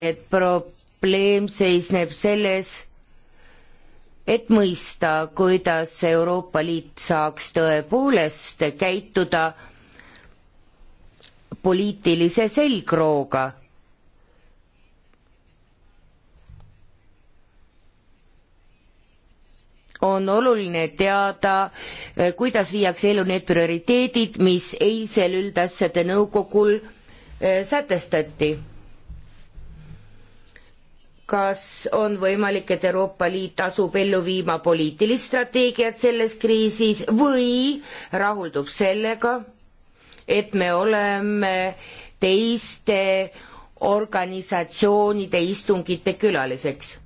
et probleem seisneb selles, et mõista, kuidas Euroopa Liit saaks tõepoolest käituda poliitilise selgrooga. on oluline teada, eh, kuidas viiakse ellu need prioriteedid, mis eilsel üldasjade nõukogul eh, sätestati kas on võimalik, et Euroopa Liit asub ellu viima poliitilist strateegiat selles kriisis või rahuldub sellega, et me oleme teiste organisatsioonide istungite külaliseks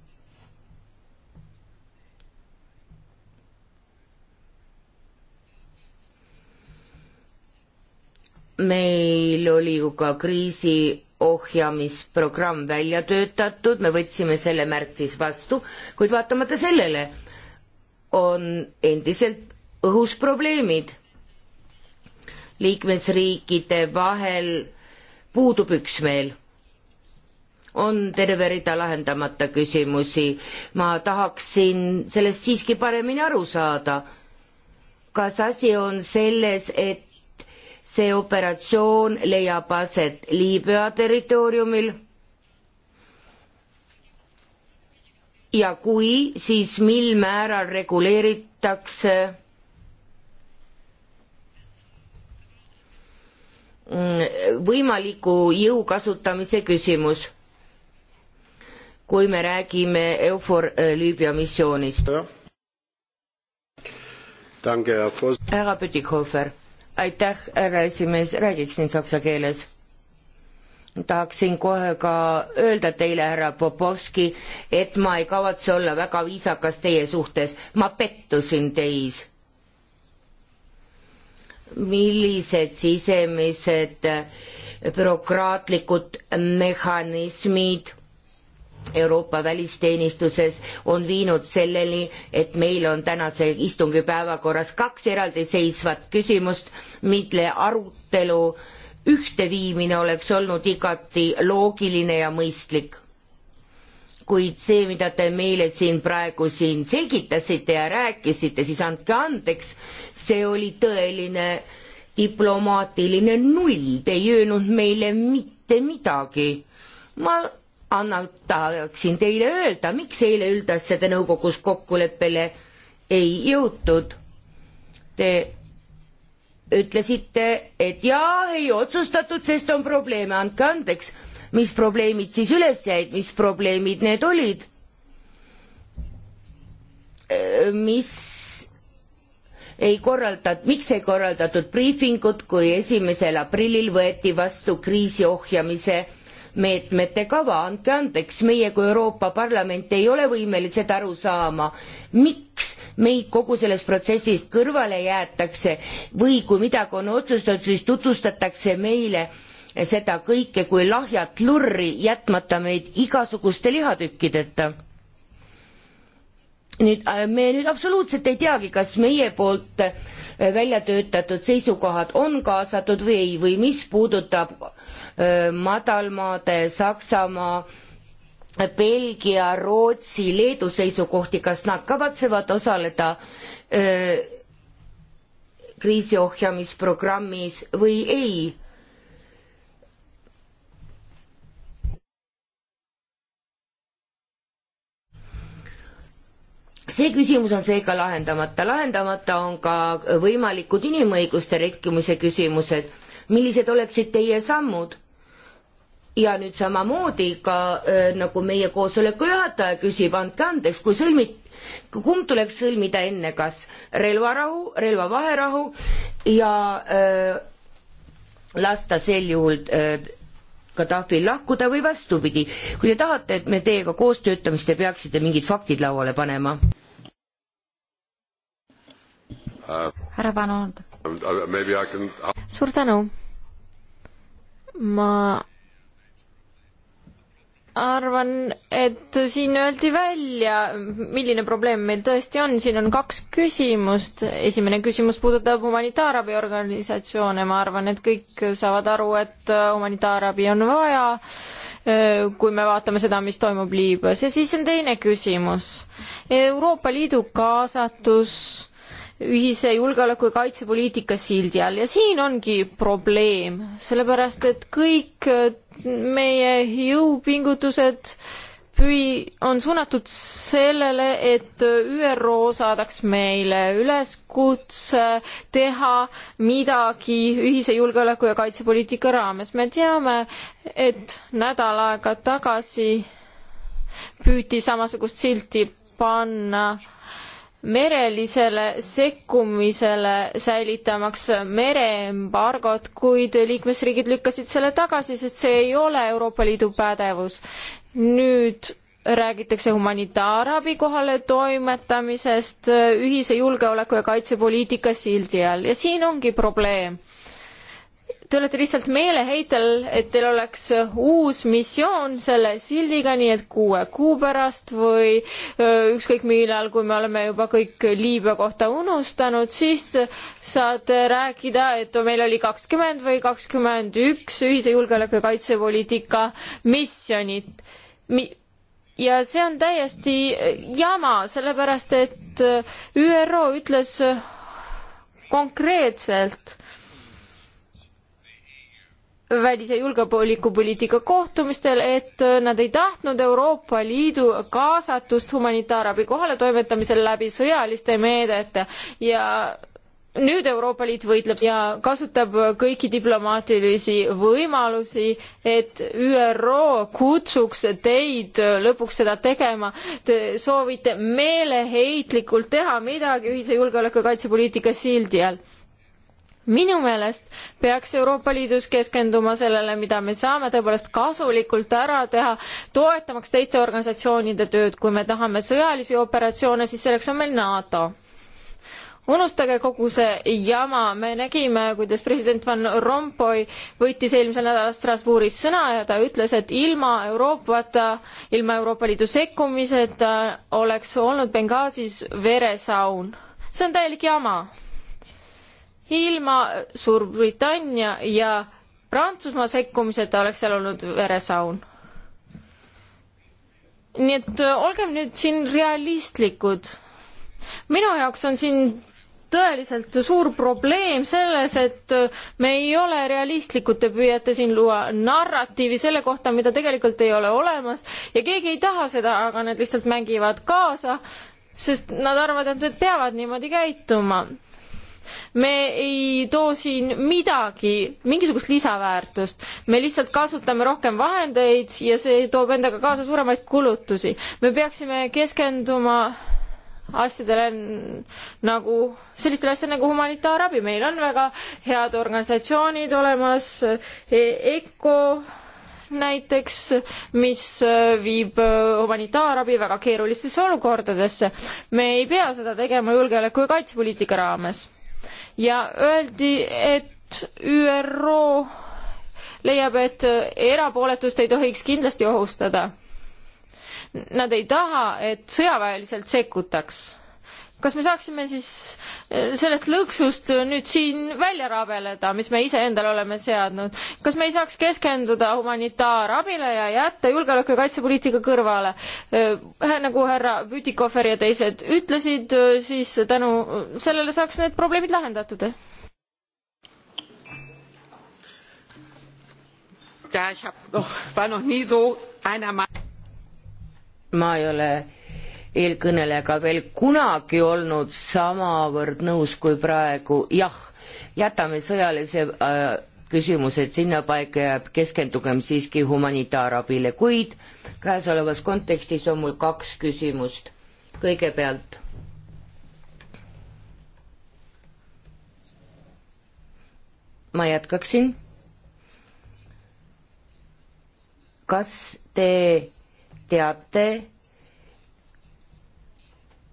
meil oli ju ka kriisi ohjamisprogramm välja töötatud, me võtsime selle märtsis vastu, kuid vaatamata sellele on endiselt õhus probleemid. liikmesriikide vahel puudub üksmeel. on terve rida lahendamata küsimusi, ma tahaksin sellest siiski paremini aru saada. kas asi on selles, et see operatsioon leiab aset Liibüa territooriumil. ja kui, siis mil määral reguleeritakse mm, võimaliku jõu kasutamise küsimus, kui me räägime EUFOR äh, Liibüa missioonist. härra Pütikhofer aitäh, härra esimees, räägiksin saksa keeles. tahaksin kohe ka öelda teile, härra Popovski, et ma ei kavatse olla väga viisakas teie suhtes, ma pettusin teis. millised sisemised bürokraatlikud mehhanismid Euroopa välisteenistuses on viinud selleni, et meil on tänase istungi päevakorras kaks eraldiseisvat küsimust, mille arutelu ühteviimine oleks olnud igati loogiline ja mõistlik. kuid see, mida te meile siin praegu siin selgitasite ja rääkisite, siis andke andeks, see oli tõeline diplomaatiline null, te ei öelnud meile mitte midagi. ma annab, tahaksin teile öelda, miks eile üldasjade nõukogus kokkuleppele ei jõutud. Te ütlesite, et jaa, ei otsustatud, sest on probleeme, andke andeks, mis probleemid siis üles jäid, mis probleemid need olid? mis ei korraldatud, miks ei korraldatud briifingut, kui esimesel aprillil võeti vastu kriisi ohjamise meetmete kava, andke andeks, meie kui Euroopa Parlament ei ole võimelised aru saama, miks meid kogu sellest protsessist kõrvale jäetakse või kui midagi on otsustatud, siis tutvustatakse meile seda kõike kui lahjat lurri, jätmata meid igasuguste lihatükkideta nüüd me nüüd absoluutselt ei teagi, kas meie poolt äh, välja töötatud seisukohad on kaasatud või ei, või mis puudutab äh, madalmaade, Saksamaa, Belgia, Rootsi, Leedu seisukohti, kas nad kavatsevad osaleda äh, kriisi ohjamisprogrammis või ei see küsimus on seega lahendamata, lahendamata on ka võimalikud inimõiguste rikkumise küsimused. millised oleksid teie sammud? ja nüüd samamoodi ka äh, nagu meie koosoleku juhataja küsib, andke andeks, kui sõlmid, kumb tuleks sõlmida enne, kas relvarahu, relvavaherahu ja äh, lasta sel juhul äh, Gaddafil lahkuda või vastupidi. kui te tahate, et me teiega koos töötame, siis te peaksite mingid faktid lauale panema härra Van Old. suur tänu. ma arvan, et siin öeldi välja, milline probleem meil tõesti on, siin on kaks küsimust. esimene küsimus puudutab humanitaarabiorganisatsioone, ma arvan, et kõik saavad aru, et humanitaarabi on vaja, kui me vaatame seda, mis toimub Liibüas ja siis on teine küsimus. Euroopa Liidu kaasatus ühise julgeoleku ja kaitsepoliitika sildi all ja siin ongi probleem, sellepärast et kõik äh, meie jõupingutused püü-, on suunatud sellele, et äh, ÜRO saadaks meile üleskutse teha midagi ühise julgeoleku ja kaitsepoliitika raames. me teame, et nädal aega tagasi püüti samasugust silti panna äh, merelisele sekkumisele, säilitamaks mereembargot, kuid liikmesriigid lükkasid selle tagasi, sest see ei ole Euroopa Liidu pädevus. nüüd räägitakse humanitaarabi kohale toimetamisest ühise julgeoleku ja kaitsepoliitika sildi all ja siin ongi probleem Te olete lihtsalt meeleheitel, et teil oleks äh, uus missioon selle sildiga, nii et kuue kuu pärast või äh, ükskõik millal, kui me oleme juba kõik Liibüa kohta unustanud, siis saate rääkida, et meil oli kakskümmend või kakskümmend üks ühise julgeoleku ja kaitsepoliitika missionit Mi ja see on täiesti äh, jama, sellepärast et ÜRO ütles konkreetselt, välis- ja julgeolekupoliitika kohtumistel, et äh, nad ei tahtnud Euroopa Liidu kaasatust humanitaarabi kohaletoimetamisel läbi sõjaliste meedete ja nüüd Euroopa Liit võitleb ja kasutab kõiki diplomaatilisi võimalusi, et ÜRO kutsuks teid lõpuks seda tegema. Te soovite meeleheitlikult teha midagi ühise julgeoleku ja kaitsepoliitika sildi all minu meelest peaks Euroopa Liidus keskenduma sellele, mida me saame tõepoolest kasulikult ära teha, toetamaks teiste organisatsioonide tööd, kui me tahame sõjalisi operatsioone, siis selleks on meil NATO. unustage kogu see jama, me nägime, kuidas president Van Rompuy võttis eelmisel nädalal Strasbourgis sõna ja ta ütles, et ilma Euroopata, ilma Euroopa Liidu sekkumiseta oleks olnud Benghazis veresaun. see on täielik jama ilma Suurbritannia ja Prantsusmaa sekkumiseta oleks seal olnud veresaun. nii et äh, olgem nüüd siin realistlikud. minu jaoks on siin tõeliselt suur probleem selles, et äh, me ei ole realistlikud, te püüate siin luua narratiivi selle kohta, mida tegelikult ei ole olemas ja keegi ei taha seda, aga nad lihtsalt mängivad kaasa, sest nad arvavad, et nad peavad niimoodi käituma me ei too siin midagi, mingisugust lisaväärtust. me lihtsalt kasutame rohkem vahendeid ja see toob endaga kaasa suuremaid kulutusi. me peaksime keskenduma asjadele nagu, sellistele asjadele nagu humanitaarabi, meil on väga head organisatsioonid olemas e, EKO näiteks, mis äh, viib äh, humanitaarabi väga keerulistesse olukordadesse. me ei pea seda tegema julgeoleku ja kaitsepoliitika raames ja öeldi, et ÜRO leiab, et erapooletust ei tohiks kindlasti ohustada. Nad ei taha, et sõjaväeliselt sekkutaks kas me saaksime siis eh, sellest lõksust nüüd siin välja rabeleda, mis me iseendale oleme seadnud? kas me ei saaks keskenduda humanitaarabile ja jätta julgeoleku ja kaitsepoliitika kõrvale? Eh, nagu härra Bütikofer ja teised ütlesid, eh, siis tänu sellele saaks need probleemid lahendatud. ma ei ole eelkõnelejaga veel kunagi olnud samavõrd nõus kui praegu, jah, jätame sõjalise äh, küsimused sinnapaika ja keskendugem siiski humanitaarabile, kuid käesolevas kontekstis on mul kaks küsimust. kõigepealt ma jätkaksin. kas te teate,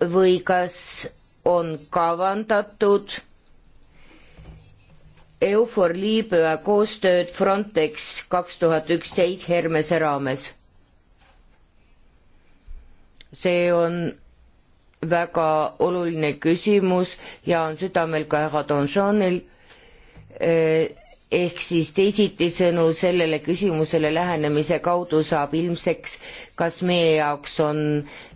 või kas on kavandatud EUFOR Liibüa koostööd Frontex kaks tuhat üksteist Hermese raames. see on väga oluline küsimus ja on südamel ka härra Donjonil eh, ehk siis teisitisõnu sellele küsimusele lähenemise kaudu saab ilmseks, kas meie jaoks on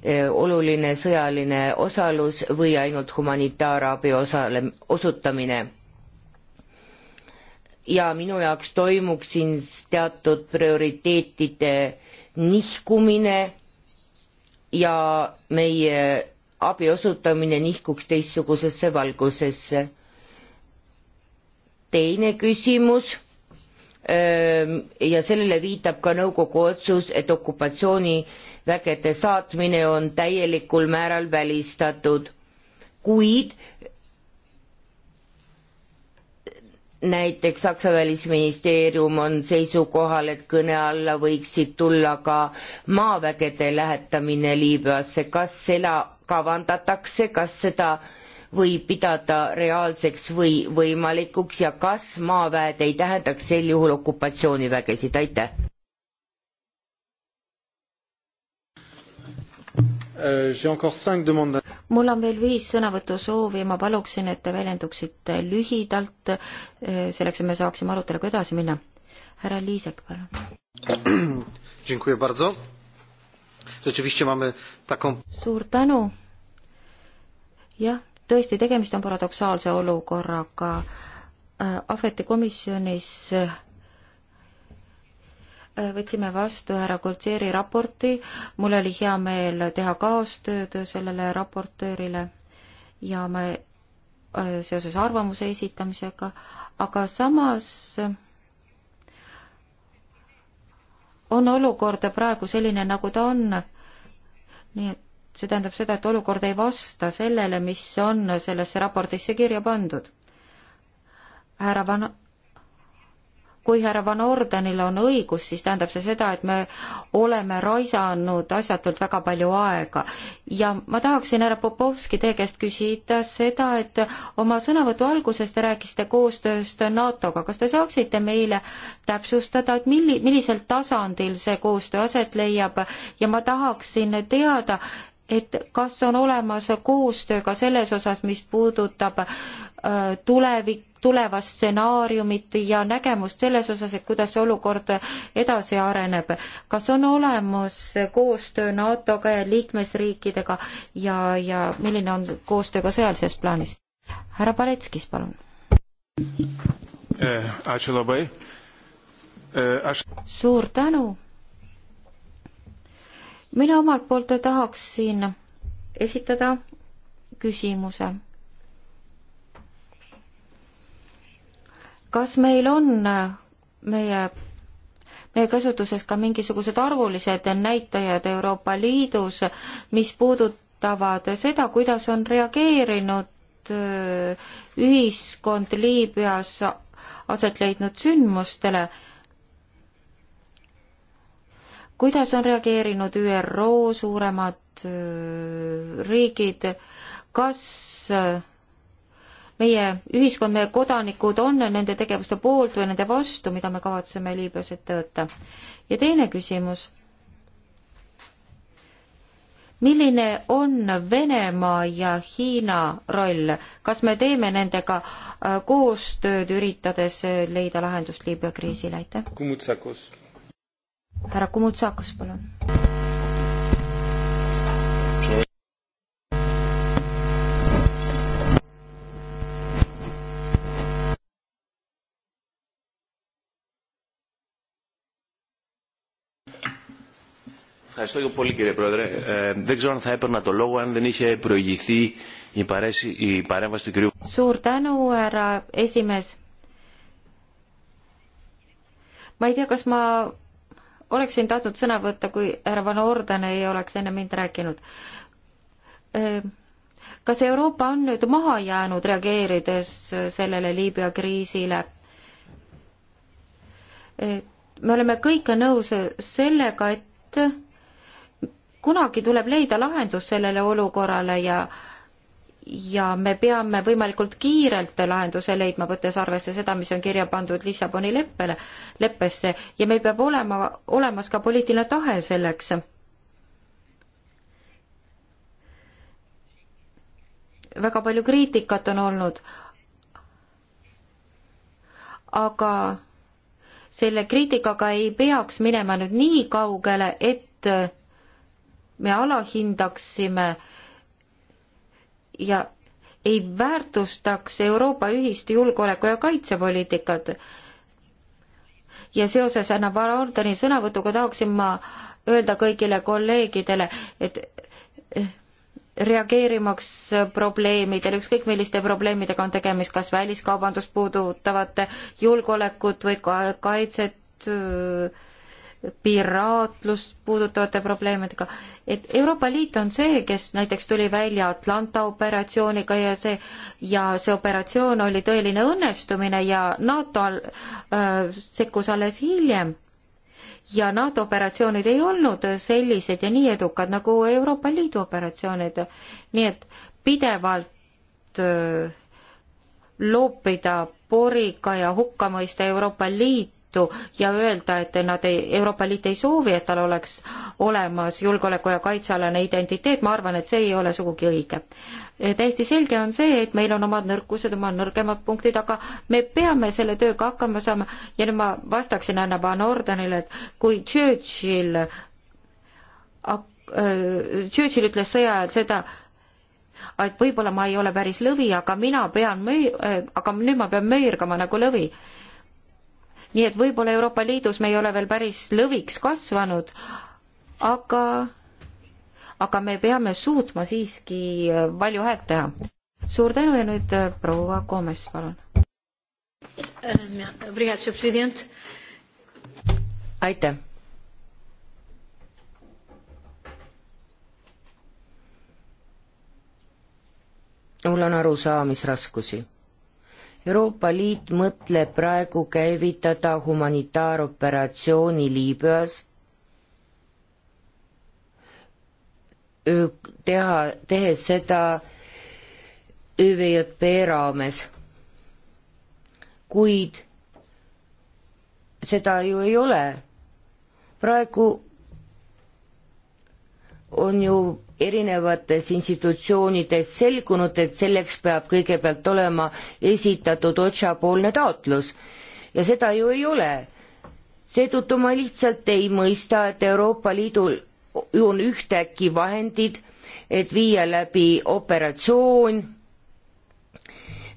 e, oluline sõjaline osalus või ainult humanitaarabi osale, osutamine. ja minu jaoks toimuks siin teatud prioriteetide nihkumine ja meie abi osutamine nihkuks teistsugusesse valgusesse teine küsimus ja sellele viitab ka nõukogu otsus, et okupatsioonivägede saatmine on täielikul määral välistatud, kuid näiteks Saksa välisministeerium on seisukohal, et kõne alla võiksid tulla ka maavägede lähetamine Liibüasse, kas seda kavandatakse, kas seda äh, võib pidada reaalseks või võimalikuks ja kas maaväed ei tähendaks sel juhul okupatsioonivägesid, aitäh äh,? mul on veel viis sõnavõtusoovi ja ma paluksin, et te väljenduksite lühidalt, euh, selleks et me saaksime aruteluga edasi minna. härra Liisek, palun. Dziękuję bardzo. Rzeczywiście mamy taką... Suur tänu. jah tõesti, tegemist on paradoksaalse olukorraga. Äh, Ahveti komisjonis äh, võtsime vastu härra Koltseeri raporti, mul oli hea meel teha kaastööd sellele raportöörile ja me äh, seoses arvamuse esitamisega, aga samas on olukord praegu selline, nagu ta on. nii et see tähendab seda, et olukord ei vasta sellele, mis on sellesse raportisse kirja pandud. härra Van, kui härra Van Ordenil on õigus, siis tähendab see seda, et me oleme raisanud asjatult väga palju aega. ja ma tahaksin härra Popovski teie käest küsida seda, et oma sõnavõtu alguses te rääkisite koostööst NATO-ga, kas te saaksite meile täpsustada, et milli-, millisel tasandil see koostöö aset leiab ja ma tahaksin teada, et kas on olemas koostöö ka selles osas, mis puudutab äh, tulevik, tulevast stsenaariumit ja nägemust selles osas, et kuidas see olukord edasi areneb. kas on olemas koostöö NATO-ga ja liikmesriikidega ja, ja milline on koostöö ka sõjalises plaanis? härra Paletskis, palun. Äh, äh, suur tänu mina omalt poolt tahaksin esitada küsimuse. kas meil on äh, meie, meie käsutuses ka mingisugused arvulised näitajad Euroopa Liidus, mis puudutavad seda, kuidas on reageerinud äh, ühiskond Liibüas aset leidnud sündmustele kuidas on reageerinud ÜRO suuremad äh, riigid, kas äh, meie ühiskond, meie kodanikud on nende tegevuste poolt või nende vastu, mida me kavatseme Liibüas ette võtta? ja teine küsimus. milline on Venemaa ja Hiina roll, kas me teeme nendega äh, koostööd, üritades leida lahendust Liibüa kriisile, aitäh? härra Kumutsakos, palun. Ευχαριστώ πολύ κύριε Πρόεδρε. Ε, δεν ξέρω αν θα έπαιρνα το λόγο αν δεν είχε προηγηθεί η, παρέση, η παρέμβαση του κυρίου. Suur tänu, härra esimees. ma ei tea, kas ma oleksin tahtnud sõna võtta, kui härra Van Orden ei oleks enne mind rääkinud. Ehm, kas Euroopa on nüüd maha jäänud, reageerides sellele Liibüa kriisile? Ehm, me oleme kõik nõus sellega, et kunagi tuleb leida lahendus sellele olukorrale ja äh, ja me peame võimalikult kiirelt lahenduse leidma, võttes arvesse seda, mis on kirja pandud Lissaboni leppele, leppesse ja meil peab olema olemas ka poliitiline tahe selleks. väga palju kriitikat on olnud, aga selle kriitikaga ei peaks minema nüüd nii kaugele, et me alahindaksime äh, ja ei väärtustaks Euroopa ühist julgeoleku- ja kaitsepoliitikat. ja seoses Anna Bardani sõnavõtuga tahaksin ma öelda kõigile kolleegidele, et eh, reageerimaks probleemidele, ükskõik milliste probleemidega on tegemist, kas väliskaubandust puudutavate julgeolekut või kaitset, eh, piraatlust puudutavate probleemidega, et Euroopa Liit on see, kes näiteks tuli välja Atlanta operatsiooniga ja see, ja see operatsioon oli tõeline õnnestumine ja NATO äh, sekkus alles hiljem. ja NATO operatsioonid ei olnud sellised ja nii edukad nagu Euroopa Liidu operatsioonid, nii et pidevalt äh, loopida poriga ja hukka mõista Euroopa Liit Liitu ja öelda, et nad ei, Euroopa Liit ei soovi, et tal oleks olemas julgeoleku ja kaitsealane identiteet, ma arvan, et see ei ole sugugi õige. täiesti selge on see, et meil on omad nõrkused, oma nõrgemad punktid, aga me peame selle tööga hakkama saama ja nüüd ma vastaksin Anna Van Ordenile, et kui Churchill äh, Churchill ütles sõja ajal seda, et võib-olla ma ei ole päris lõvi, aga mina pean möö-, äh, aga nüüd ma pean möirgama nagu lõvi nii et võib-olla Euroopa Liidus me ei ole veel päris lõviks kasvanud, aga, aga me peame suutma siiski äh, palju häält teha. suur tänu ja nüüd äh, proua Koomes, palun. aitäh mul on arusaamisraskusi. Euroopa Liit mõtleb praegu käivitada humanitaaroperatsiooni Liibüas, teha, tehes seda ÜVJP raames. kuid seda ju ei ole. praegu on ju erinevates institutsioonides selgunud, et selleks peab kõigepealt olema esitatud otsapoolne taotlus ja seda ju ei ole. seetõttu ma lihtsalt ei mõista, et Euroopa Liidul on ühtäkki vahendid, et viia läbi operatsioon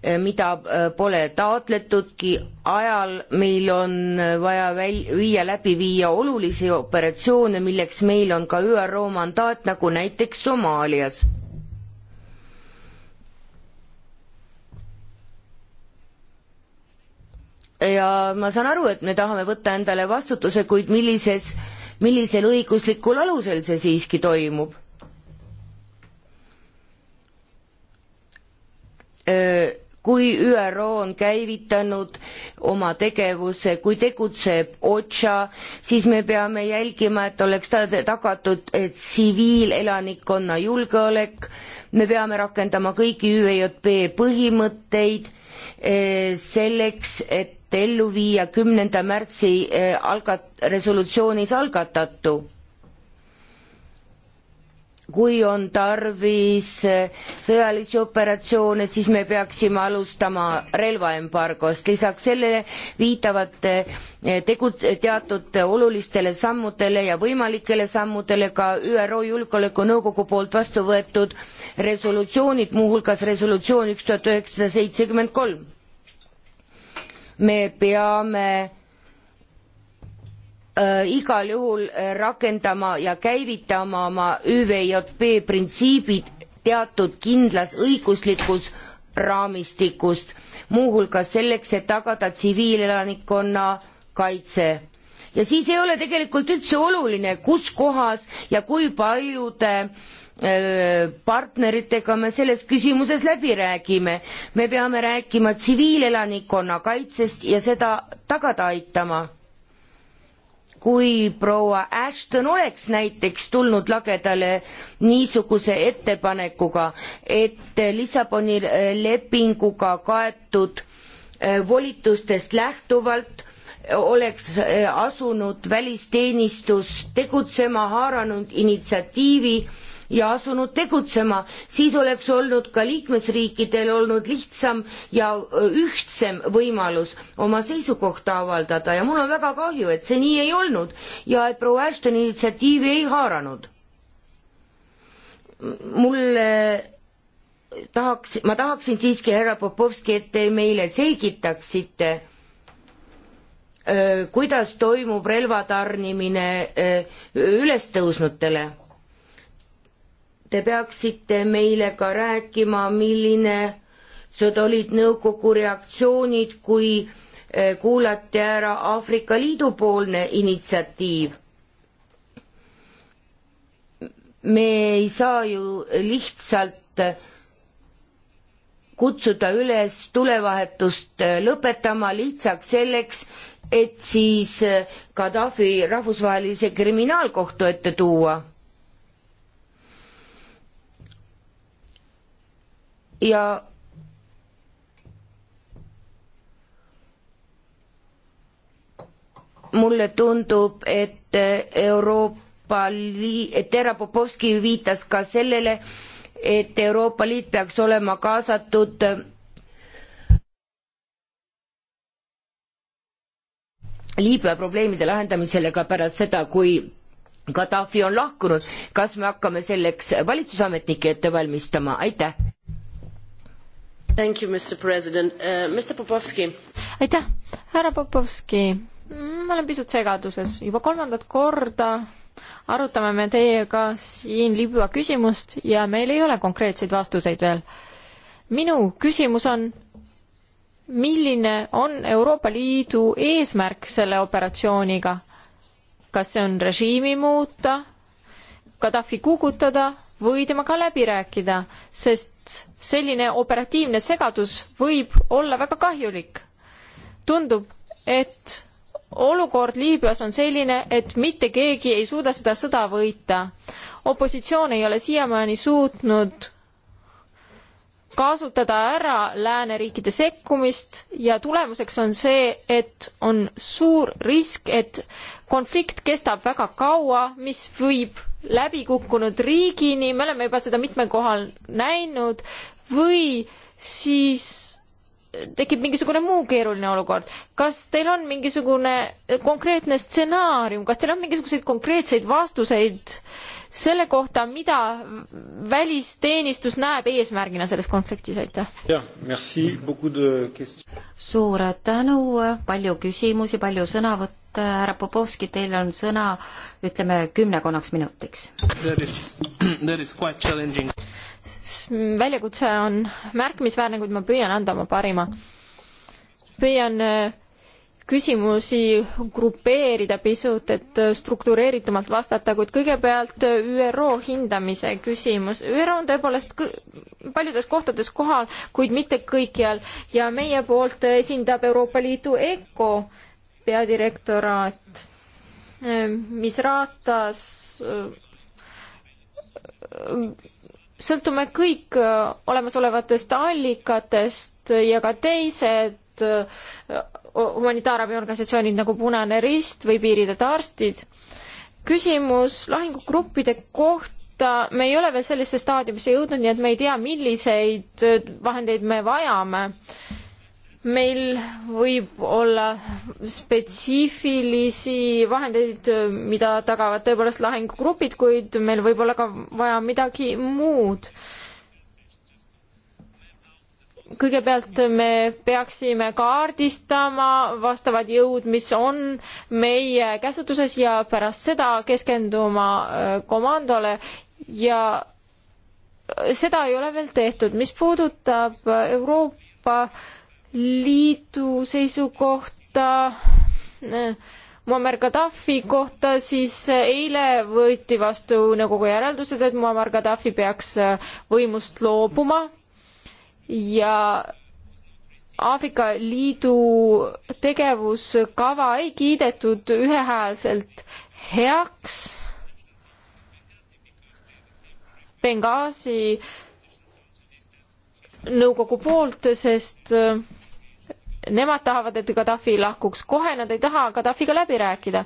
Eh, mida eh, pole taotletudki ajal meil on eh, vaja väl- viia läbi viia olulisi operatsioone milleks meil on ka ÜRO mandaat nagu näiteks Somaalias ja ma saan aru et me tahame võtta endale vastutuse kuid millises millisel õiguslikul alusel see siiski toimub öö, kui ÜRO on käivitanud oma tegevuse, kui tegutseb OTSA, siis me peame jälgima, et oleks tagatud tsiviilelanikkonna julgeolek, me peame rakendama kõiki ÜEJP põhimõtteid eh, selleks, et ellu viia kümnenda märtsi eh, algat-, resolutsioonis algatatu kui on tarvis eh, sõjalisi operatsioone, siis me peaksime alustama relvaembargost. lisaks sellele viitavad eh, tegu-, teatud olulistele sammudele ja võimalikele sammudele ka ÜRO Julgeolekunõukogu poolt vastu võetud resolutsioonid, muuhulgas resolutsioon üks tuhat üheksasada seitsekümmend kolm. me peame Äh, igal juhul äh, rakendama ja käivitama oma ÜVJP printsiibid teatud kindlas õiguslikus raamistikust, muuhulgas selleks, et tagada tsiviilelanikkonna kaitse. ja siis ei ole tegelikult üldse oluline, kus kohas ja kui paljude äh, partneritega me selles küsimuses läbi räägime. me peame rääkima tsiviilelanikkonna kaitsest ja seda tagada aitama kui proua Ashton oleks näiteks tulnud lagedale niisuguse ettepanekuga, et Lissaboni äh, lepinguga kaetud äh, volitustest lähtuvalt äh, oleks asunud välisteenistus tegutsema, haaranud initsiatiivi ja asunud tegutsema, siis oleks olnud ka liikmesriikidel olnud lihtsam ja ühtsem võimalus oma seisukohta avaldada ja mul on väga kahju, et see nii ei olnud ja et proua Ashton initsiatiivi ei haaranud. mulle tahaks, ma tahaksin siiski, härra Popovski, et te meile selgitaksite, kuidas toimub relva tarnimine ülestõusnutele te peaksite meile ka rääkima, milline, need olid nõukogu reaktsioonid, kui eh, kuulati ära Aafrika Liidu poolne initsiatiiv. me ei saa ju lihtsalt kutsuda üles tulevahetust eh, lõpetama lihtsalt selleks, et siis eh, Gaddafi rahvusvahelise kriminaalkohtu ette tuua ja mulle tundub, et Euroopa Liit, et härra Popovski viitas ka sellele, et Euroopa Liit peaks olema kaasatud Liibüa probleemide lahendamisele ka pärast seda, kui Gaddafi on lahkunud, kas me hakkame selleks valitsusametnikke ette valmistama, aitäh! Thank you, Mr President uh,. Mr Popovski. aitäh, härra Popovski. ma olen pisut segaduses. juba kolmandat korda arutame me teiega siin Libüa küsimust ja meil ei ole konkreetseid vastuseid veel. minu küsimus on, milline on Euroopa Liidu eesmärk selle operatsiooniga? kas see on režiimi muuta, Gaddafi kukutada või temaga läbi rääkida, sest et selline operatiivne segadus võib olla väga kahjulik. tundub, et olukord Liibüas on selline, et mitte keegi ei suuda seda sõda võita. opositsioon ei ole siiamaani suutnud kasutada ära lääneriikide sekkumist ja tulemuseks on see, et on suur risk, et konflikt kestab väga kaua, mis viib läbikukkunud riigini, me oleme juba seda mitmel kohal näinud, või siis tekib mingisugune muu keeruline olukord. kas teil on mingisugune konkreetne stsenaarium, kas teil on mingisuguseid konkreetseid vastuseid selle kohta, mida välisteenistus näeb eesmärgina selles konfliktis, aitäh? jah, merci, beaucoup de questions. suur tänu, palju küsimusi, palju sõnavõtte kõigepealt äh, härra Popovski, teil on sõna ütleme kümnekonnaks minutiks. väljakutse on märkimisväärne, kuid ma püüan anda oma parima. püüan äh, küsimusi grupeerida pisut, et äh, struktureeritumalt vastata, kuid kõigepealt ÜRO hindamise küsimus. ÜRO on tõepoolest paljudes kohtades kohal, kuid mitte kõikjal ja meie poolt esindab Euroopa Liidu ECO peadirektoraat, mis ratas sõltume kõik olemasolevatest allikatest ja ka teised humanitaarabiorganisatsioonid nagu Punane Rist või Piiriteta Arstid. küsimus lahingugruppide kohta, me ei ole veel sellisesse staadiumisse jõudnud, nii et me ei tea, milliseid vahendeid me vajame meil võib olla spetsiifilisi vahendeid, mida tagavad tõepoolest lahingugrupid, kuid meil võib olla ka vaja midagi muud. kõigepealt me peaksime kaardistama vastavad jõud, mis on meie käsutuses ja pärast seda keskenduma äh, komandole ja seda ei ole veel tehtud. mis puudutab Euroopa Liidu seisukohta, äh, Muammar Gaddafi kohta, siis äh, eile võeti vastu nõukogu järeldused, et Muammar Gaddafi peaks äh, võimust loobuma ja Aafrika Liidu tegevuskava ei kiidetud ühehäälselt heaks. Benghazi nõukogu poolt, sest äh, nemad tahavad, et Gaddafi lahkuks kohe, nad ei taha Gaddafiga läbi rääkida.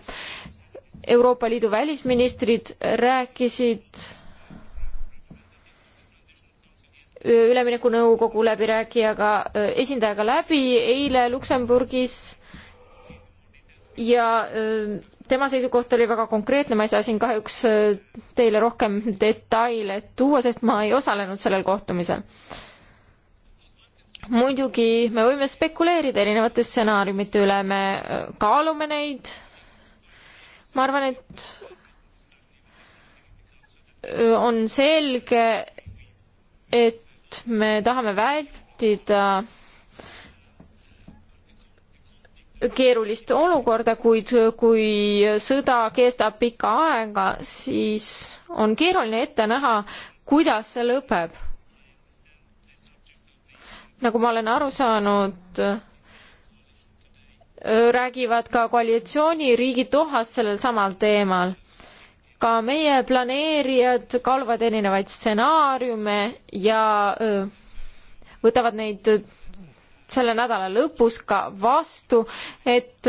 Euroopa Liidu välisministrid rääkisid äh, üleminekunõukogu läbirääkijaga, äh, esindajaga läbi eile Luksemburgis ja tema seisukoht oli väga konkreetne, ma ei saa siin kahjuks teile rohkem detaile tuua, sest ma ei osalenud sellel kohtumisel muidugi me võime spekuleerida erinevate stsenaariumite üle, me äh, kaalume neid. ma arvan, et äh, on selge, et me tahame vältida keerulist olukorda, kuid kui sõda kestab pikka aega, siis on keeruline ette näha, kuidas see lõpeb nagu ma olen aru saanud, äh, räägivad ka koalitsiooniriigid Dohas sellel samal teemal. ka meie planeerijad kaaluvad erinevaid stsenaariume ja äh, võtavad neid äh, selle nädala lõpus ka vastu, et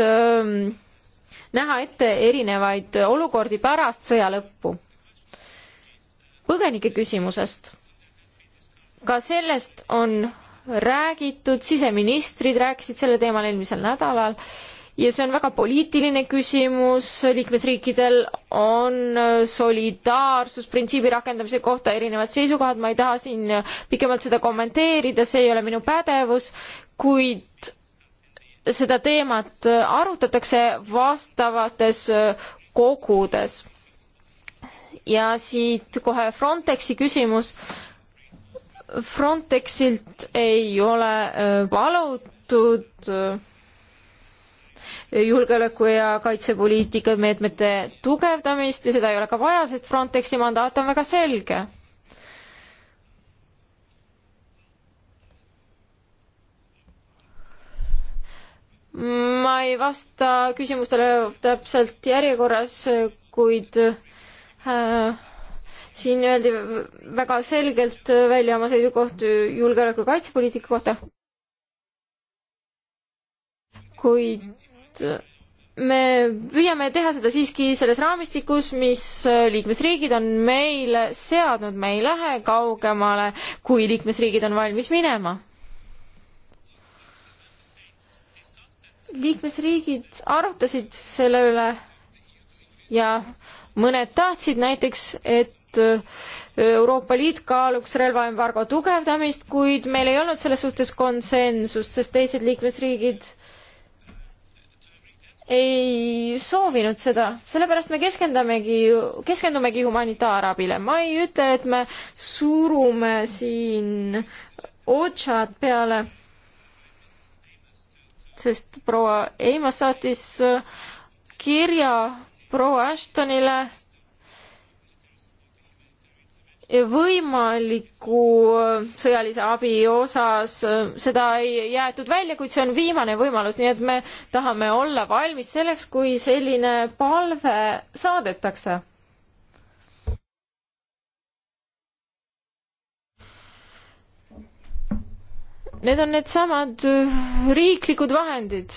näha ette erinevaid olukordi pärast sõja lõppu. põgenike küsimusest. ka sellest on räägitud, siseministrid rääkisid sellel teemal eelmisel nädalal ja see on väga poliitiline küsimus, liikmesriikidel on solidaarsusprintsiibi rakendamise kohta erinevad seisukohad, ma ei taha siin pikemalt seda kommenteerida, see ei ole minu pädevus, kuid seda teemat arutatakse vastavates kogudes. ja siit kohe Frontexi küsimus Frontexilt ei ole äh, palutud äh, julgeoleku ja kaitsepoliitika meetmete tugevdamist ja seda ei ole ka vaja, sest Frontexi mandaat on väga selge. ma ei vasta küsimustele täpselt järjekorras, kuid äh, siin öeldi väga selgelt välja oma seisukoht julgeoleku kaitsepoliitika kohta. kuid me püüame teha seda siiski selles raamistikus, mis liikmesriigid on meile seadnud, me ei lähe kaugemale, kui liikmesriigid on valmis minema. liikmesriigid arutasid selle üle ja mõned tahtsid näiteks, et et äh, Euroopa Liit kaaluks relvaembargo tugevdamist, kuid meil ei olnud selles suhtes konsensust, sest teised liikmesriigid ei soovinud seda, sellepärast me keskendamegi, keskendumegi humanitaarabile. ma ei ütle, et me surume siin otsad peale, sest proua Eimas saatis äh, kirja proua Ashtonile võimaliku äh, sõjalise abi osas, äh, seda ei jäetud välja, kuid see on viimane võimalus, nii et me tahame olla valmis selleks, kui selline palve saadetakse. Need on needsamad äh, riiklikud vahendid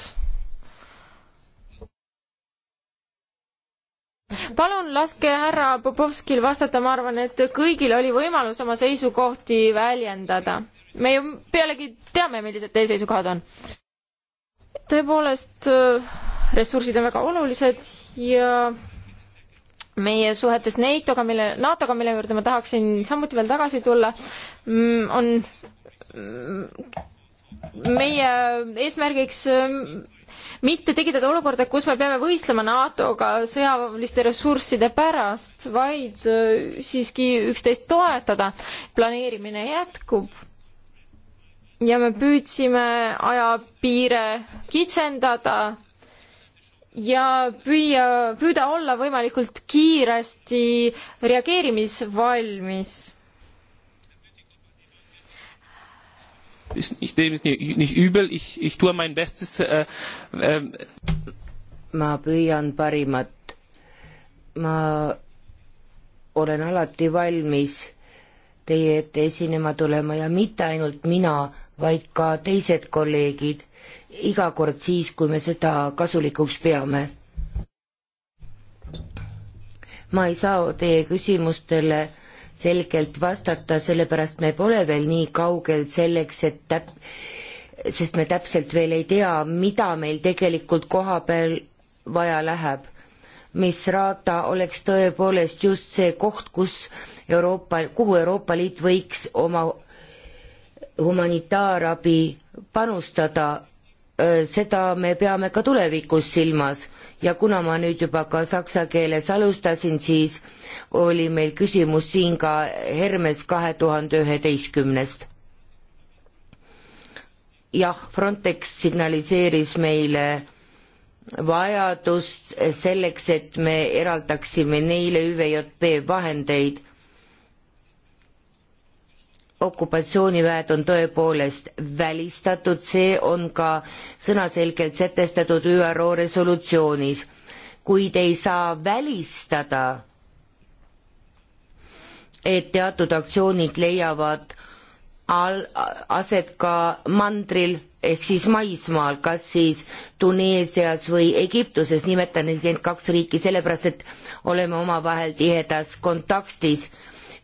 palun laske härra Popovskil vastata, ma arvan, et kõigil oli võimalus oma seisukohti väljendada. me ju pealegi teame, millised teie seisukohad on. tõepoolest, ressursid on väga olulised ja meie suhetes NATO-ga, mille, NATO-ga, mille juurde ma tahaksin samuti veel tagasi tulla, mm, on mm, meie eesmärgiks mm, mitte tekitada olukorda, kus me peame võistlema NATO-ga sõjaväeliste ressursside pärast, vaid äh, siiski üksteist toetada. planeerimine jätkub ja me püüdsime ajapiire kitsendada ja püüa, püüda olla võimalikult kiiresti reageerimisvalmis ist, ich nehme es nicht, nicht übel, ich, ich tue mein Bestes. Äh, äh. ma püüan parimat. ma olen alati valmis teie ette esinema tulema ja mitte ainult mina, vaid ka teised kolleegid, iga kord siis, kui me seda kasulikuks peame. ma ei saa teie küsimustele selgelt vastata, sellepärast me pole veel nii kaugel selleks, et täp-, sest me täpselt veel ei tea, mida meil tegelikult koha peal vaja läheb. mis rata oleks tõepoolest just see koht, kus Euroopa, kuhu Euroopa Liit võiks oma humanitaarabi panustada seda me peame ka tulevikus silmas ja kuna ma nüüd juba ka saksa keeles alustasin, siis oli meil küsimus siin ka Hermes kahe tuhande üheteistkümnest. jah, Frontex signaliseeris meile vajadust selleks, et me eraldaksime neile ÜVJP vahendeid okupatsiooniväed on tõepoolest välistatud, see on ka sõnaselgelt sätestatud ÜRO resolutsioonis, kuid ei saa välistada, et teatud aktsioonid leiavad al-, aset ka mandril ehk siis maismaal, kas siis Tuneesias või Egiptuses, nimetan neid kaks riiki sellepärast, et oleme omavahel tihedas kontaktis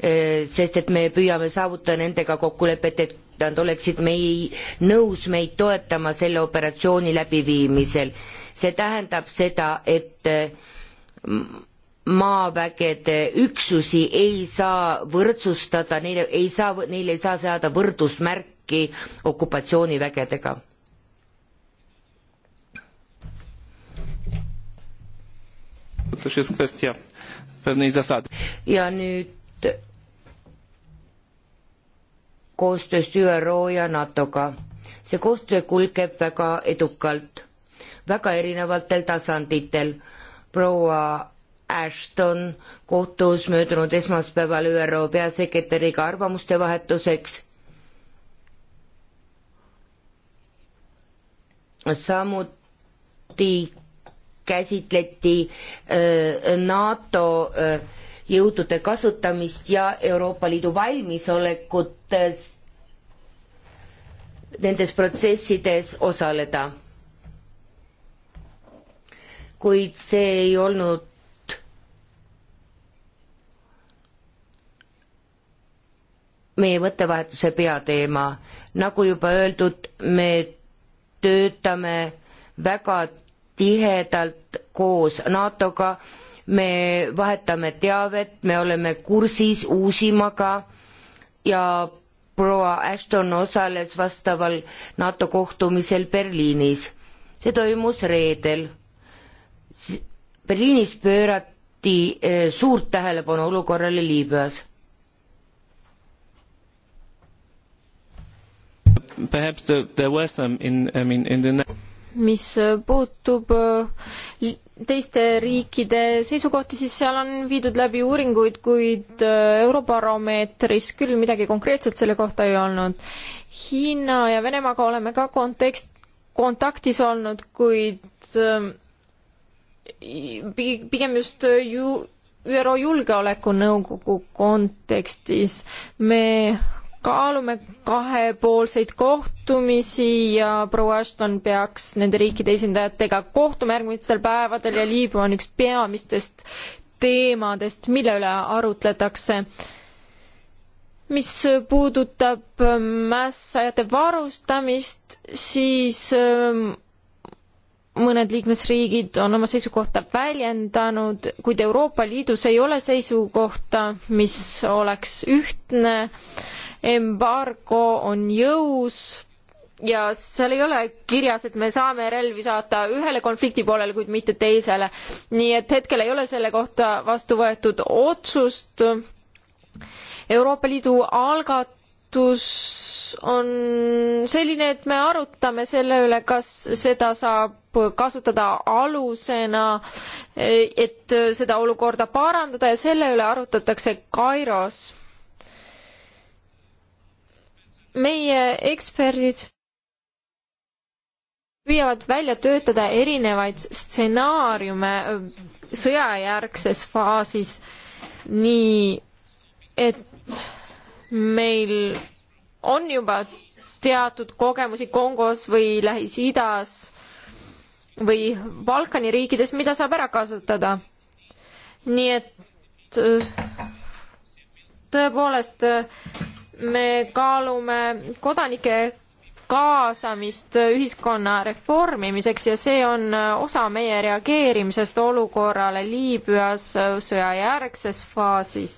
Äh, sest et me püüame saavutada nendega kokkulepet, et nad oleksid mei-, nõus meid toetama selle operatsiooni läbiviimisel. see tähendab seda, et äh, maavägede üksusi ei saa võrdsustada, neile ei saa, neile ei saa seada võrdusmärki okupatsioonivägedega to też jest kwestia pewnej zasady. Ja nüüd koostööst ÜRO ja NATO-ga. see koostöö kulgeb väga edukalt, väga erinevatel tasanditel. proua Ashton kohtus möödunud esmaspäeval ÜRO peasekretäriga arvamuste vahetuseks. samuti käsitleti äh, NATO öö, äh, jõudude kasutamist ja Euroopa Liidu valmisolekut nendes protsessides osaleda. kuid see ei olnud meie mõttevahetuse peateema. nagu juba öeldud, me töötame väga tihedalt koos NATO-ga me vahetame teavet, me oleme kursis uusimaga ja proua Ashton osales vastaval NATO kohtumisel Berliinis. see toimus reedel. Berliinis pöörati eh, suurt tähelepanu olukorrale Liibüas. Perhaps there, there was some um, in, I mean in the mis eh, puutub eh, teiste riikide seisukohti, siis seal on viidud läbi uuringuid, kuid äh, Eurobaromeetris küll midagi konkreetset selle kohta ei olnud. Hiina ja Venemaaga oleme ka kontekst, kontaktis olnud, kuid ähm, pigem just äh, ju ÜRO Julgeolekunõukogu kontekstis me kaalume kahepoolseid kohtumisi ja proua Ashton peaks nende riikide esindajatega kohtuma järgmistel päevadel ja Liibüa on üks peamistest teemadest, mille üle arutletakse. mis puudutab ähm, mässajate varustamist, siis ähm, mõned liikmesriigid on oma seisukohta väljendanud, kuid Euroopa Liidus ei ole seisukohta, mis oleks ühtne äh, embargo on jõus ja seal ei ole kirjas, et me saame relvi saata ühele konflikti poolele, kuid mitte teisele. nii et hetkel ei ole selle kohta vastu võetud otsust. Euroopa Liidu algatus on selline, et me arutame selle üle, kas seda saab kasutada alusena, et seda olukorda parandada ja selle üle arutatakse Kairos meie eksperdid püüavad välja töötada erinevaid stsenaariume sõjajärgses faasis, nii et meil on juba teatud kogemusi Kongos või Lähis-Idas või Balkani riikides, mida saab ära kasutada. nii et tõepoolest me kaalume kodanike kaasamist ühiskonna reformimiseks ja see on osa meie reageerimisest olukorrale Liibüas sõjajärgses faasis.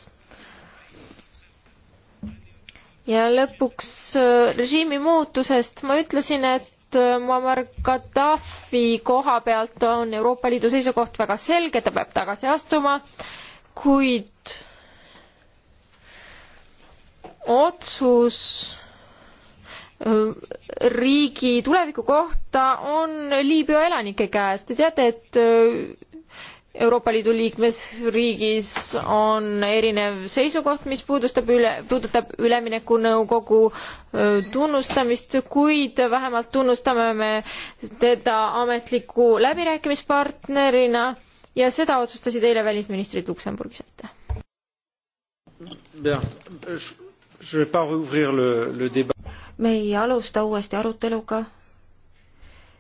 ja lõpuks äh, režiimi muutusest ma ütlesin, et äh, Muammar Gaddafi koha pealt on Euroopa Liidu seisukoht väga selge, ta peab tagasi astuma, kuid otsus äh, riigi tuleviku kohta on Liibüa elanike käes. Te teate, et äh, Euroopa Liidu liikmesriigis on erinev seisukoht, mis puudustab üle, puudutab üleminekunõukogu äh, tunnustamist, kuid vähemalt tunnustame me teda ametliku läbirääkimispartnerina ja seda otsustasid eile välisministrid Luksemburgis, aitäh me ei alusta uuesti aruteluga,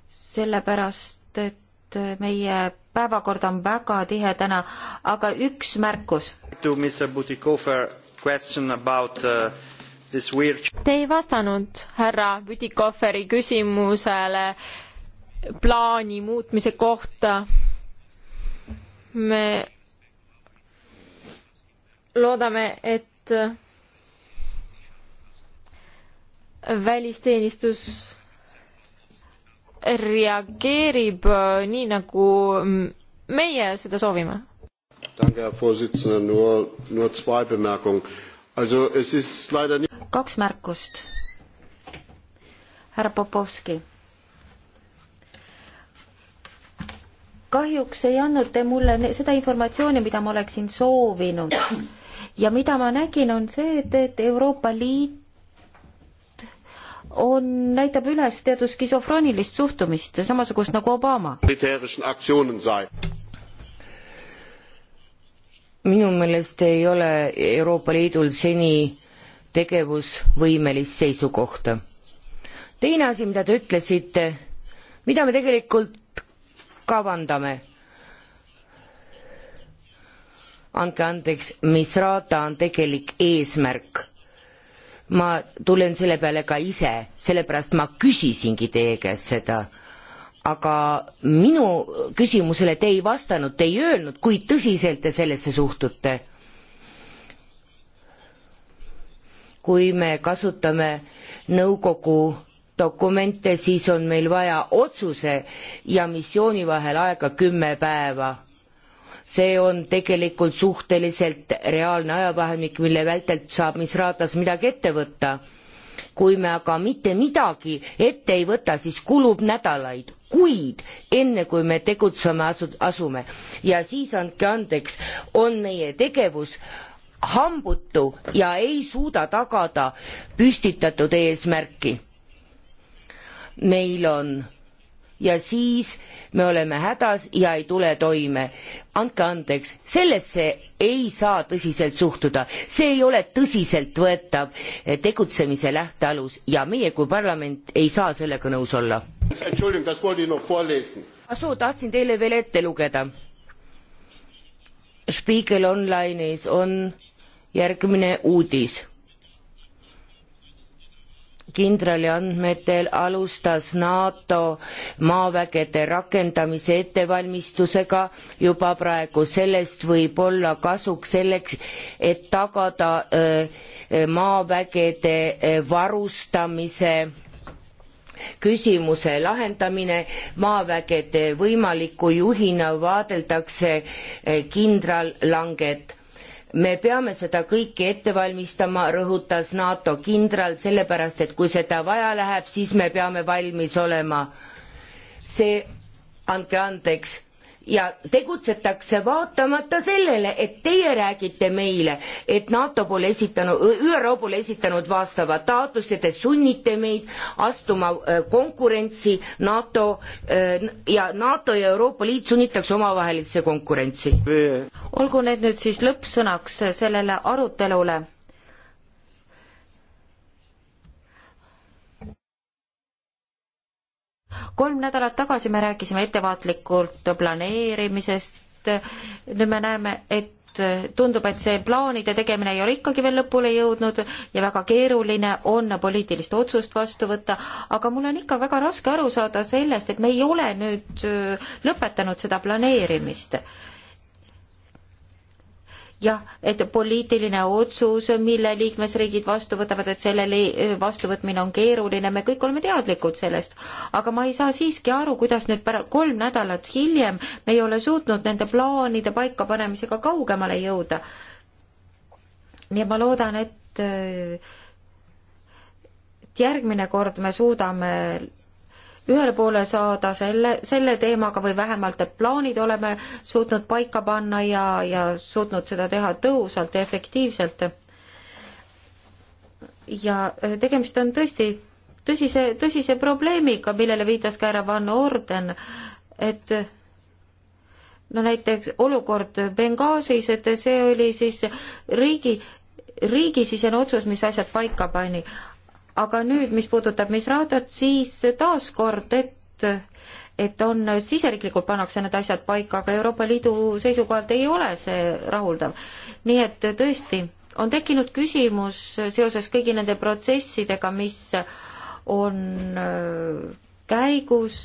sellepärast et meie päevakord on väga tihe täna, aga üks märkus. Uh, Te ei vastanud härra Butikoferi küsimusele plaani muutmise kohta. me loodame, et välisteenistus reageerib äh, nii, nagu meie seda soovime. kaks märkust. härra Popovski. kahjuks ei andnud te mulle seda informatsiooni, mida ma oleksin soovinud ja mida ma nägin, on see, et, et Euroopa Liit on, näitab üles teatud skisofroonilist suhtumist, samasugust nagu Obama. minu meelest ei ole Euroopa Liidul seni tegevusvõimelist seisukohta. teine asi, mida te ütlesite, mida me tegelikult kavandame? andke andeks, mis raata on tegelik eesmärk ma tulen selle peale ka ise, sellepärast ma küsisingi teie käest seda. aga minu küsimusele te ei vastanud, te ei öelnud, kui tõsiselt te sellesse suhtute. kui me kasutame nõukogu dokumente, siis on meil vaja otsuse ja missiooni vahel aega kümme päeva see on tegelikult suhteliselt reaalne ajavahemik, mille vältelt saab mis raatas midagi ette võtta. kui me aga mitte midagi ette ei võta, siis kulub nädalaid, kuid enne kui me tegutsema asu-, asume ja siis andke andeks, on meie tegevus hambutu ja ei suuda tagada püstitatud eesmärki. meil on ja siis me oleme hädas ja ei tule toime. andke andeks, sellesse ei saa tõsiselt suhtuda, see ei ole tõsiseltvõetav tegutsemise lähtealus ja meie kui parlament ei saa sellega nõus olla. soo, tahtsin teile veel ette lugeda. Spiegel Online'is on järgmine uudis kindrali andmetel alustas NATO maavägede rakendamise ettevalmistusega juba praegu. sellest võib olla kasuks selleks, et tagada äh, maavägede äh, varustamise küsimuse lahendamine maavägede võimaliku juhina vaadeldakse äh, kindral Langet me peame seda kõike ette valmistama, rõhutas NATO kindral, sellepärast et kui seda vaja läheb, siis me peame valmis olema. see, andke andeks, ja tegutsetakse vaatamata sellele, et teie räägite meile, et NATO pole esitanud, ÜRO pole esitanud vastavat taotlust ja te sunnite meid astuma äh, konkurentsi NATO äh, ja NATO ja Euroopa Liit sunnitakse omavahelisse konkurentsi. olgu need nüüd siis lõppsõnaks sellele arutelule kolm nädalat tagasi me rääkisime ettevaatlikult planeerimisest, nüüd me näeme, et tundub, et see plaanide tegemine ei ole ikkagi veel lõpule jõudnud ja väga keeruline on poliitilist otsust vastu võtta, aga mul on ikka väga raske aru saada sellest, et me ei ole nüüd äh, lõpetanud seda planeerimist jah, et poliitiline otsus, mille liikmesriigid vastu võtavad, et selle vastuvõtmine on keeruline, me kõik oleme teadlikud sellest. aga ma ei saa siiski aru, kuidas nüüd pära-, kolm nädalat hiljem me ei ole suutnud nende plaanide paikapanemisega kaugemale jõuda. nii et ma loodan, et et järgmine kord me suudame ühele poole saada selle, selle teemaga või vähemalt need plaanid oleme suutnud paika panna ja, ja suutnud seda teha tõhusalt ja efektiivselt. ja äh, tegemist on tõesti tõsise, tõsise probleemiga, millele viitas ka härra Van Orden, et äh, no näiteks olukord Benghazis, et see oli siis riigi, riigisisene otsus, mis asjad paika pani, aga nüüd, mis puudutab Miss Raadot, siis taaskord, et et on, siseriiklikult pannakse need asjad paika, aga Euroopa Liidu seisukohalt ei ole see rahuldav. nii et tõesti, on tekkinud küsimus seoses kõigi nende protsessidega, mis on äh, käigus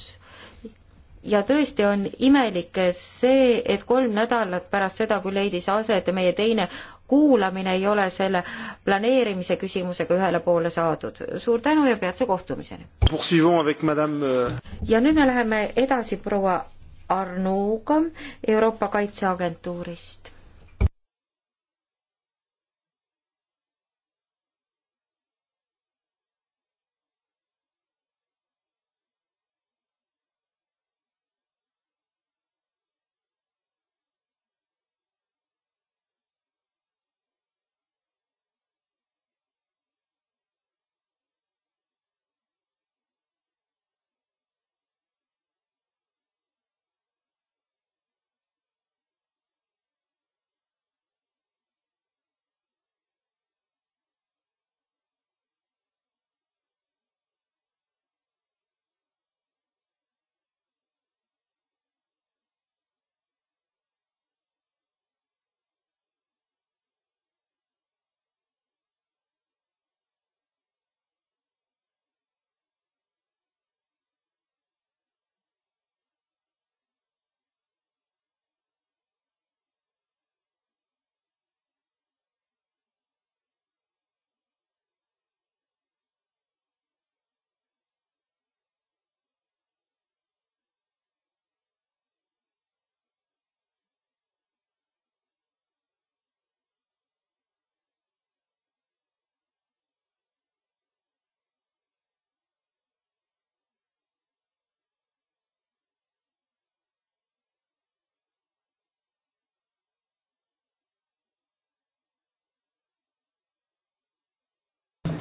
ja tõesti on imelik see, et kolm nädalat pärast seda, kui leidis aset meie teine kuulamine, ei ole selle planeerimise küsimusega ühele poole saadud. suur tänu ja peatse kohtumiseni! Euh, ja nüüd me läheme edasi proua Arnuga Euroopa Kaitseagentuurist.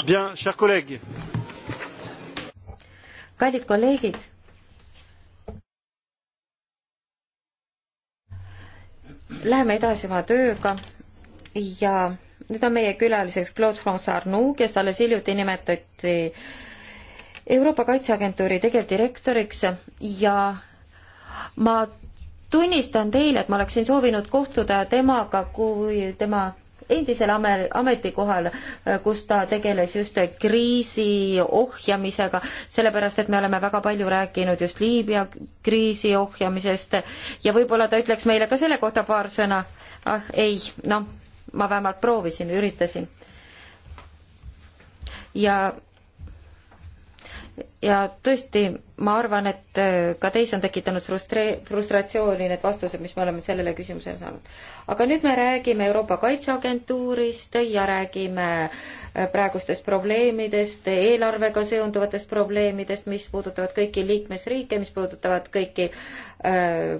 Bien, chers collègues. kallid kolleegid. Läheme edasi oma tööga ja nüüd on meie külaliseks Claude Francois Arnoux, kes alles hiljuti nimetati Euroopa Kaitseagentuuri tegevdirektoriks ja ma tunnistan teile, et ma oleksin soovinud kohtuda temaga, kui tema endisel ametikohal, kus ta tegeles just kriisi ohjamisega, sellepärast et me oleme väga palju rääkinud just Liibüa kriisi ohjamisest ja võib-olla ta ütleks meile ka selle kohta paar sõna. ah ei, noh, ma vähemalt proovisin, üritasin. ja ja tõesti, ma arvan, et äh, ka teis on tekitanud frustre-, frustratsiooni need vastused, mis me oleme sellele küsimusele saanud. aga nüüd me räägime Euroopa Kaitseagentuurist ja räägime äh, praegustest probleemidest, eelarvega seonduvatest probleemidest, mis puudutavad kõiki liikmesriike, mis puudutavad kõiki äh,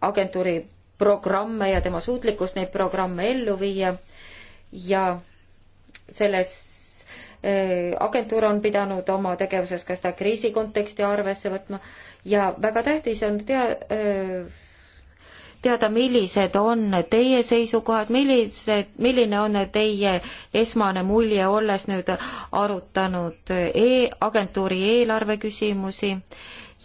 agentuuri programme ja tema suutlikkust neid programme ellu viia ja selles Äh, agentuur on pidanud oma tegevuses ka seda kriisi konteksti arvesse võtma ja väga tähtis on tea-, äh, teada, millised on teie seisukohad, millised, milline on teie esmane mulje, olles nüüd arutanud e-, agentuuri eelarve küsimusi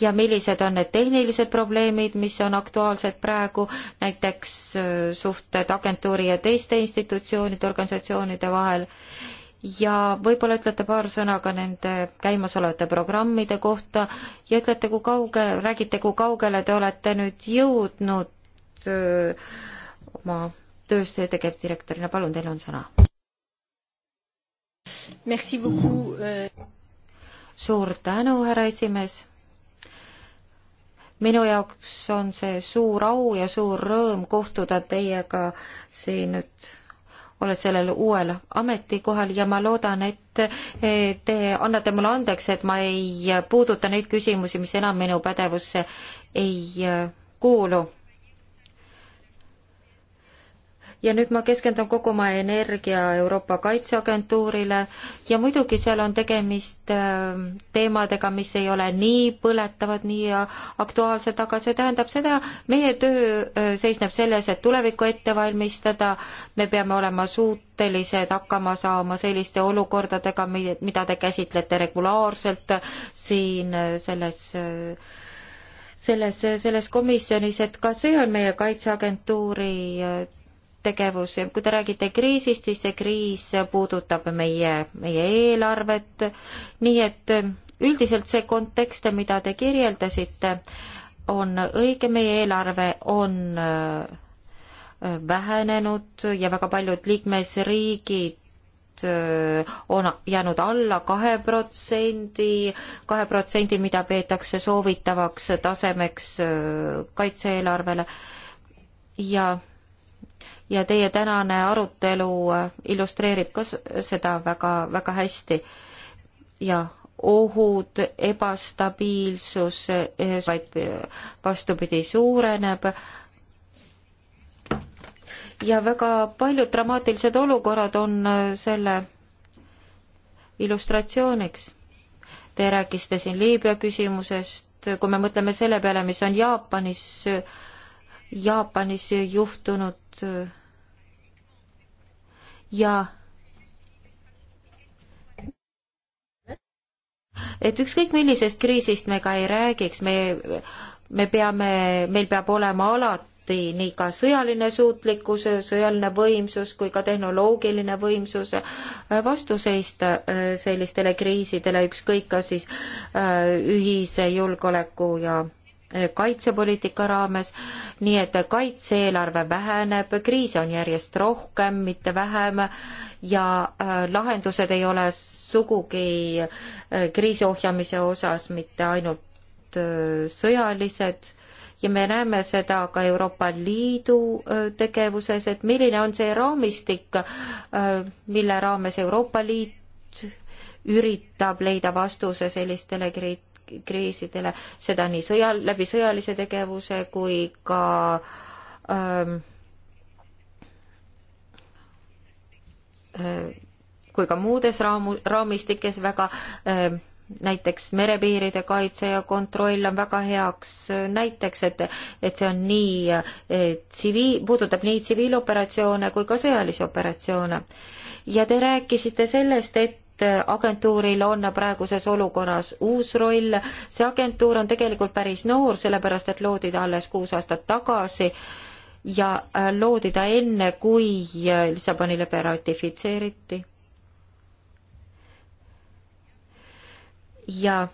ja millised on need tehnilised probleemid, mis on aktuaalsed praegu, näiteks äh, suhted agentuuri ja teiste institutsioonide, organisatsioonide vahel ja võib-olla ütlete paar sõna ka nende käimasolevate programmide kohta ja ütlete, kui kaugele, räägite, kui kaugele te olete nüüd jõudnud öö, oma töös tegevdirektorina, palun, teil on sõna. suur tänu, härra esimees minu jaoks on see suur au ja suur rõõm kohtuda teiega siin nüüd olla sellel uuel ametikohal ja ma loodan, et eh, te annate mulle andeks, et ma ei puuduta neid küsimusi, mis enam minu pädevusse ei eh, kuulu ja nüüd ma keskendun kogu oma energia Euroopa Kaitseagentuurile ja muidugi seal on tegemist äh, teemadega, mis ei ole nii põletavad, nii aktuaalsed, aga see tähendab seda, meie töö äh, seisneb selles, et tulevikku ette valmistada, me peame olema suutelised hakkama saama selliste olukordadega, mida te käsitlete regulaarselt siin äh, selles selles, selles komisjonis, et ka see on meie Kaitseagentuuri tegevus ja kui te räägite kriisist, siis see kriis puudutab meie, meie eelarvet, nii et üldiselt see kontekst, mida te kirjeldasite, on õige, meie eelarve on äh, vähenenud ja väga paljud liikmesriigid äh, on jäänud alla kahe protsendi, kahe protsendi, mida peetakse soovitavaks tasemeks äh, kaitse-eelarvele ja ja teie tänane arutelu äh, illustreerib ka seda väga, väga hästi. ja ohud, ebastabiilsus, äh, vaid äh, vastupidi, suureneb ja väga paljud dramaatilised olukorrad on selle illustratsiooniks. Te rääkisite siin Liibüa küsimusest, kui me mõtleme selle peale, mis on Jaapanis, Jaapanis juhtunud, olnud ja et ükskõik millisest kriisist me ka ei räägiks, me, me peame, meil peab olema alati nii ka sõjaline suutlikkus, sõjaline võimsus kui ka tehnoloogiline võimsus vastu seista äh, sellistele kriisidele, ükskõik kas siis äh, ühise julgeoleku ja kaitsepoliitika raames, nii et kaitse-eelarve väheneb, kriise on järjest rohkem, mitte vähem ja äh, lahendused ei ole sugugi äh, kriisi ohjamise osas mitte ainult äh, sõjalised ja me näeme seda ka Euroopa Liidu tegevuses, et milline on see raamistik, mille raames Euroopa Liit üritab leida vastuse sellistele kriit-, kriisidele, seda nii sõja, läbi sõjalise tegevuse kui ka ähm, äh, kui ka muudes raamu, raamistikes väga ähm, näiteks merepiiride kaitse ja kontroll on väga heaks äh, näiteks, et, et see on nii äh, tsiviil, puudutab nii tsiviiloperatsioone kui ka sõjalisi operatsioone. ja te rääkisite sellest, et et agentuuril on praeguses olukorras uus roll. see agentuur on tegelikult päris noor, sellepärast et loodi ta alles kuus aastat tagasi ja äh, loodi ta enne, kui äh, Lissaboni lepe ratifitseeriti. ja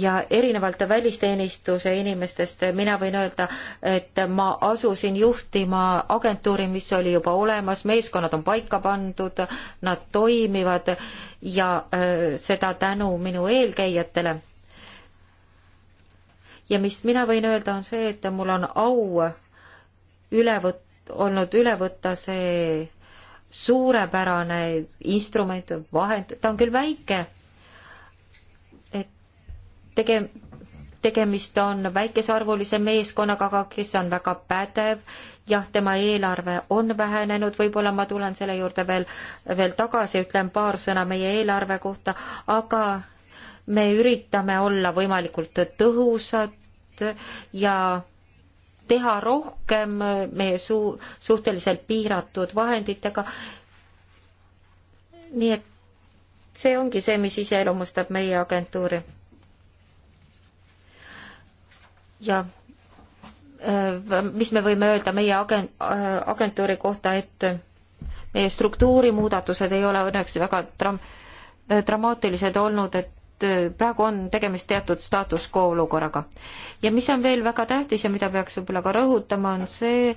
ja erinevalt välisteenistuse inimestest mina võin öelda, et ma asusin juhtima agentuuri, mis oli juba olemas, meeskonnad on paika pandud, nad toimivad ja äh, seda tänu minu eelkäijatele. ja mis mina võin öelda, on see, et mul on au üle võtta, olnud üle võtta see suurepärane instrument, vahend, ta on küll väike tege-, tegemist on väikesearvulise meeskonnaga, aga kes on väga pädev, jah, tema eelarve on vähenenud, võib-olla ma tulen selle juurde veel, veel tagasi, ütlen paar sõna meie eelarve kohta, aga me üritame olla võimalikult tõhusad ja teha rohkem meie suu-, suhteliselt piiratud vahenditega, nii et see ongi see, mis iseloomustab meie agentuuri ja äh, mis me võime öelda meie agent, äh, agentuuri kohta, et meie struktuurimuudatused ei ole õnneks väga dram-, äh, dramaatilised olnud, et praegu on tegemist teatud staatus quo olukorraga. ja mis on veel väga tähtis ja mida peaks võib-olla ka rõhutama, on see,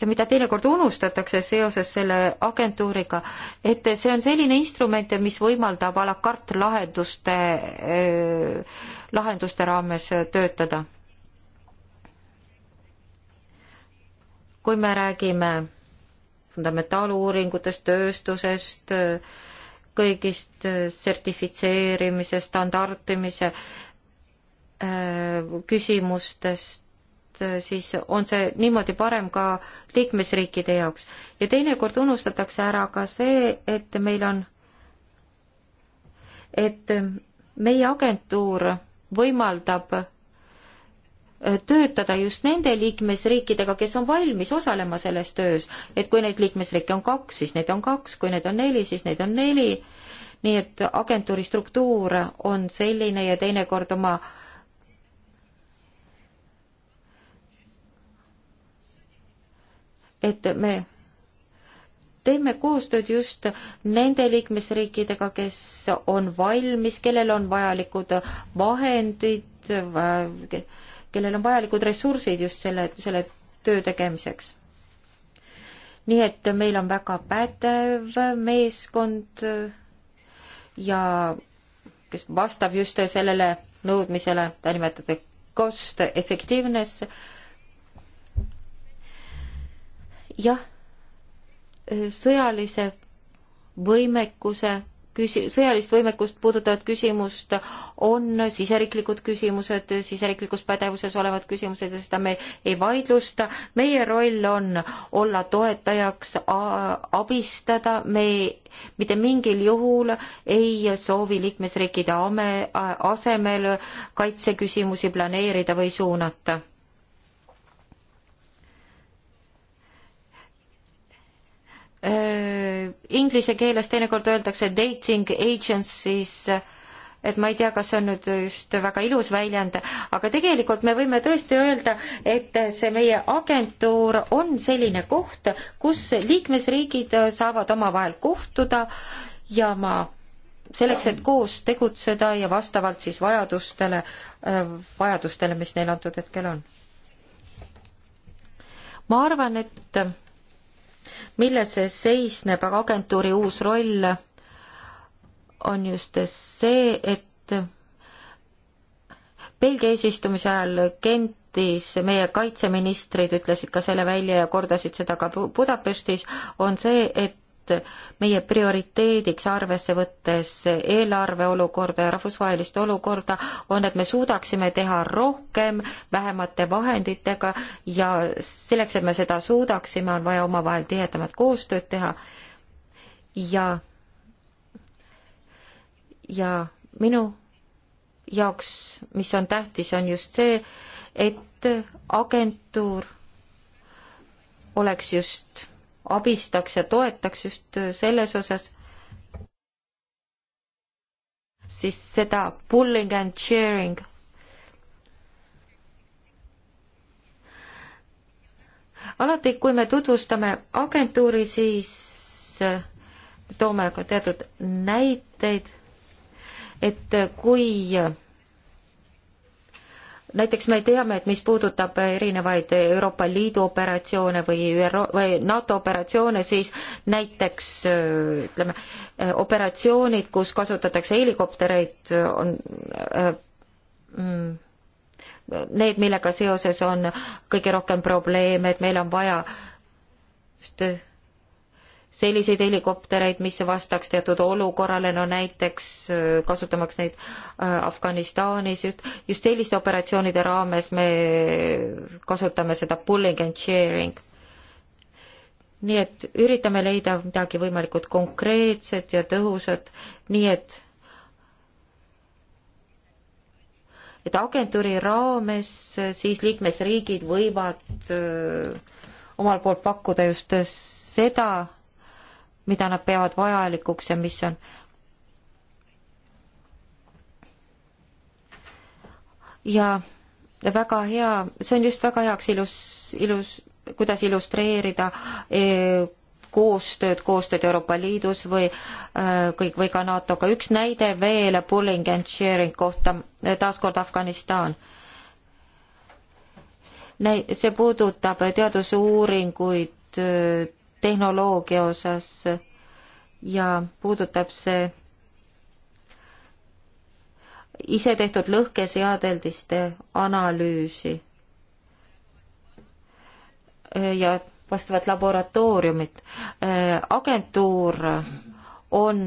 ja mida teinekord unustatakse seoses selle agentuuriga, et see on selline instrument, mis võimaldab a la carte lahenduste, lahenduste raames töötada kui me räägime fundamentaaluuringutest, tööstusest, kõigist äh, sertifitseerimise, standardimise äh, küsimustest, äh, siis on see niimoodi parem ka liikmesriikide jaoks. ja teinekord unustatakse ära ka see, et meil on, et meie agentuur võimaldab töötada just nende liikmesriikidega, kes on valmis osalema selles töös. et kui neid liikmesriike on kaks, siis neid on kaks, kui neid on neli, siis neid on neli. nii et agentuuri struktuur on selline ja teinekord oma et me teeme koostööd just nende liikmesriikidega, kes on valmis, kellel on vajalikud vahendid, kellel on vajalikud ressursid just selle, selle töö tegemiseks. nii et meil on väga pädev meeskond ja kes vastab just sellele nõudmisele, ta nimetatakse cost effectiveness. jah, sõjalise võimekuse küsi-, sõjalist võimekust puudutavat küsimust, on siseriiklikud küsimused, siseriiklikus pädevuses olevad küsimused ja seda me ei vaidlusta. meie roll on olla toetajaks, abistada, me mitte mingil juhul ei soovi liikmesriikide ame, asemel kaitseküsimusi planeerida või suunata Äh, inglise keeles teinekord öeldakse dating agencies, äh, et ma ei tea, kas see on nüüd just väga ilus väljend, aga tegelikult me võime tõesti öelda, et see meie agentuur on selline koht, kus liikmesriigid saavad omavahel kohtuda ja ma selleks, et koos tegutseda ja vastavalt siis vajadustele, äh, vajadustele, mis neil antud hetkel on. ma arvan, et milles seisneb aga agentuuri uus roll, on just see, et Belgia eesistumise ajal Gentis meie kaitseministrid ütlesid ka selle välja ja kordasid seda ka Budapestis, on see, et meie prioriteediks, arvesse võttes eelarve olukorda ja rahvusvahelist olukorda, on, et me suudaksime teha rohkem vähemate vahenditega ja selleks, et me seda suudaksime, on vaja omavahel tihedamat koostööd teha ja, ja minu jaoks, mis on tähtis, on just see, et agentuur oleks just abistaks ja toetaks just selles osas, siis seda pulling and cheering. alati, kui me tutvustame agentuuri, siis äh, toome ka teatud näiteid, et kui näiteks me teame, et mis puudutab erinevaid Euroopa Liidu operatsioone või ÜRO või NATO operatsioone, siis näiteks ütleme, operatsioonid, kus kasutatakse helikoptereid, on mm, need, millega seoses on kõige rohkem probleeme, et meil on vaja just selliseid helikoptereid, mis vastaks teatud olukorrale, no näiteks äh, kasutamaks neid äh, Afganistanis, just selliste operatsioonide raames me kasutame seda pulling and sharing. nii et üritame leida midagi võimalikult konkreetset ja tõhusat, nii et et agentuuri raames äh, siis liikmesriigid võivad öö, omalt poolt pakkuda just seda, mida nad peavad vajalikuks ja mis on ja väga hea, see on just väga heaks ilus, ilus, kuidas illustreerida eh, koostööd, koostööd Euroopa Liidus või eh, kõik või ka NATO-ga. üks näide veel pulling and sharing kohta, eh, taaskord Afganistan. see puudutab teadusuuringuid tehnoloogia osas ja puudutab see isetehtud lõhkeseadeldiste analüüsi ja vastavat laboratooriumit. agentuur on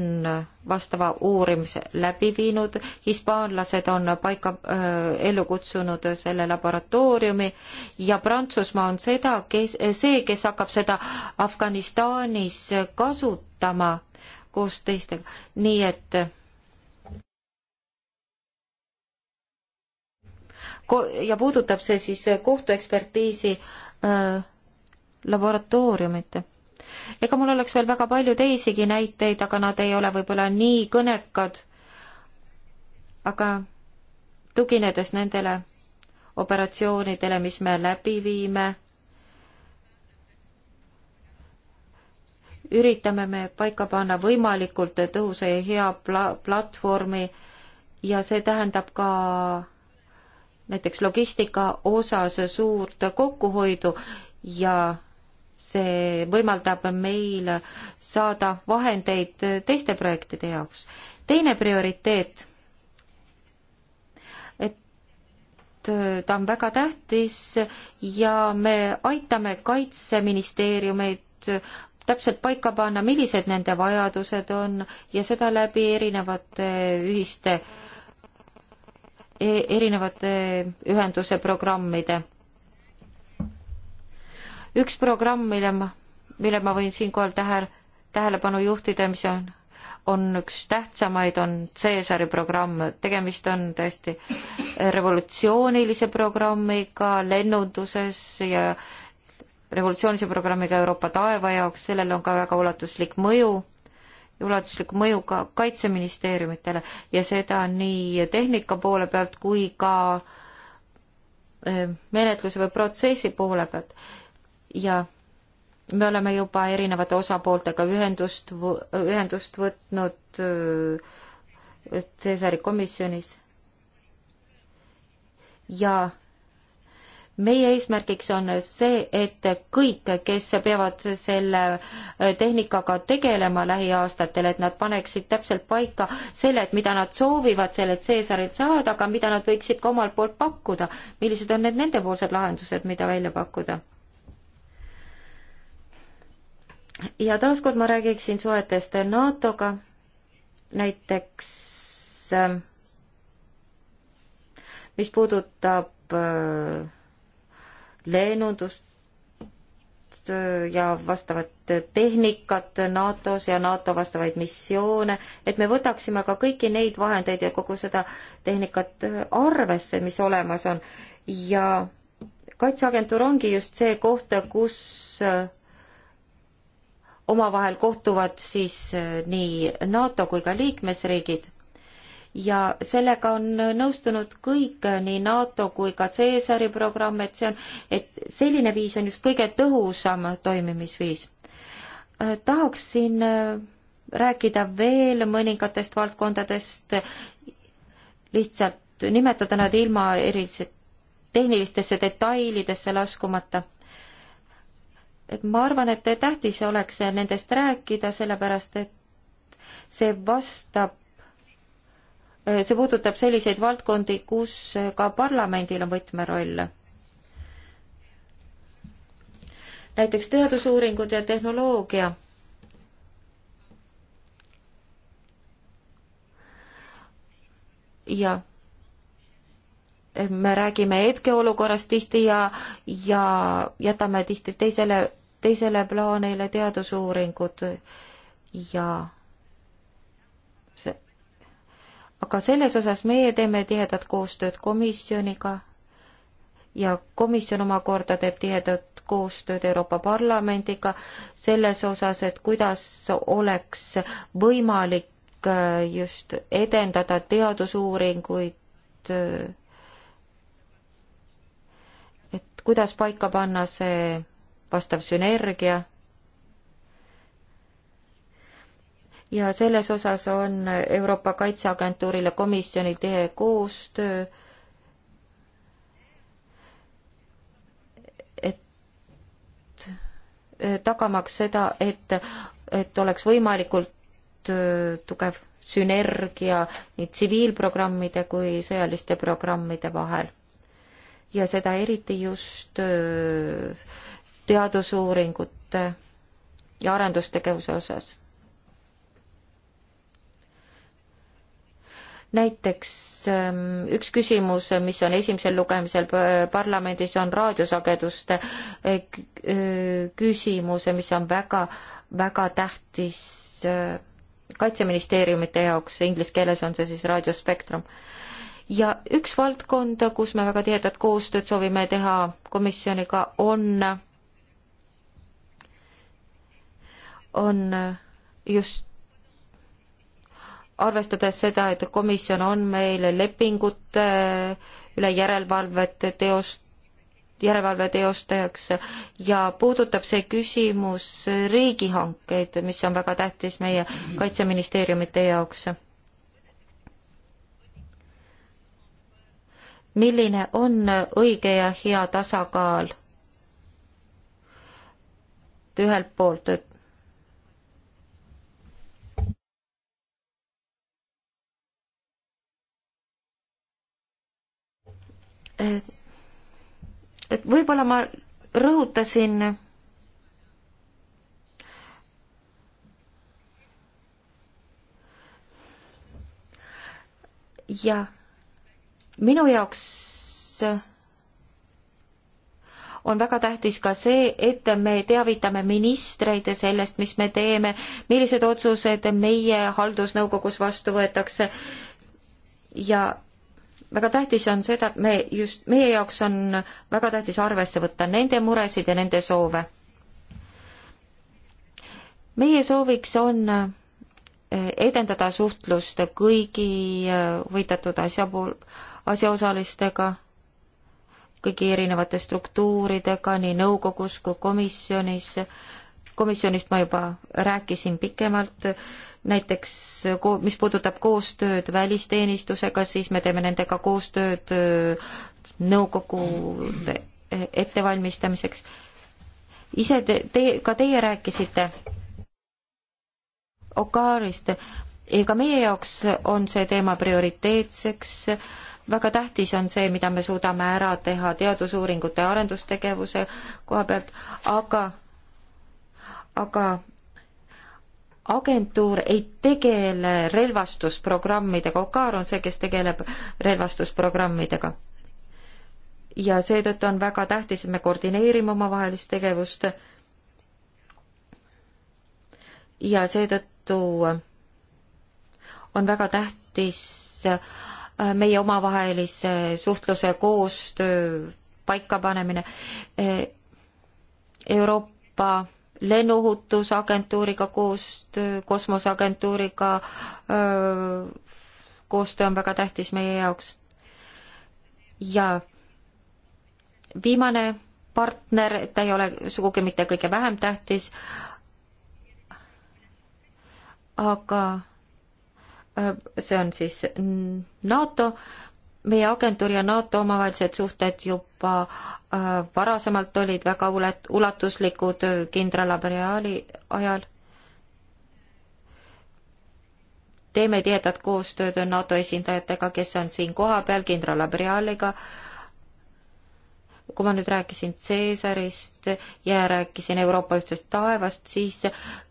vastava uurimise läbi viinud, hispaanlased on paika äh, ellu kutsunud selle laboratooriumi ja Prantsusmaa on seda, kes, see, kes hakkab seda Afganistanis kasutama koos teistega, nii et ko-, ja puudutab see siis kohtuekspertiisi äh, laboratooriumit ega mul oleks veel väga palju teisigi näiteid, aga nad ei ole võib-olla nii kõnekad. aga tuginedes nendele operatsioonidele, mis me läbi viime, üritame me paika panna võimalikult tõhusa ja hea pla-, platvormi ja see tähendab ka näiteks logistika osas suurt kokkuhoidu ja see võimaldab meil saada vahendeid teiste projektide jaoks. teine prioriteet, et ta on väga tähtis ja me aitame kaitseministeeriumeid täpselt paika panna, millised nende vajadused on ja seda läbi erinevate ühiste, e-, erinevate ühenduse programmide üks programm, mille ma, mille ma võin siinkohal tähel, tähelepanu juhtida, mis on, on üks tähtsamaid, on Caesari programm, tegemist on tõesti revolutsioonilise programmiga lennunduses ja revolutsioonilise programmiga Euroopa taeva jaoks, sellel on ka väga ulatuslik mõju ulatusliku mõjuga kaitseministeeriumitele ja seda nii tehnika poole pealt kui ka eh, menetluse või protsessi poole pealt ja me oleme juba erinevate osapooltega ühendust, ühendust võtnud Cäsari komisjonis. ja meie eesmärgiks on see, et kõik, kes peavad selle tehnikaga tegelema lähiaastatel, et nad paneksid täpselt paika selle, et mida nad soovivad sellelt Caesarilt saada, aga mida nad võiksid ka omalt poolt pakkuda. millised on need nendepoolsed lahendused, mida välja pakkuda? ja taaskord ma räägiksin suhetest NATO-ga, näiteks äh, mis puudutab äh, lennundust äh, ja vastavat tehnikat NATO-s ja NATO vastavaid missioone, et me võtaksime ka kõiki neid vahendeid ja kogu seda tehnikat arvesse, mis olemas on. ja kaitseagentuur ongi just see koht, kus omavahel kohtuvad siis äh, nii NATO kui ka liikmesriigid ja sellega on nõustunud kõik, äh, nii NATO kui ka Caesari programm, et see on, et selline viis on just kõige tõhusam toimimisviis. Äh, tahaksin rääkida veel mõningatest valdkondadest, lihtsalt nimetada nad ilma erilise tehnilistesse detailidesse laskumata et ma arvan, et tähtis oleks nendest rääkida, sellepärast et see vastab, see puudutab selliseid valdkondi, kus ka parlamendil on võtmeroll. näiteks teadusuuringud ja tehnoloogia. jah me räägime hetkeolukorrast tihti ja, ja jätame tihti teisele, teisele plaanile teadusuuringud ja see, aga selles osas meie teeme tihedat koostööd komisjoniga ja komisjon omakorda teeb tihedat koostööd Euroopa Parlamendiga selles osas, et kuidas oleks võimalik äh, just edendada teadusuuringuid äh, kuidas paika panna see vastav sünergia. ja selles osas on Euroopa Kaitseagentuurile komisjonil tihe koostöö. et tagamaks seda, et, et oleks võimalikult äh, tugev sünergia nii tsiviilprogrammide kui sõjaliste programmide vahel ja seda eriti just teadusuuringute ja arendustegevuse osas. näiteks üks küsimus, mis on esimesel lugemisel parlamendis, on raadiosageduste küsimus, mis on väga, väga tähtis kaitseministeeriumite jaoks, inglise keeles on see siis raadiospektrum ja üks valdkond, kus me väga tihedat koostööd soovime teha komisjoniga, on, on just arvestades seda, et komisjon on meil lepingute üle järelevalvet teost, järelevalve teostajaks ja puudutab see küsimus riigihankeid, mis on väga tähtis meie kaitseministeeriumite jaoks milline on õige ja hea tasakaal ühelt poolt, et et, et võib-olla ma rõhutasin jah, minu jaoks äh, on väga tähtis ka see, et me teavitame ministreid sellest, mis me teeme, millised otsused meie haldusnõukogus vastu võetakse ja väga tähtis on seda, et me just, meie jaoks on väga tähtis arvesse võtta nende muresid ja nende soove. meie sooviks on äh, edendada suhtlust kõigi huvitatud äh, asja pool, asjaosalistega, kõigi erinevate struktuuridega nii nõukogus kui komisjonis. komisjonist ma juba rääkisin pikemalt, näiteks mis puudutab koostööd välisteenistusega, siis me teeme nendega koostööd äh, nõukogu ettevalmistamiseks. ise te, te, ka teie rääkisite Okaarist, ka meie jaoks on see teema prioriteetseks väga tähtis on see, mida me suudame ära teha teadusuuringute ja arendustegevuse koha pealt, aga, aga agentuur ei tegele relvastusprogrammidega, OCCAR on see, kes tegeleb relvastusprogrammidega. ja seetõttu on väga tähtis, et me koordineerime omavahelist tegevust ja seetõttu on väga tähtis Äh, meie omavahelise suhtluse koostöö paikapanemine. Äh, Euroopa lennuohutusagentuuriga koostöö, kosmoseagentuuriga äh, koostöö on väga tähtis meie jaoks. ja viimane partner, ta ei ole sugugi mitte kõige vähem tähtis, aga Äh, see on siis NATO, meie agentuur ja NATO omavahelised suhted juba äh, varasemalt olid väga ulet-, ulatuslikud äh, kindral Abriali ajal. teeme tihedat koostööd NATO esindajatega, kes on siin kohapeal, kindral Abrialiga, kui ma nüüd rääkisin Caesarist ja rääkisin Euroopa ühtsest taevast, siis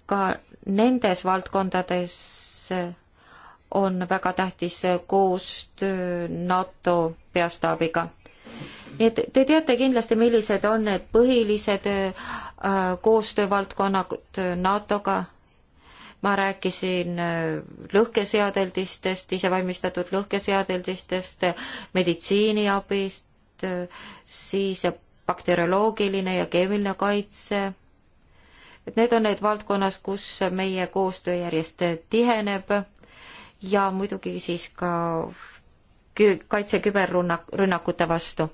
ka nendes valdkondades on väga tähtis koostöö NATO peastaabiga. nii et te teate kindlasti, millised on need põhilised äh, koostöövaldkonnad NATO-ga, ma rääkisin äh, lõhkeseadeldistest, isevalmistatud lõhkeseadeldistest, meditsiiniabist, äh, siis bakterioloogiline ja keemiline kaitse et need on need valdkonnas, kus meie koostöö järjest tiheneb ja muidugi siis ka kaitse küberrünnak, rünnakute vastu.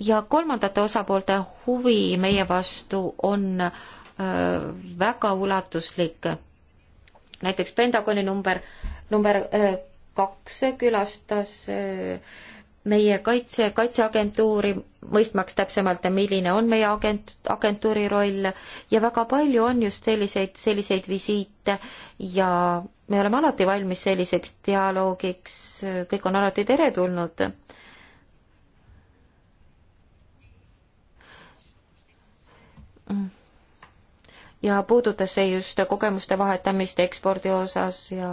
ja kolmandate osapoolte huvi meie vastu on öö, väga ulatuslik. näiteks Pentagoni number, number öö, kaks külastas öö, meie kaitse, kaitseagentuuri, mõistmaks täpsemalt, milline on meie agent, agentuuri roll ja väga palju on just selliseid, selliseid visiite ja me oleme alati valmis selliseks dialoogiks, kõik on alati teretulnud. Mm ja puudutas see just kogemuste vahetamist ekspordi osas ja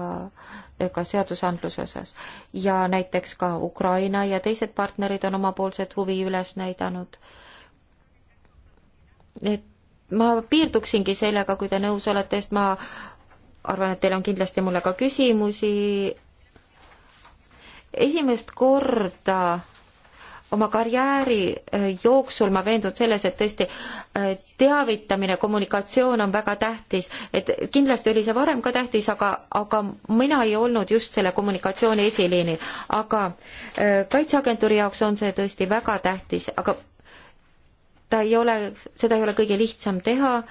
ka seadusandluse osas. ja näiteks ka Ukraina ja teised partnerid on omapoolset huvi üles näidanud. et ma piirduksingi sellega, kui te nõus olete, sest ma arvan, et teil on kindlasti mulle ka küsimusi. esimest korda oma karjääri äh, jooksul ma veendun selles, et tõesti äh, teavitamine, kommunikatsioon on väga tähtis, et kindlasti oli see varem ka tähtis, aga, aga mina ei olnud just selle kommunikatsiooni esiliinil. aga äh, Kaitseagentuuri jaoks on see tõesti väga tähtis, aga ta ei ole, seda ei ole kõige lihtsam teha,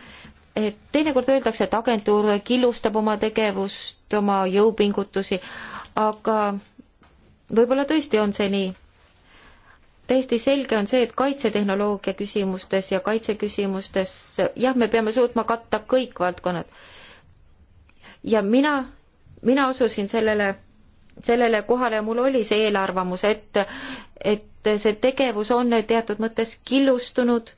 et teinekord öeldakse, et agentuur killustab oma tegevust, oma jõupingutusi, aga võib-olla tõesti on see nii täiesti selge on see, et kaitsetehnoloogia küsimustes ja kaitseküsimustes jah, me peame suutma katta kõik valdkonnad. ja mina, mina ususin sellele, sellele kohale ja mul oli see eelarvamus, et, et see tegevus on teatud mõttes killustunud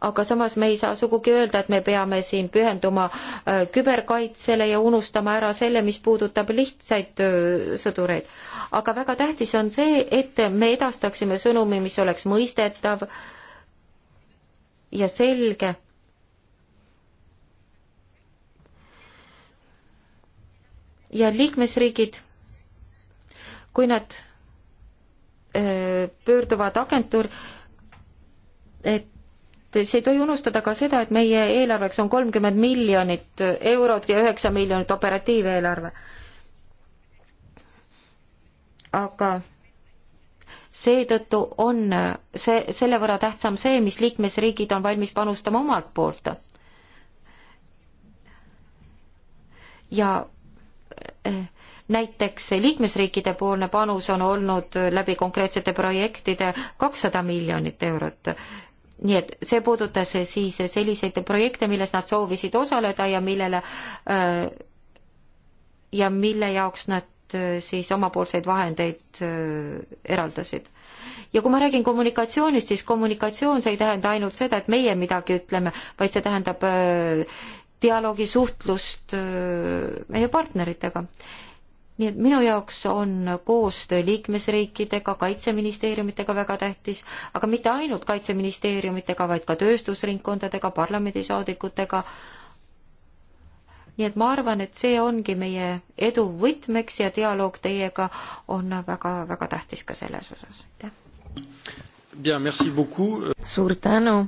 aga samas me ei saa sugugi öelda, et me peame siin pühenduma äh, küberkaitsele ja unustama ära selle, mis puudutab lihtsaid äh, sõdureid. aga väga tähtis on see, et me edastaksime sõnumi, mis oleks mõistetav ja selge. ja liikmesriigid, kui nad äh, pöörduvad agentuur, et siis ei tohi unustada ka seda, et meie eelarveks on kolmkümmend miljonit eurot ja üheksa miljonit operatiiveelarve. aga seetõttu on see, selle võrra tähtsam see, mis liikmesriigid on valmis panustama omalt poolt. ja eh, näiteks liikmesriikide poolne panus on olnud läbi konkreetsete projektide kakssada miljonit eurot nii et see puudutas siis selliseid projekte, milles nad soovisid osaleda ja millele äh, ja mille jaoks nad äh, siis omapoolseid vahendeid äh, eraldasid. ja kui ma räägin kommunikatsioonist, siis kommunikatsioon, see ei tähenda ainult seda, et meie midagi ütleme, vaid see tähendab dialoogi, suhtlust meie partneritega nii et minu jaoks on koostöö liikmesriikidega, kaitseministeeriumitega väga tähtis, aga mitte ainult kaitseministeeriumitega, vaid ka tööstusringkondadega, parlamendisaadikutega. nii et ma arvan, et see ongi meie edu võtmeks ja dialoog teiega on väga-väga tähtis ka selles osas. aitäh! suur tänu!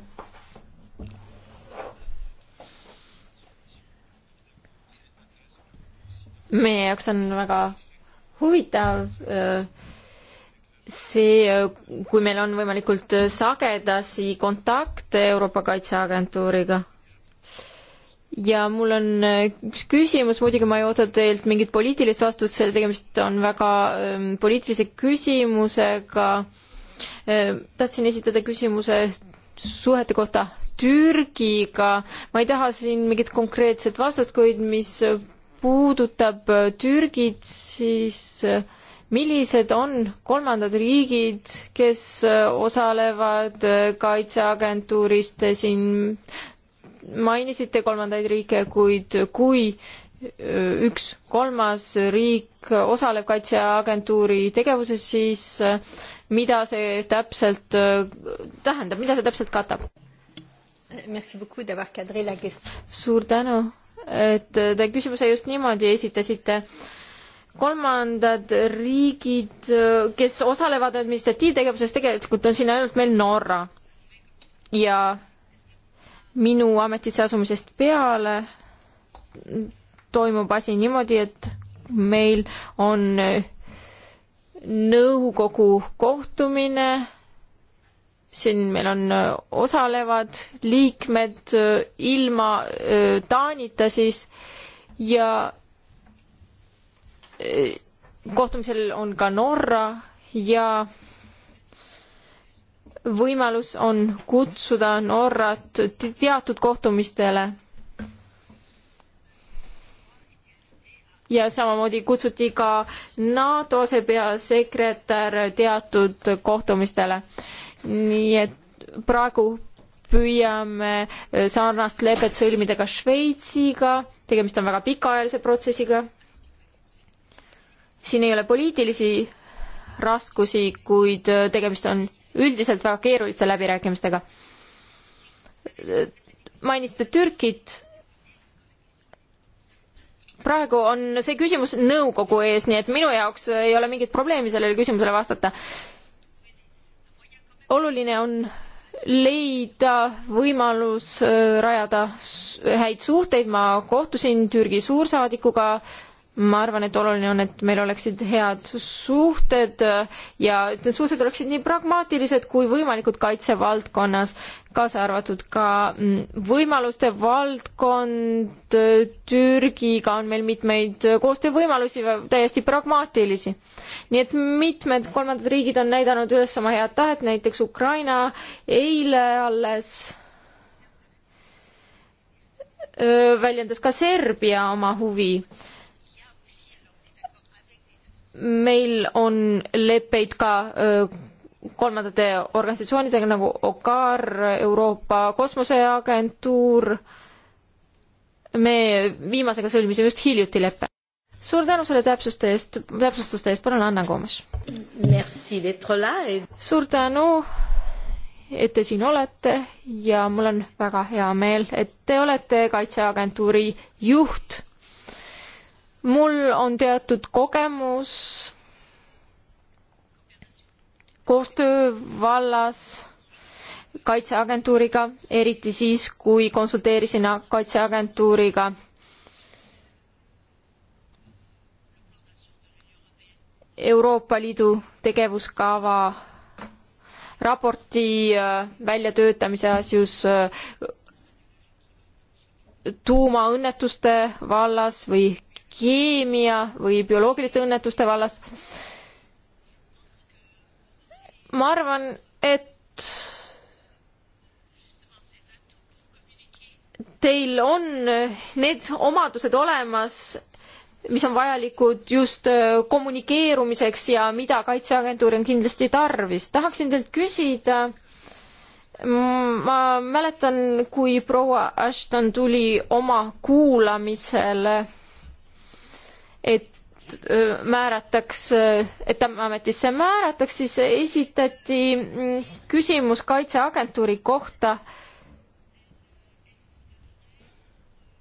meie jaoks on väga huvitav äh, see, äh, kui meil on võimalikult sagedasi kontakte Euroopa Kaitseagentuuriga. ja mul on äh, üks küsimus, muidugi ma ei oota teilt mingit poliitilist vastust, selle tegemist on väga ähm, poliitilise küsimusega. tahtsin esitada küsimuse suhete kohta Türgiga. ma ei taha siin mingit konkreetset vastust, kuid mis puudutab äh, Türgit, siis äh, millised on kolmandad riigid, kes äh, osalevad kaitseagentuurist, te siin mainisite kolmandaid riike, kuid kui üks kolmas riik osaleb kaitseagentuuri tegevuses, siis mida see täpselt tähendab, mida see täpselt katab? suur tänu et te küsimuse just niimoodi esitasite. kolmandad riigid, kes osalevad administratiivtegevuses, tegelikult on siin ainult meil Norra. ja minu ametisse asumisest peale toimub asi niimoodi, et meil on nõukogu kohtumine siin meil on äh, osalevad liikmed äh, ilma äh, Taanita siis ja kohtumisel on ka Norra ja võimalus on kutsuda Norrat teatud kohtumistele. ja samamoodi kutsuti ka NATO asepeasekretär teatud kohtumistele äh, nii et praegu püüame äh, sarnast lepet sõlmida ka Šveitsiga, tegemist on väga pikaajalise protsessiga. siin ei ole poliitilisi raskusi, kuid äh, tegemist on üldiselt väga keeruliste läbirääkimistega. Äh, mainisite Türgit. praegu on see küsimus nõukogu ees, nii et minu jaoks ei ole mingit probleemi sellele küsimusele vastata oluline on leida võimalus äh, rajada häid suhteid, ma kohtusin Türgi suursaadikuga äh, ma arvan, et oluline on, et meil oleksid head suhted äh, ja et need suhted oleksid nii pragmaatilised kui võimalikud kaitsevaldkonnas, kaasa arvatud ka mm, võimaluste valdkond. Äh, Türgiga on meil mitmeid äh, koostöövõimalusi, täiesti pragmaatilisi. nii et mitmed kolmandad riigid on näidanud üles oma head tahet, näiteks Ukraina eile alles väljendas ka Serbia oma huvi meil on leppeid ka kolmandate organisatsioonidega nagu OCCAR, Euroopa Kosmoseagentuur. me viimasega sõlmisime just hiljuti leppe. suur tänu selle täpsuste eest, täpsustuste eest, palun Anna Koomas. suur tänu, et te siin olete ja mul on väga hea meel, et te olete Kaitseagentuuri juht mul on teatud kogemus koostöö vallas kaitseagentuuriga, eriti siis, kui konsulteerisin kaitseagentuuriga Euroopa Liidu tegevuskava raporti äh, väljatöötamise asjus äh, tuumaõnnetuste vallas või keemia või bioloogiliste õnnetuste vallas. ma arvan, et teil on need omadused olemas, mis on vajalikud just äh, kommunikeerumiseks ja mida Kaitseagentuur on kindlasti tarvis. tahaksin teilt küsida, mm, ma mäletan, kui proua Ashton tuli oma kuulamisele et määrataks, et ametisse määrataks, siis esitati mm, küsimus Kaitseagentuuri kohta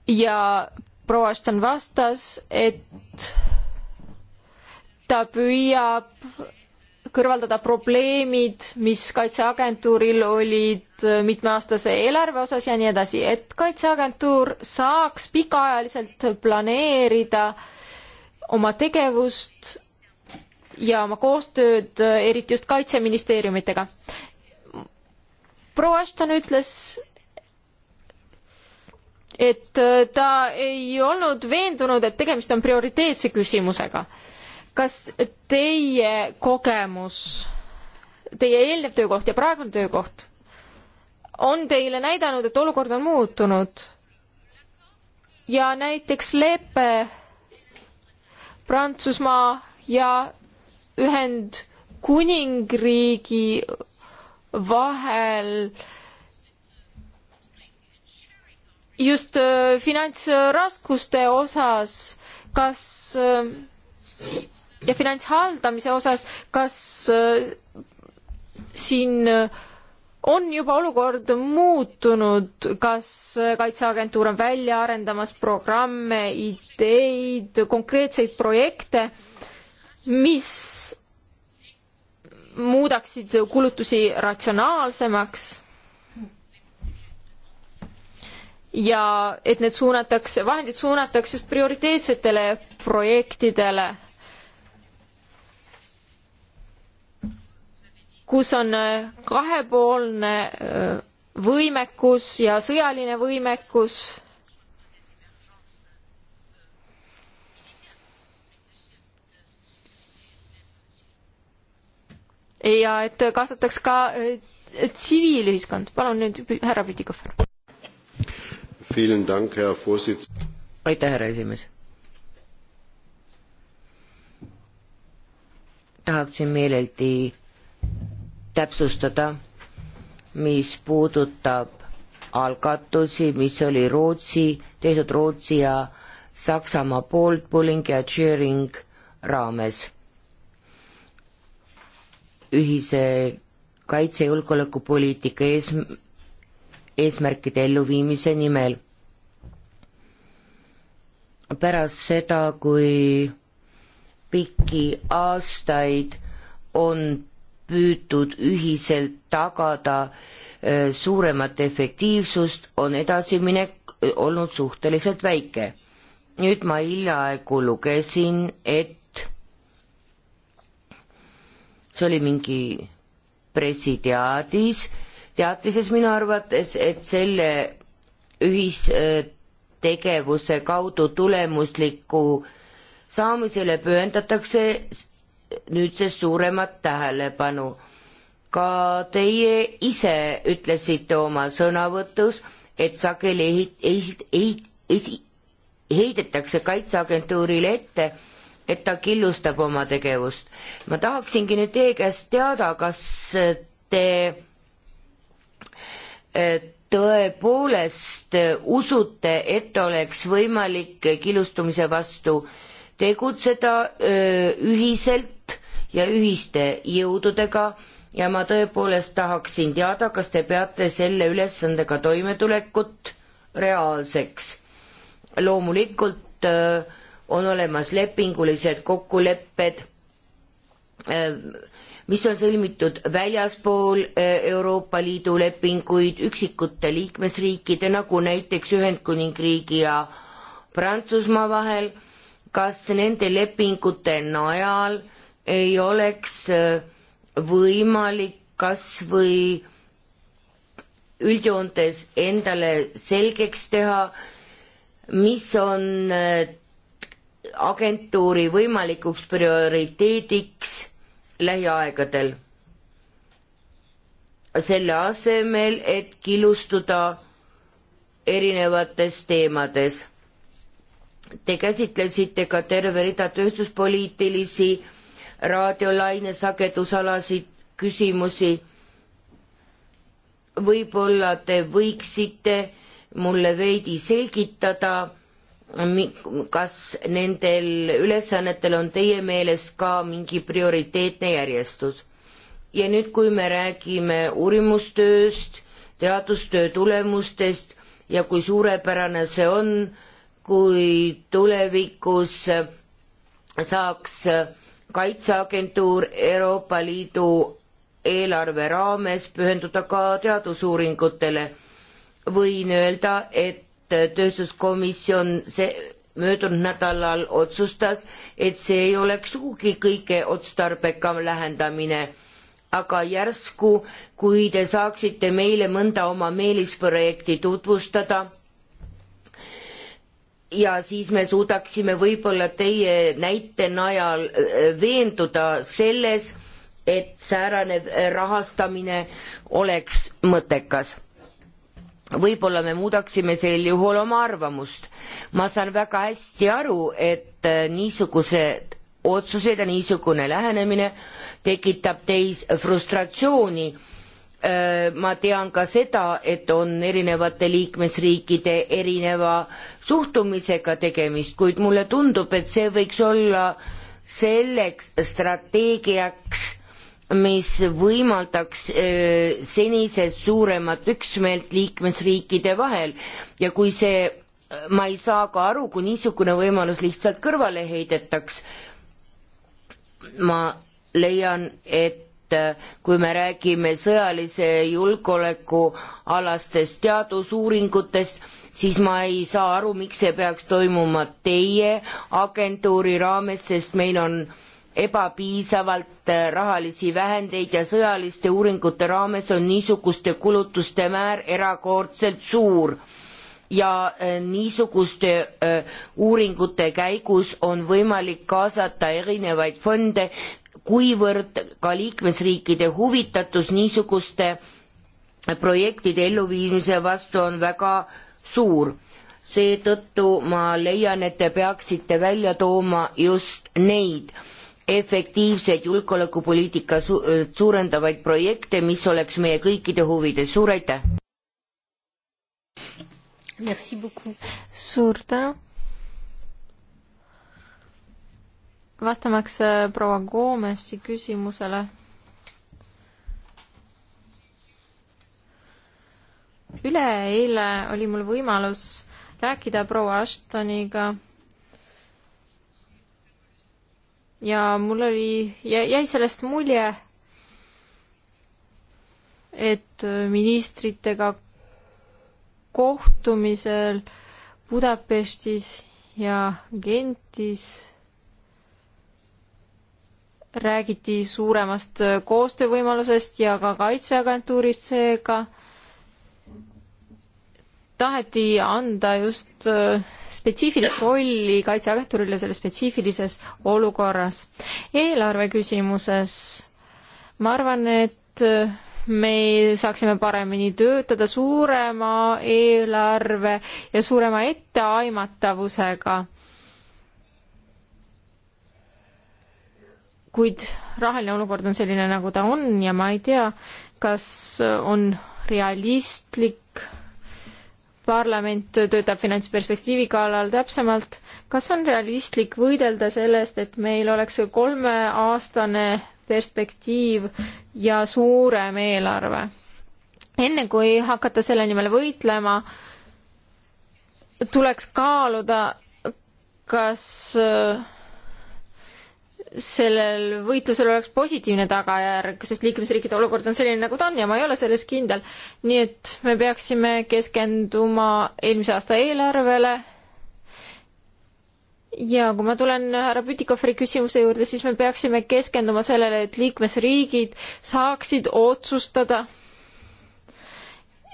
ja proua Ashton vastas, et ta püüab kõrvaldada probleemid, mis Kaitseagentuuril olid mitmeaastase eelarve osas ja nii edasi, et Kaitseagentuur saaks pikaajaliselt planeerida äh, oma tegevust ja oma koostööd, eriti just kaitseministeeriumitega. proua Ashton ütles, et ta ei olnud veendunud, et tegemist on prioriteetse küsimusega. kas teie kogemus, teie eelnev töökoht ja praegune töökoht on teile näidanud, et olukord on muutunud ja näiteks lepe Prantsusmaa ja Ühendkuningriigi vahel just äh, finantsraskuste osas, kas äh, ja finantshaldamise osas, kas äh, siin äh, on juba olukord muutunud, kas Kaitseagentuur on välja arendamas programme, ideid, konkreetseid projekte, mis muudaksid kulutusi ratsionaalsemaks ja et need suunatakse, vahendid suunatakse just prioriteetsetele projektidele kus on äh, kahepoolne äh, võimekus ja sõjaline võimekus ja et kaasataks ka äh, tsiviilühiskond. palun nüüd härra Pütikofer. aitäh, härra esimees. tahaksin meeleldi täpsustada, mis puudutab algatusi, mis oli Rootsi, tehtud Rootsi ja Saksamaa poolt pulling ja cheering raames. ühise kaitse- ja julgeolekupoliitika ees, eesmärkide elluviimise nimel. pärast seda, kui pikki aastaid on püütud ühiselt tagada äh, suuremat efektiivsust, on edasiminek äh, olnud suhteliselt väike. nüüd ma hiljaaegu lugesin, et see oli mingi pressiteadis, teatises minu arvates, et selle ühistegevuse kaudu tulemusliku saamisele pühendatakse nüüdsest suuremat tähelepanu. ka teie ise ütlesite oma sõnavõtus, et sageli ehit-, ehit-, ehit-, esi-, heidetakse Kaitseagentuurile ette, et ta killustab oma tegevust. ma tahaksingi nüüd teie käest teada, kas te e, tõepoolest usute, et oleks võimalik killustumise vastu tegutseda e, ühiselt ja ühiste jõududega ja ma tõepoolest tahaksin teada, kas te peate selle ülesandega toimetulekut reaalseks. loomulikult öö, äh, on olemas lepingulised kokkulepped, äh, mis on sõlmitud väljaspool äh, Euroopa Liidu lepinguid üksikute liikmesriikide, nagu näiteks Ühendkuningriigi ja Prantsusmaa vahel, kas nende lepingute najal äh, ei oleks äh, võimalik kas või üldjoontes endale selgeks teha, mis on äh, agentuuri võimalikuks prioriteediks lähiaegadel. selle asemel, et killustuda erinevates teemades. Te käsitlesite ka terve rida tööstuspoliitilisi raadiolaine sagedusalasid küsimusi. võib-olla te võiksite mulle veidi selgitada, kas nendel ülesannetel on teie meelest ka mingi prioriteetne järjestus? ja nüüd, kui me räägime uurimustööst, teadustöö tulemustest ja kui suurepärane see on, kui tulevikus saaks äh, kaitseagentuur Euroopa Liidu eelarve raames pühenduda ka teadusuuringutele. võin öelda, et tööstuskomisjon see möödunud nädalal otsustas, et see ei oleks sugugi kõige otstarbekam lähendamine. aga järsku, kui te saaksite meile mõnda oma meelisprojekti tutvustada ja siis me suudaksime võib-olla teie näite najal äh, veenduda selles, et säärane äh, rahastamine oleks mõttekas. võib-olla me muudaksime sel juhul oma arvamust. ma saan väga hästi aru, et äh, niisugused otsused ja niisugune lähenemine tekitab teis frustratsiooni Äh, ma tean ka seda, et on erinevate liikmesriikide erineva suhtumisega tegemist, kuid mulle tundub, et see võiks olla selleks strateegiaks, mis võimaldaks äh, senisest suuremat üksmeelt liikmesriikide vahel ja kui see, äh, ma ei saa ka aru, kui niisugune võimalus lihtsalt kõrvale heidetaks, ma leian, et et äh, kui me räägime sõjalise julgeoleku alastest teadusuuringutest, siis ma ei saa aru, miks see peaks toimuma teie agentuuri raames, sest meil on ebapiisavalt äh, rahalisi vähendeid ja sõjaliste uuringute raames on niisuguste kulutuste määr erakordselt suur ja äh, niisuguste uuringute käigus on võimalik kaasata erinevaid fonde kuivõrd ka liikmesriikide huvitatus niisuguste projektide elluviimise vastu on väga suur. seetõttu ma leian, et te peaksite välja tooma just neid efektiivseid julgeolekupoliitika su suurendavaid projekte, mis oleks meie kõikide huvides, suur aitäh! suur tänu! vastamaks äh, proua Goomesi küsimusele. üleeile oli mul võimalus rääkida proua Ashtoniga ja mul oli, jäi sellest mulje, et äh, ministritega kohtumisel Budapestis ja Gentis räägiti suuremast koostöövõimalusest ja ka kaitseagentuurist, seega taheti anda just äh, spetsiifilist rolli kaitseagentuurile selles spetsiifilises olukorras. eelarve küsimuses ma arvan, et äh, me saaksime paremini töötada suurema eelarve ja suurema etteaimatavusega kuid rahaline olukord on selline, nagu ta on ja ma ei tea, kas on realistlik parlament töötab finantsperspektiivi kallal täpsemalt, kas on realistlik võidelda sellest, et meil oleks kolmeaastane perspektiiv ja suurem eelarve? enne kui hakata selle nimel võitlema, tuleks kaaluda, kas äh, sellel võitlusel oleks positiivne tagajärg, sest liikmesriikide olukord on selline, nagu ta on ja ma ei ole selles kindel. nii et me peaksime keskenduma eelmise aasta eelarvele. ja kui ma tulen härra Pütikofri küsimuse juurde, siis me peaksime keskenduma sellele, et liikmesriigid saaksid otsustada,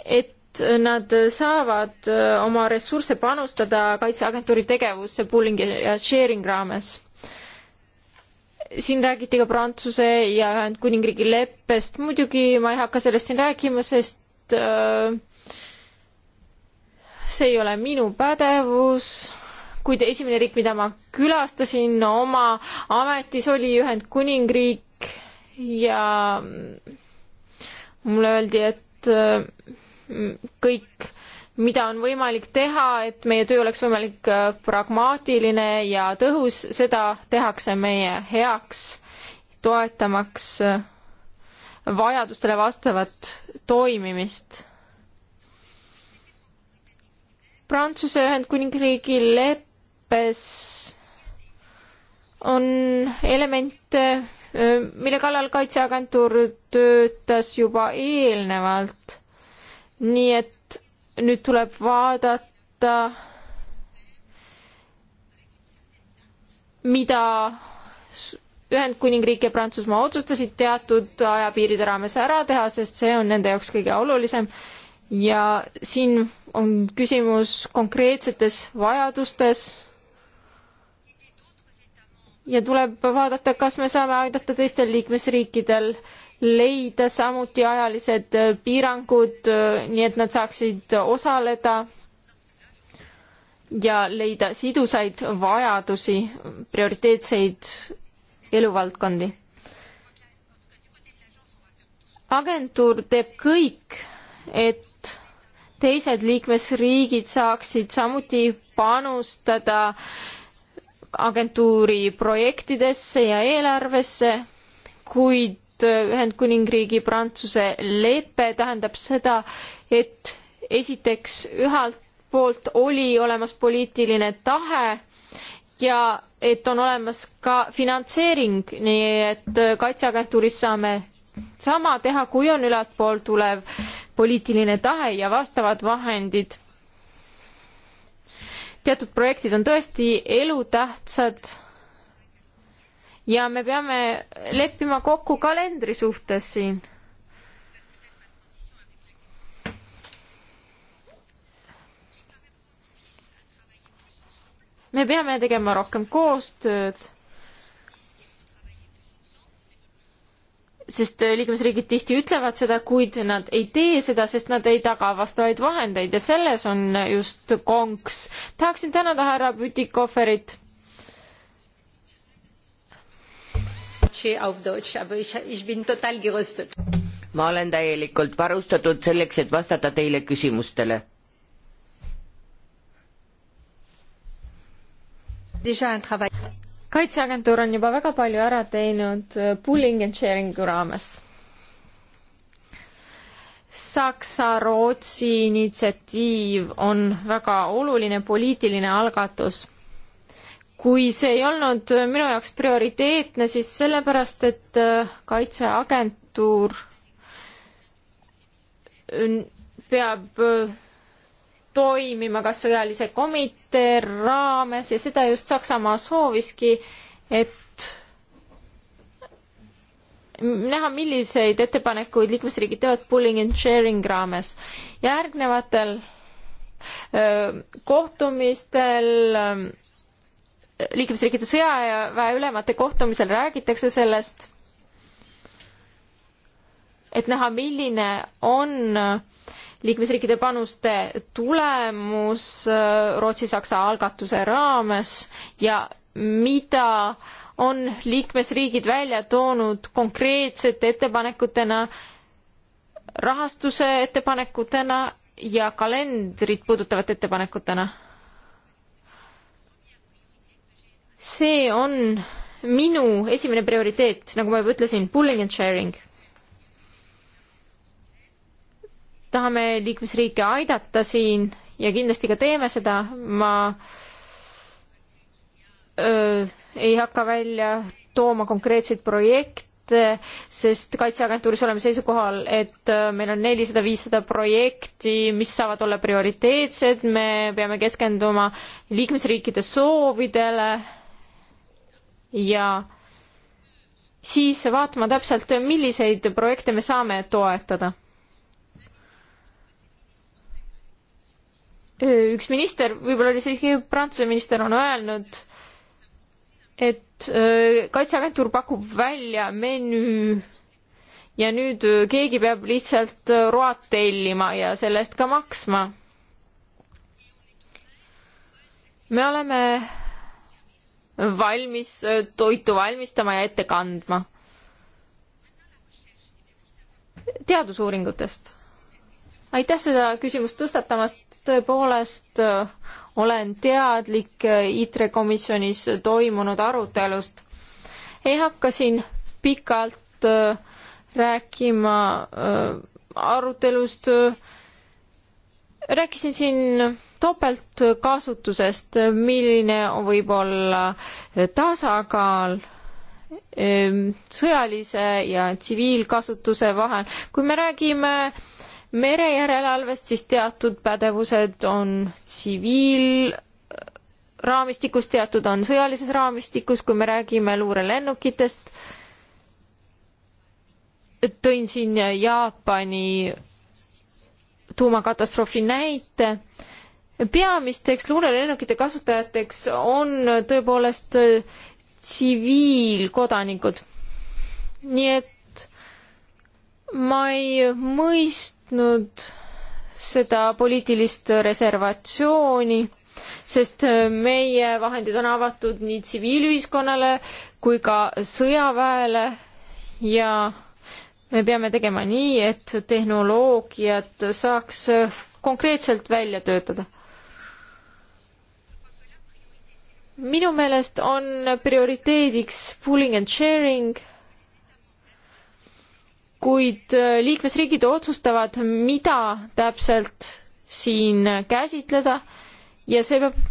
et nad saavad äh, oma ressursse panustada kaitseagentuuri tegevusse pooling ja sharing raames siin räägiti ka Prantsuse ja Ühendkuningriigi leppest, muidugi ma ei hakka sellest siin rääkima, sest äh, see ei ole minu pädevus, kuid esimene riik, mida ma külastasin oma ametis, oli Ühendkuningriik ja mm, mulle öeldi, et äh, kõik mida on võimalik teha, et meie töö oleks võimalik äh, pragmaatiline ja tõhus, seda tehakse meie heaks, toetamaks äh, vajadustele vastavat toimimist. Prantsuse Ühendkuningriigi leppes on elemente, äh, mille kallal Kaitseagentuur töötas juba eelnevalt. nii et nüüd tuleb vaadata, mida Ühendkuningriik ja Prantsusmaa otsustasid teatud ajapiiride raames ära teha, sest see on nende jaoks kõige olulisem. ja siin on küsimus konkreetsetes vajadustes. ja tuleb vaadata, kas me saame aidata teistel liikmesriikidel äh, leida, samuti ajalised äh, piirangud, äh, nii et nad saaksid osaleda ja leida sidusaid vajadusi, prioriteetseid eluvaldkondi. agentuur teeb kõik, et teised liikmesriigid saaksid samuti panustada agentuuri projektidesse ja eelarvesse, kuid Äh, Ühendkuningriigi Prantsuse lepe tähendab seda, et esiteks ühelt poolt oli olemas poliitiline tahe ja et on olemas ka finantseering, nii et äh, Kaitseagentuuris saame sama teha, kui on ülaltpoolt tulev poliitiline tahe ja vastavad vahendid. teatud projektid on tõesti elutähtsad ja me peame leppima kokku kalendri suhtes siin. me peame tegema rohkem koostööd, sest liikmesriigid tihti ütlevad seda, kuid nad ei tee seda, sest nad ei taga vastavaid vahendeid ja selles on just konks. tahaksin tänada härra Pütikoferit Nordsee auf Deutsch, aber ich, ich bin total gerüstet. ma olen täielikult varustatud selleks, et vastata teile küsimustele. kaitseagentuur on juba väga palju ära teinud äh, pooling and sharing'u raames. Saksa-Rootsi initsiatiiv on väga oluline poliitiline algatus kui see ei olnud minu jaoks prioriteetne, siis sellepärast, et äh, kaitseagentuur äh, peab äh, toimima ka sõjalise komitee raames ja seda just Saksamaa sooviski, et näha, milliseid ettepanekuid liikmesriigid teevad pooling and sharing raames. järgnevatel öö, kohtumistel öö, ähm, liikmesriikide sõjaväe ülemate kohtumisel räägitakse sellest, et näha, milline on liikmesriikide panuste tulemus Rootsi-Saksa algatuse raames ja mida on liikmesriigid välja toonud konkreetsete ettepanekutena, rahastuse ettepanekutena ja kalendrit puudutavate ettepanekutena see on minu esimene prioriteet, nagu ma juba ütlesin, pulling and sharing. tahame liikmesriike aidata siin ja kindlasti ka teeme seda, ma öö, ei hakka välja tooma konkreetseid projekte, sest Kaitseagentuuris oleme seisukohal, et meil on nelisada, viissada projekti, mis saavad olla prioriteetsed, me peame keskenduma liikmesriikide soovidele ja siis vaatama täpselt, milliseid projekte me saame toetada. üks minister, võib-olla oli see isegi Prantsuse minister, on öelnud, et äh, kaitseagentuur pakub välja menüü ja nüüd äh, keegi peab lihtsalt äh, road tellima ja selle eest ka maksma. me oleme valmis toitu valmistama ja ette kandma. teadusuuringutest. aitäh seda küsimust tõstatamast, tõepoolest olen teadlik ITRE komisjonis toimunud arutelust. ei hakka siin pikalt rääkima arutelust rääkisin siin topeltkasutusest, milline võib olla tasakaal ehm, sõjalise ja tsiviilkasutuse vahel. kui me räägime merejärelevalvest, siis teatud pädevused on tsiviilraamistikus, teatud on sõjalises raamistikus, kui me räägime luurelennukitest, tõin siin Jaapani tuumakatastroofi näite. peamisteks luurelennukite kasutajateks on tõepoolest tsiviilkodanikud. nii et ma ei mõistnud seda poliitilist reservatsiooni, sest meie vahendid on avatud nii tsiviilühiskonnale kui ka sõjaväele ja me peame tegema nii, et tehnoloogiat saaks konkreetselt välja töötada. minu meelest on prioriteediks pooling and sharing, kuid liikmesriigid otsustavad, mida täpselt siin käsitleda ja see peab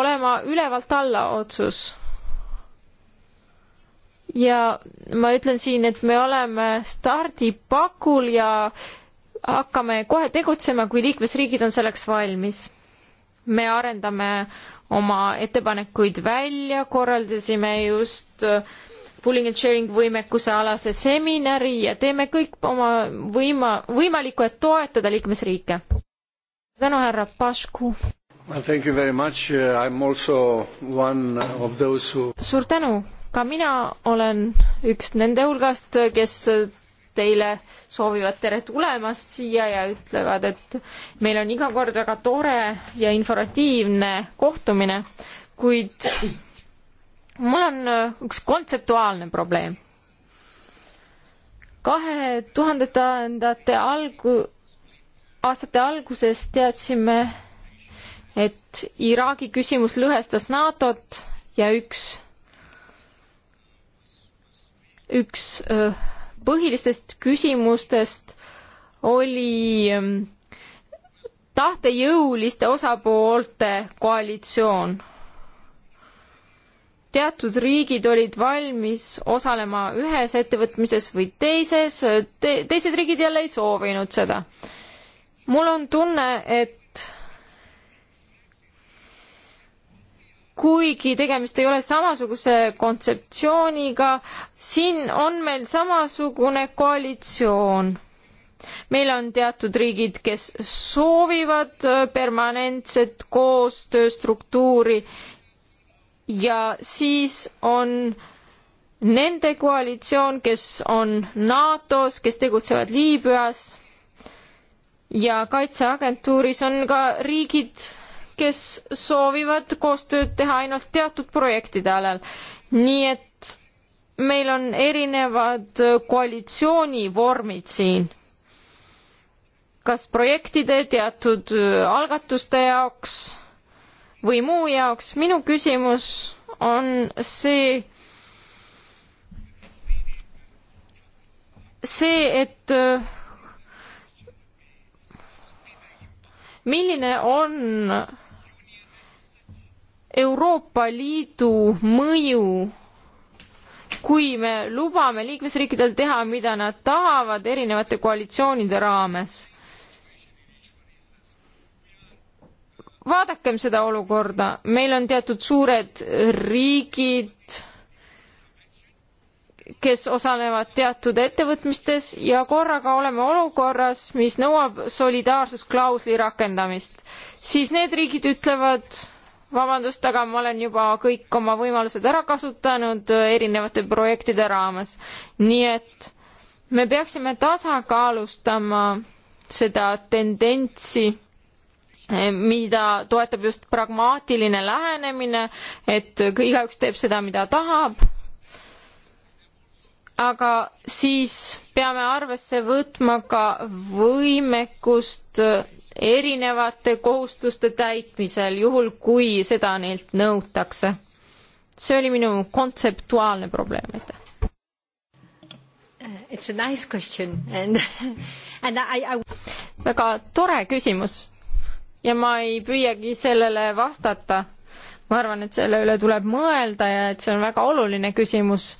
olema ülevalt alla otsus ja ma ütlen siin, et me oleme stardipakul ja hakkame kohe tegutsema, kui liikmesriigid on selleks valmis. me arendame oma ettepanekuid välja, korraldasime just äh, pooling and sharing võimekuse alase seminari ja teeme kõik oma võima, võimalikku, et toetada liikmesriike. tänu, härra Pašku! Well, thank you very much. Uh, I'm also one of those who... suur tänu, ka mina olen üks nende hulgast, kes teile soovivad tere tulemast siia ja ütlevad, et meil on iga kord väga tore ja informatiivne kohtumine, kuid mul on äh, üks kontseptuaalne probleem. kahe tuhandendate algu-, aastate alguses teadsime, et Iraagi küsimus lõhestas NATO-t ja üks üks põhilistest küsimustest oli tahtejõuliste osapoolte koalitsioon. teatud riigid olid valmis osalema ühes ettevõtmises või teises te, teised riigid jälle ei soovinud seda. mul on tunne, et kuigi tegemist ei ole samasuguse kontseptsiooniga, siin on meil samasugune koalitsioon. meil on teatud riigid, kes soovivad äh, permanentset koostööstruktuuri ja siis on nende koalitsioon, kes on NATO-s, kes tegutsevad Liibüas ja kaitseagentuuris on ka riigid, kes soovivad koostööd teha ainult teatud projektide alal. nii et meil on erinevad koalitsioonivormid siin, kas projektide, teatud äh, algatuste jaoks või muu jaoks. minu küsimus on see, see, et äh, milline on Euroopa Liidu mõju, kui me lubame liikmesriikidel teha, mida nad tahavad erinevate koalitsioonide raames. vaadakem seda olukorda, meil on teatud suured riigid, kes osalevad teatud ettevõtmistes ja korraga oleme olukorras, mis nõuab solidaarsusklausli rakendamist, siis need riigid ütlevad vabandust, aga ma olen juba kõik oma võimalused ära kasutanud äh, erinevate projektide raames. nii et me peaksime tasakaalustama seda tendentsi, äh, mida toetab just pragmaatiline lähenemine, et igaüks teeb seda, mida tahab aga siis peame arvesse võtma ka võimekust äh, erinevate kohustuste täitmisel, juhul kui seda neilt nõutakse. see oli minu kontseptuaalne probleem, aitäh. Uh, it's a nice question and, and I, I... väga tore küsimus ja ma ei püüagi sellele vastata ma arvan, et selle üle tuleb mõelda ja et see on väga oluline küsimus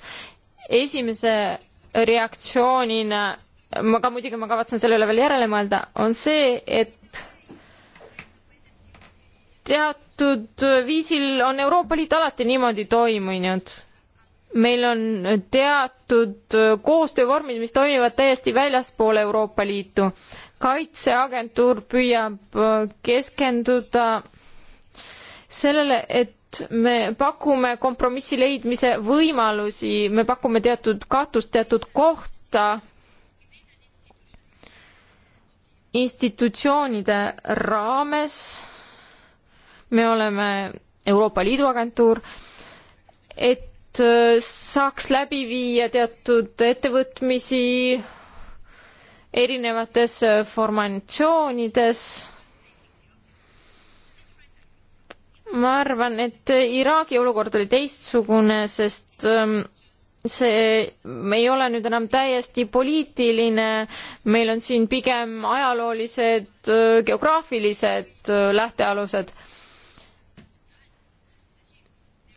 esimese reaktsioonina, ma ka muidugi, ma kavatsen selle üle veel järele mõelda, on see, et teatud viisil on Euroopa Liit alati niimoodi toimunud. meil on teatud koostöövormid, mis toimivad täiesti väljaspool Euroopa Liitu. kaitseagentuur püüab keskenduda sellele, et me pakume kompromissi leidmise võimalusi, me pakume teatud katust, teatud kohta institutsioonide raames. me oleme Euroopa Liidu agentuur, et äh, saaks läbi viia teatud ettevõtmisi erinevates äh, formatsioonides ma arvan, et Iraagi olukord oli teistsugune, sest ähm, see ei ole nüüd enam täiesti poliitiline, meil on siin pigem ajaloolised, äh, geograafilised äh, lähtealused.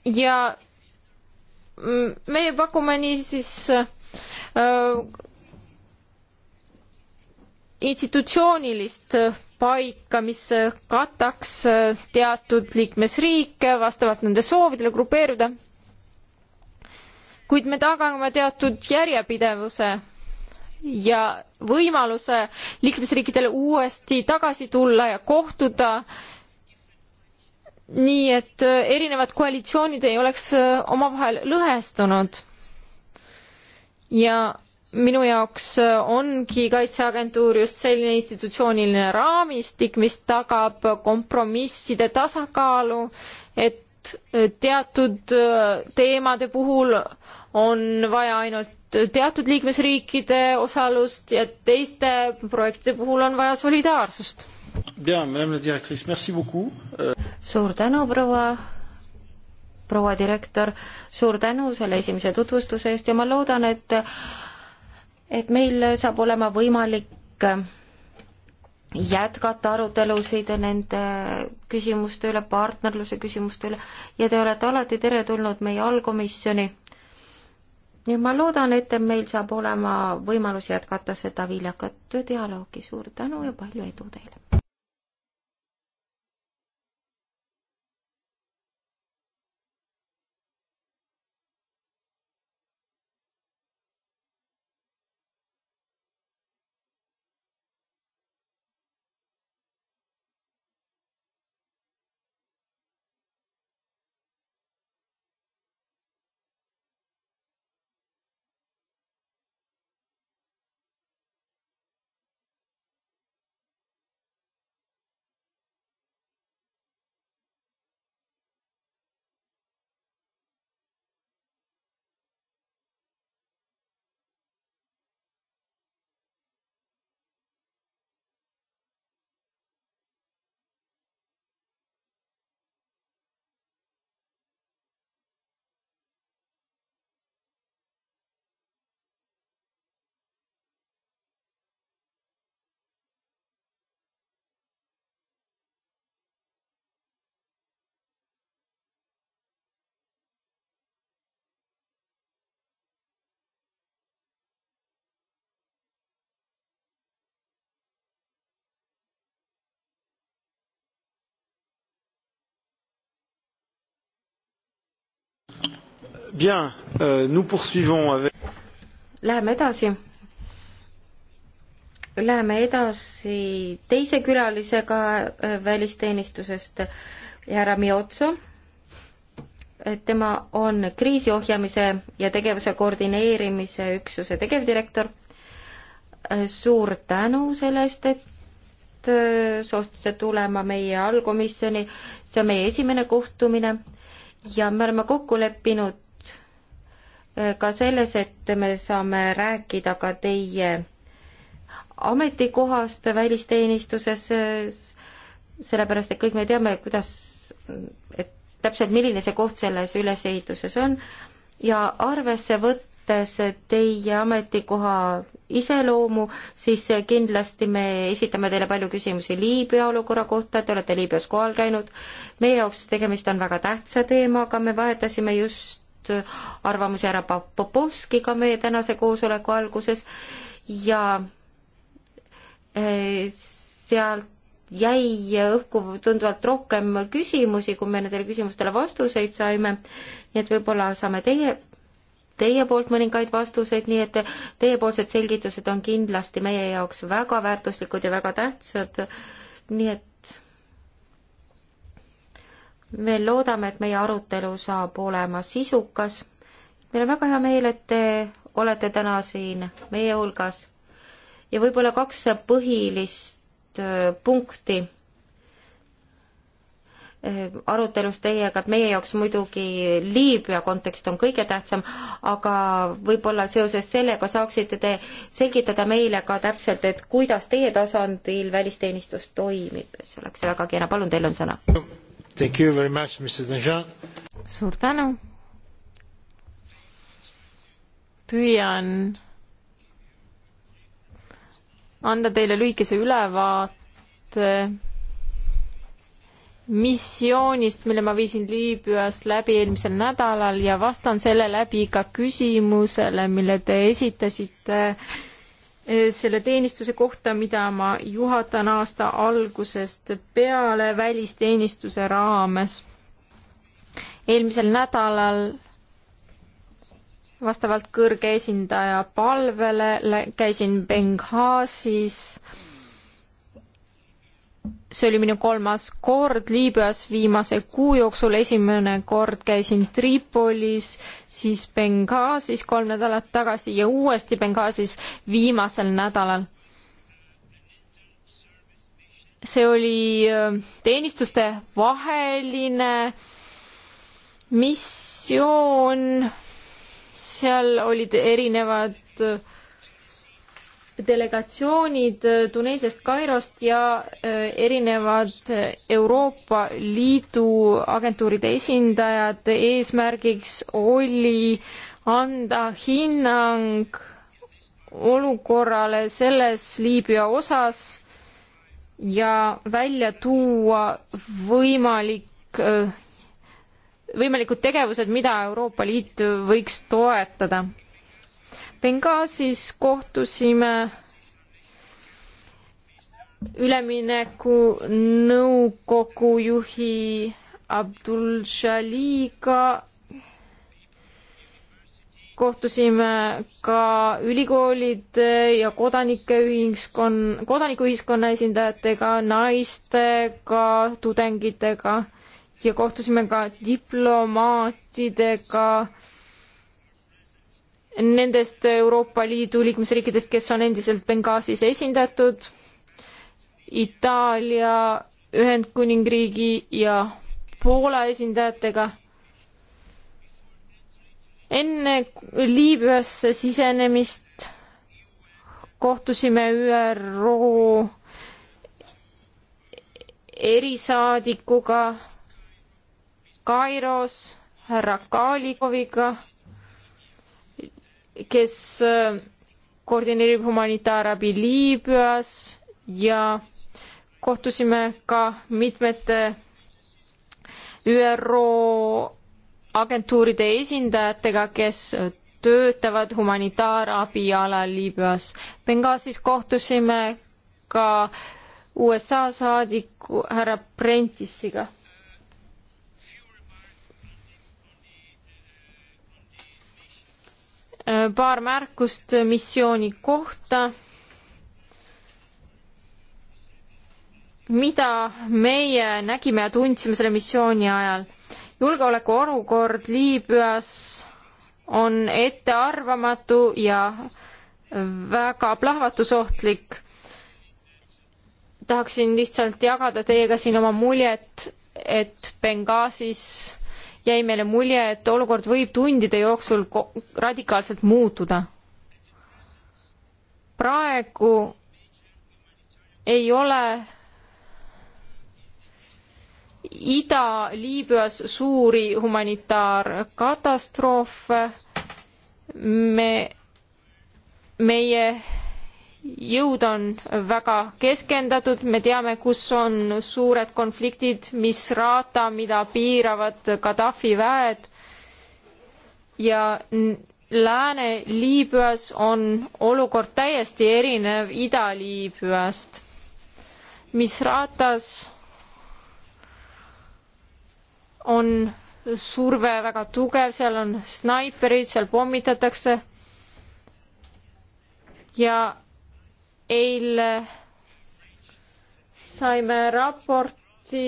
ja meie pakume niisiis äh, institutsioonilist paika, mis äh, kataks äh, teatud liikmesriike vastavalt nende soovidele grupeeruda. kuid me tagame teatud järjepidevuse ja võimaluse liikmesriikidele uuesti tagasi tulla ja kohtuda nii et äh, erinevad koalitsioonid ei oleks omavahel lõhestunud. ja minu jaoks äh, ongi Kaitseagentuur just selline institutsiooniline raamistik, mis tagab kompromisside tasakaalu, et äh, teatud äh, teemade puhul on vaja ainult teatud liikmesriikide osalust ja teiste projektide puhul on vaja solidaarsust. Euh, suur tänu, proua, proua direktor, suur tänu selle esimese tutvustuse eest ja ma loodan, et et meil saab olema võimalik jätkata arutelusid nende küsimuste üle, partnerluse küsimuste üle ja te olete alati teretulnud meie allkomisjoni. nii et ma loodan, et meil saab olema võimalus jätkata seda viljakat dialoogi. suur tänu ja palju edu teile! Bien, euh, nous poursuivons avec... Läheme edasi. Läheme edasi teise külalisega äh, välisteenistusest, härra Miotso. Äh, tema on kriisiohjamise ja tegevuse koordineerimise üksuse tegevdirektor. Äh, suur tänu selle eest, et soovitasite tulema meie allkomisjoni, see on meie esimene kohtumine ja me oleme kokku leppinud Äh, ka selles, et me saame rääkida ka teie ametikohast välisteenistuses, sellepärast et kõik me teame, kuidas, et täpselt milline see koht selles ülesehituses on ja arvesse võttes teie ametikoha iseloomu, siis kindlasti me esitame teile palju küsimusi Liibüa olukorra kohta, te olete Liibüas kohal käinud. meie jaoks tegemist on väga tähtsa teemaga, me vahetasime just arvamusi härra Popovskiga meie tänase koosoleku alguses ja eh, sealt jäi õhku tunduvalt rohkem küsimusi, kui me nendele küsimustele vastuseid saime, nii et võib-olla saame teie, teie poolt mõningaid vastuseid, nii et teiepoolsed selgitused on kindlasti meie jaoks väga väärtuslikud ja väga tähtsad, nii et me loodame, et meie arutelu saab olema sisukas. meil on väga hea meel, et te olete täna siin meie hulgas ja võib-olla kaks põhilist äh, punkti äh, arutelus teiega, et meie jaoks muidugi Liibüa kontekst on kõige tähtsam, aga võib-olla seoses sellega saaksite te selgitada meile ka täpselt, et kuidas teie tasandil välisteenistus toimib, see oleks väga kena, palun, teil on sõna. Thank you very much, Mr Danjean. suur tänu. püüan anda teile lühikese ülevaate missioonist, mille ma viisin Liibüas läbi eelmisel nädalal ja vastan selle läbi ka küsimusele, mille te esitasite äh, Eh, selle teenistuse kohta, mida ma juhatan aasta algusest peale välisteenistuse raames. eelmisel nädalal vastavalt kõrge esindaja palvele käisin Benghazis äh, see oli minu kolmas kord Liibüas viimase kuu jooksul, esimene kord käisin Tripolis, siis Benghazis kolm nädalat tagasi ja uuesti Benghazis viimasel nädalal. see oli äh, teenistuste vaheline missioon, seal olid erinevad äh, delegatsioonid äh, Tuneesiast, Kairost ja äh, erinevad äh, Euroopa Liidu agentuuride esindajad, eesmärgiks oli anda hinnang olukorrale selles Liibüa osas ja välja tuua võimalik, võimalikud tegevused, mida Euroopa Liit võiks toetada Benghazis kohtusime ülemineku nõukogu juhi Abdul Shaliga, kohtusime ka ülikoolide ja kodanike ühiskon-, kodanikuühiskonna esindajatega, naistega, tudengitega ja kohtusime ka diplomaatidega äh, nendest Euroopa Liidu liikmesriikidest, kes on endiselt Benghazis esindatud, Itaalia, Ühendkuningriigi ja Poola esindajatega. enne Liibüasse sisenemist kohtusime ÜRO erisaadikuga Kairos, härra Kalikoviga kes äh, koordineerib humanitaarabi Liibüas ja kohtusime ka mitmete ÜRO agentuuride esindajatega, kes töötavad humanitaarabi alal Liibüas. Benghazis kohtusime ka USA saadiku härra Prentissiga Äh, paar märkust missiooni kohta. mida meie nägime ja tundsime selle missiooni ajal? julgeolekuolukord Liibüas on ettearvamatu ja väga plahvatusohtlik. tahaksin lihtsalt jagada teiega siin oma muljet, et Benghazis jäi meile mulje, et olukord võib tundide jooksul radikaalselt muutuda. praegu ei ole Ida-Liibüas suuri humanitaarkatastroofe, me, meie jõud on väga keskendatud, me teame, kus on suured konfliktid, mis raata, mida piiravad Gaddafi väed ja Lääne-Liibüas on olukord täiesti erinev Ida-Liibüast. Misratas on surve väga tugev, seal on snaiperid, seal pommitatakse ja eile saime raporti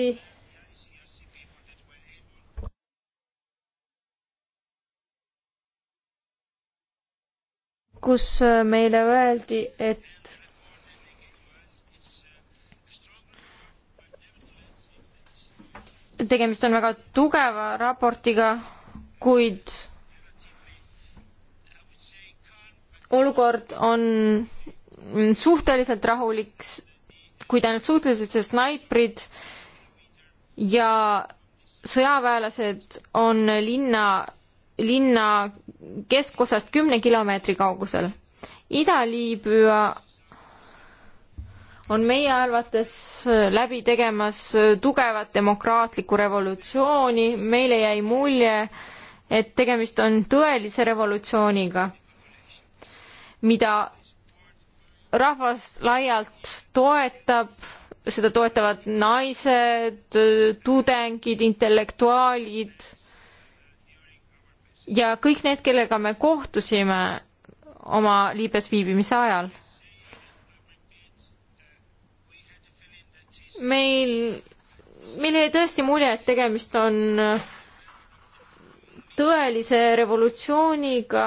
kus meile öeldi, et tegemist on väga tugeva raportiga, kuid olukord on Mm, suhteliselt rahulik, kuid ainult suhteliselt, sest naiprid ja sõjaväelased on linna, linna keskosast kümne kilomeetri kaugusel. Ida-Liibüa on meie arvates läbi tegemas tugevat demokraatlikku revolutsiooni, meile jäi mulje, et tegemist on tõelise revolutsiooniga, mida rahvas laialt toetab, seda toetavad naised, tudengid, intellektuaalid ja kõik need, kellega me kohtusime oma Liibüas viibimise ajal. meil, meil jäi tõesti mulje, et tegemist on tõelise revolutsiooniga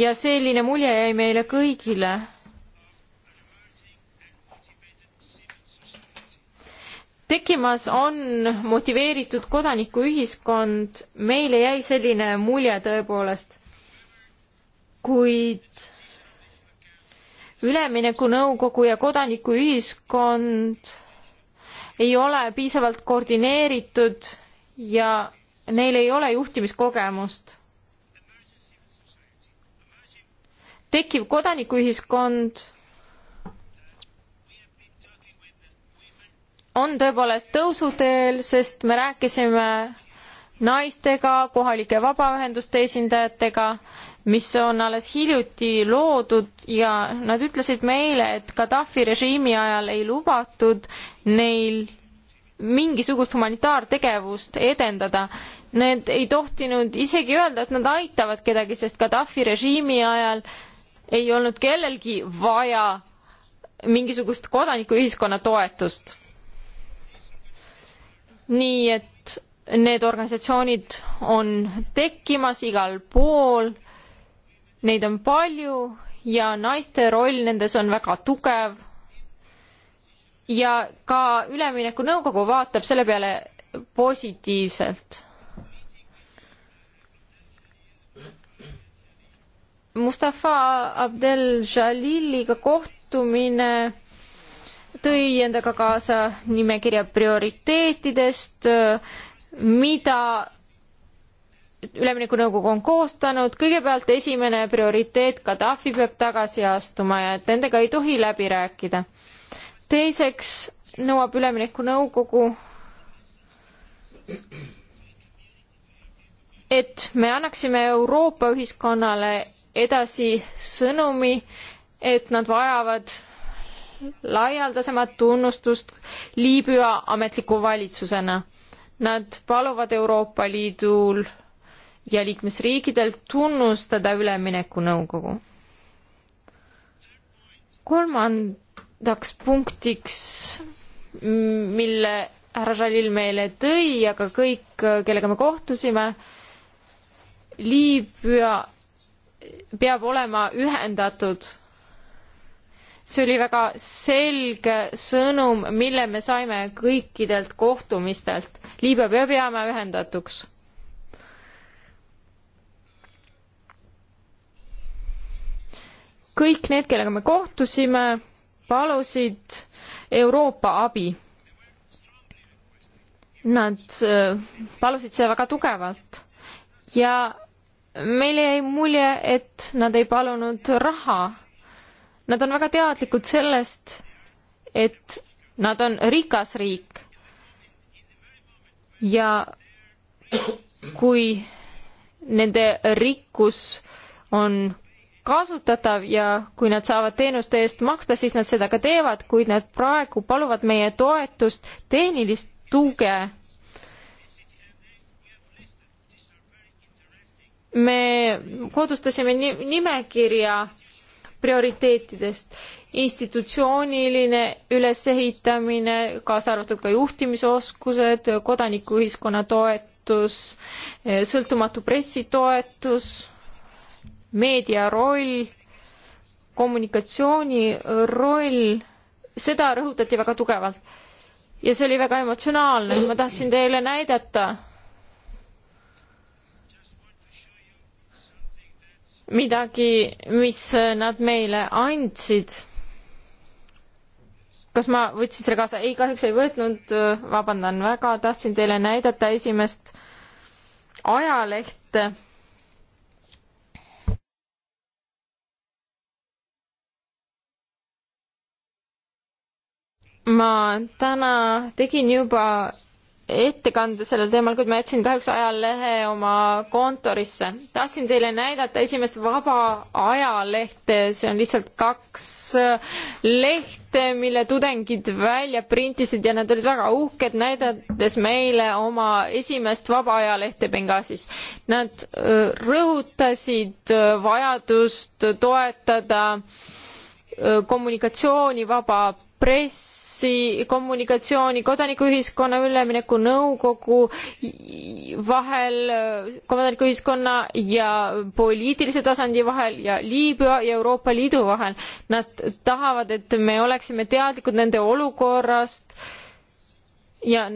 ja selline mulje jäi meile kõigile. tekkimas on motiveeritud kodanikuühiskond, meile jäi selline mulje tõepoolest. kuid üleminekunõukogu ja kodanikuühiskond ei ole piisavalt koordineeritud ja neil ei ole juhtimiskogemust tekkiv kodanikuühiskond on tõepoolest tõusuteel, sest me rääkisime naistega, kohalike vabaühenduste esindajatega, mis on alles hiljuti loodud ja nad ütlesid meile, et Gaddafi režiimi ajal ei lubatud neil mingisugust humanitaartegevust edendada. Need ei tohtinud isegi öelda, et nad aitavad kedagi, sest Gaddafi režiimi ajal äh, ei olnud kellelgi vaja mingisugust kodanikuühiskonna toetust. nii et need organisatsioonid on tekkimas igal pool, neid on palju ja naiste roll nendes on väga tugev. ja ka Ülemineku Nõukogu vaatab selle peale positiivselt Mustafa Abdel Jaliliga kohtumine tõi endaga kaasa nimekirja prioriteetidest, mida üleminekunõukogu on koostanud, kõigepealt esimene prioriteet, Gaddafi peab tagasi astuma ja et nendega ei tohi läbi rääkida. teiseks nõuab üleminekunõukogu, et me annaksime Euroopa ühiskonnale edasi sõnumi, et nad vajavad laialdasemat tunnustust Liibüa ametliku valitsusena. Nad paluvad Euroopa Liidul ja liikmesriikidel tunnustada üleminekunõukogu. kolmandaks punktiks, mille härra Jalil meile tõi, aga kõik, kellega me kohtusime, Liibüa peab olema ühendatud. see oli väga selge sõnum, mille me saime kõikidelt kohtumistelt. Liibüa peab jääma ühendatuks. kõik need, kellega me kohtusime, palusid Euroopa abi. Nad äh, palusid seda väga tugevalt ja meile jäi mulje, et nad ei palunud raha. Nad on väga teadlikud sellest, et nad on rikas riik. ja kui nende rikkus on kasutatav ja kui nad saavad teenuste eest maksta, siis nad seda ka teevad, kuid nad praegu paluvad meie toetust, tehnilist tuge me koodustasime nimekirja prioriteetidest, institutsiooniline ülesehitamine, kaasa arvatud ka juhtimisoskused, kodanikuühiskonna toetus, sõltumatu pressi toetus, meedia roll, kommunikatsiooni roll, seda rõhutati väga tugevalt. ja see oli väga emotsionaalne, ma tahtsin teile näidata midagi, mis nad meile andsid. kas ma võtsin selle kaasa? ei, kahjuks ei võtnud, vabandan väga, tahtsin teile näidata esimest ajalehte. ma täna tegin juba ettekande sellel teemal, kuid ma jätsin kahjuks ajalehe oma kontorisse. tahtsin teile näidata esimest vaba ajalehte, see on lihtsalt kaks äh, lehte, mille tudengid välja printisid ja nad olid väga uhked, näidates meile oma esimest vaba ajalehte Benghazis. Nad äh, rõhutasid äh, vajadust toetada kommunikatsioonivaba pressi, kommunikatsiooni, kodanikuühiskonna ülemineku nõukogu vahel, kodanikuühiskonna ja poliitilise tasandi vahel ja Liibüa ja Euroopa Liidu vahel. Nad tahavad, et me oleksime teadlikud nende olukorrast ja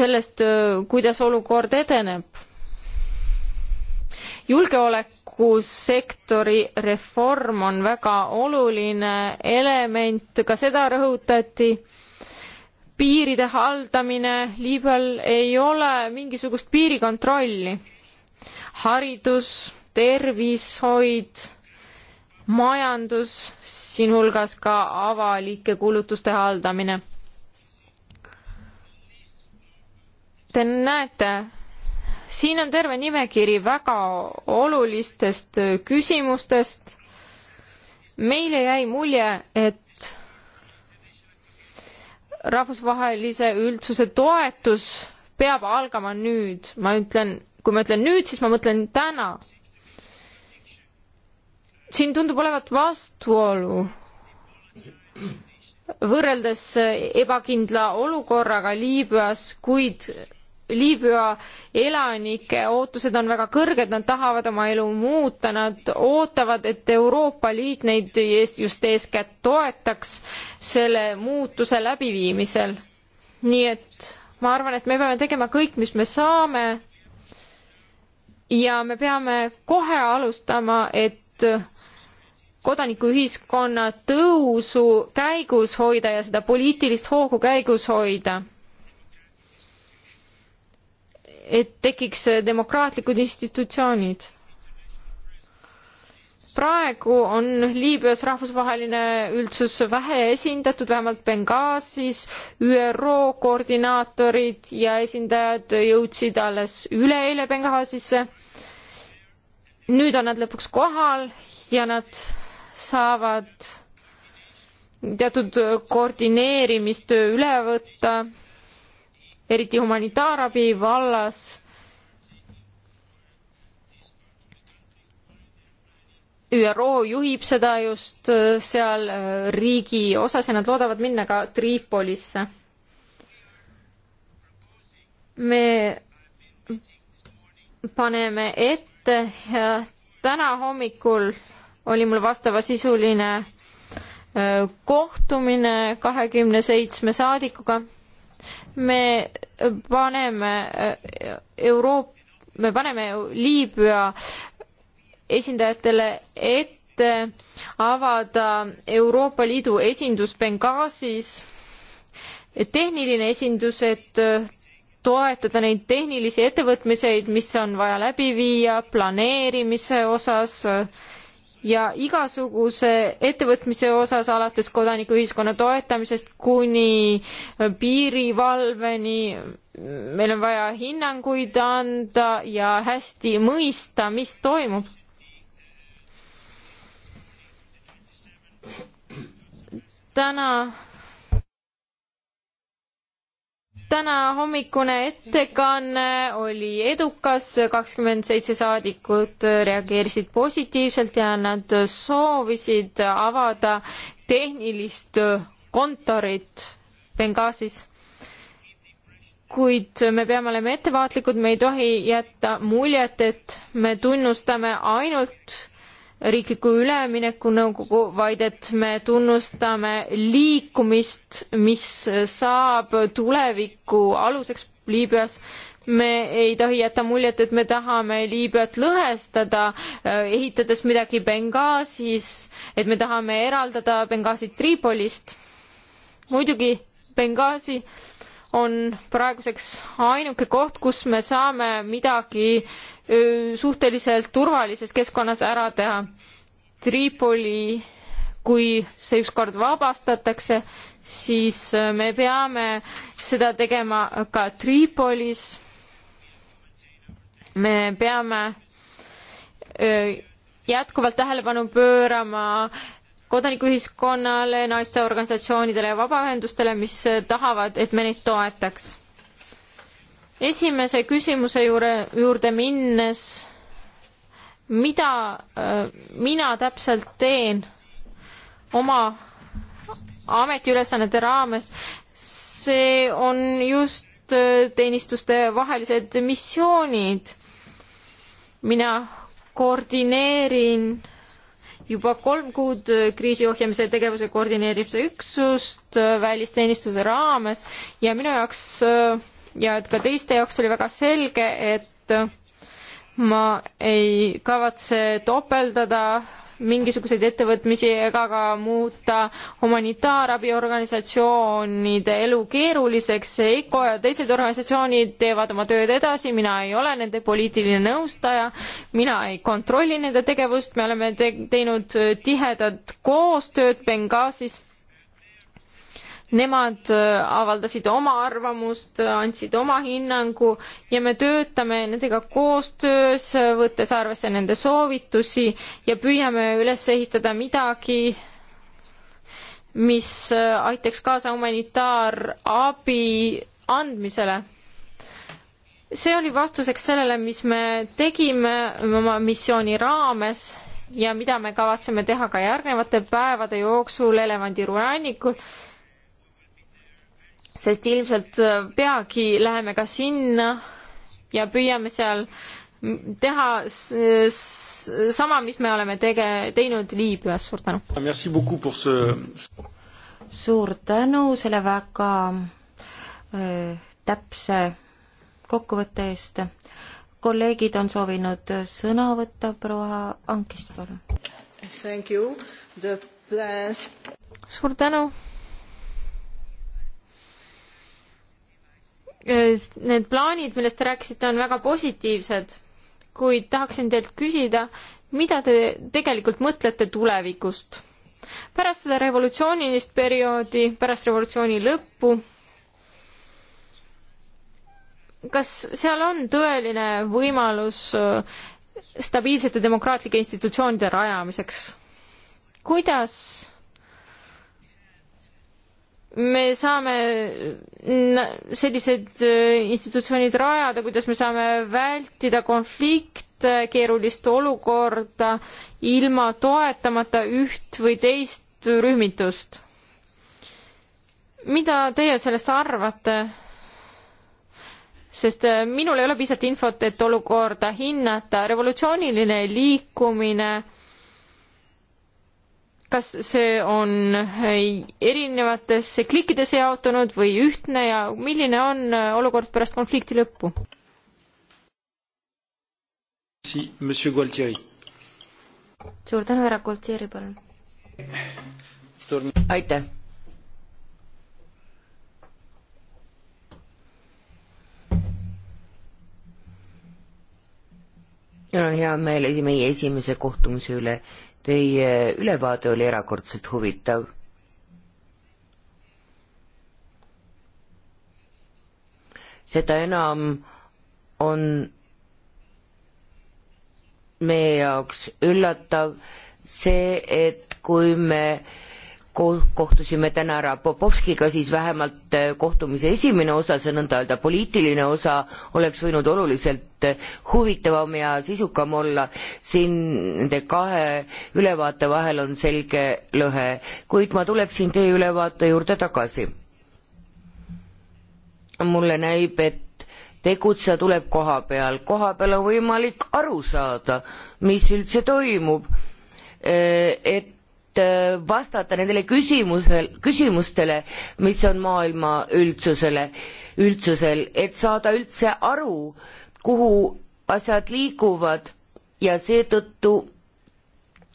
sellest, kuidas olukord edeneb julgeolekusektori reform on väga oluline element, ka seda rõhutati. piiride haldamine, Liibüal ei ole mingisugust piirikontrolli. haridus, tervishoid, majandus, siinhulgas ka avalike kulutuste haldamine. Te näete, siin on terve nimekiri väga olulistest äh, küsimustest. meile jäi mulje, et rahvusvahelise üldsuse toetus peab algama nüüd, ma ütlen, kui ma ütlen nüüd, siis ma mõtlen täna. siin tundub olevat vastuolu võrreldes äh, ebakindla olukorraga Liibüas, kuid Liibüa elanike ootused on väga kõrged, nad tahavad oma elu muuta, nad ootavad, et Euroopa Liit neid just eeskätt toetaks selle muutuse läbiviimisel. nii et ma arvan, et me peame tegema kõik, mis me saame. ja me peame kohe alustama, et kodanikuühiskonna tõusu käigus hoida ja seda poliitilist hoogu käigus hoida et tekiks demokraatlikud institutsioonid. praegu on Liibüas rahvusvaheline üldsus vähe esindatud, vähemalt Benghazis ÜRO koordinaatorid ja esindajad jõudsid alles üleeile Benghazisse. nüüd on nad lõpuks kohal ja nad saavad teatud koordineerimistöö üle võtta eriti humanitaarabi vallas. ÜRO juhib seda just äh, seal äh, riigi osas ja nad loodavad minna ka Tripolisse. me paneme ette ja täna hommikul oli mul vastavasisuline äh, kohtumine kahekümne seitsme saadikuga me paneme äh, Euroop-, me paneme Liibüa esindajatele ette avada Euroopa Liidu esindus Benghazis, tehniline esindus, et äh, toetada neid tehnilisi ettevõtmiseid, mis on vaja läbi viia planeerimise osas, äh, ja igasuguse ettevõtmise osas, alates kodanikuühiskonna toetamisest kuni piirivalveni, meil on vaja hinnanguid anda ja hästi mõista, mis toimub. täna täna hommikune ettekanne oli edukas, kakskümmend seitse saadikut reageerisid positiivselt ja nad soovisid avada tehnilist kontorit Benghazis. kuid me peame olema ettevaatlikud, me ei tohi jätta muljet, et me tunnustame ainult riikliku üleminekunõukogu, vaid et me tunnustame liikumist, mis saab tuleviku aluseks Liibüas. me ei tohi jätta muljet, et me tahame Liibüat lõhestada, äh, ehitades midagi Benghazis, et me tahame eraldada Benghazit Tripolist. muidugi Benghazi äh, on praeguseks ainuke koht, kus me saame midagi suhteliselt turvalises keskkonnas ära teha. Tripoli, kui see ükskord vabastatakse, siis me peame seda tegema ka Tripolis. me peame jätkuvalt tähelepanu pöörama kodanikuühiskonnale, naisteorganisatsioonidele ja vabaühendustele, mis tahavad, et me neid toetaks. esimese küsimuse juure, juurde minnes, mida äh, mina täpselt teen oma ametiülesannete raames, see on just äh, teenistuste vahelised missioonid. mina koordineerin äh, juba kolm kuud äh, kriisi ohjamise tegevuse koordineerib see üksust äh, välisteenistuse raames ja minu jaoks äh, ja et ka teiste jaoks oli väga selge, et ma ei kavatse topeldada mingisuguseid ettevõtmisi ega ka muuta humanitaarabiorganisatsioonide elu keeruliseks. EKO ja teised organisatsioonid teevad oma tööd edasi, mina ei ole nende poliitiline nõustaja, mina ei kontrolli nende tegevust, me oleme te teinud tihedat koostööd Benghazis nemad äh, avaldasid oma arvamust, äh, andsid oma hinnangu ja me töötame nendega koostöös, äh, võttes arvesse nende soovitusi ja püüame üles ehitada midagi, mis aitaks kaasa humanitaarabi andmisele. see oli vastuseks sellele, mis me tegime oma missiooni raames ja mida me kavatseme teha ka järgnevate päevade jooksul elevandi rannikul sest ilmselt äh, peagi läheme ka sinna ja püüame seal teha sama, mis me oleme tege-, teinud Liibüas, suur tänu! suur tänu selle väga öö, äh, täpse kokkuvõtte eest. kolleegid on soovinud sõna võtta, proua Ankist, palun! suur tänu! Äh, need plaanid, millest te rääkisite, on väga positiivsed, kuid tahaksin teilt küsida, mida te tegelikult mõtlete tulevikust? pärast seda revolutsioonilist perioodi, pärast revolutsiooni lõppu, kas seal on tõeline võimalus äh, stabiilsete demokraatlike institutsioonide rajamiseks? kuidas me saame sellised äh, institutsioonid rajada, kuidas me saame vältida konflikte, äh, keerulist olukorda ilma toetamata üht või teist rühmitust. mida teie sellest arvate? sest äh, minul ei ole piisavalt infot, et olukorda hinnata. revolutsiooniline liikumine kas see on äh, erinevatesse klikkidesse jaotunud või ühtne ja milline on äh, olukord pärast konflikti lõppu? suur tänu, härra Gualtieri, palun. aitäh. mul on hea meel meie esimese kohtumise üle Teie ülevaade oli erakordselt huvitav. seda enam on meie jaoks üllatav see, et kui me äh, kohtusime täna härra Popovskiga, siis vähemalt eh, kohtumise esimene osa, see nõnda-öelda poliitiline osa, oleks võinud oluliselt eh, huvitavam ja sisukam olla. siin nende kahe ülevaate vahel on selge lõhe, kuid ma tuleksin teie ülevaate juurde tagasi. mulle näib, et tegutseja tuleb koha peal, koha peal on võimalik aru saada, mis üldse toimub. Eh, et Äh, vastata nendele küsimusel, küsimustele, mis on maailma üldsusele, üldsusel, et saada üldse aru, kuhu asjad liiguvad ja seetõttu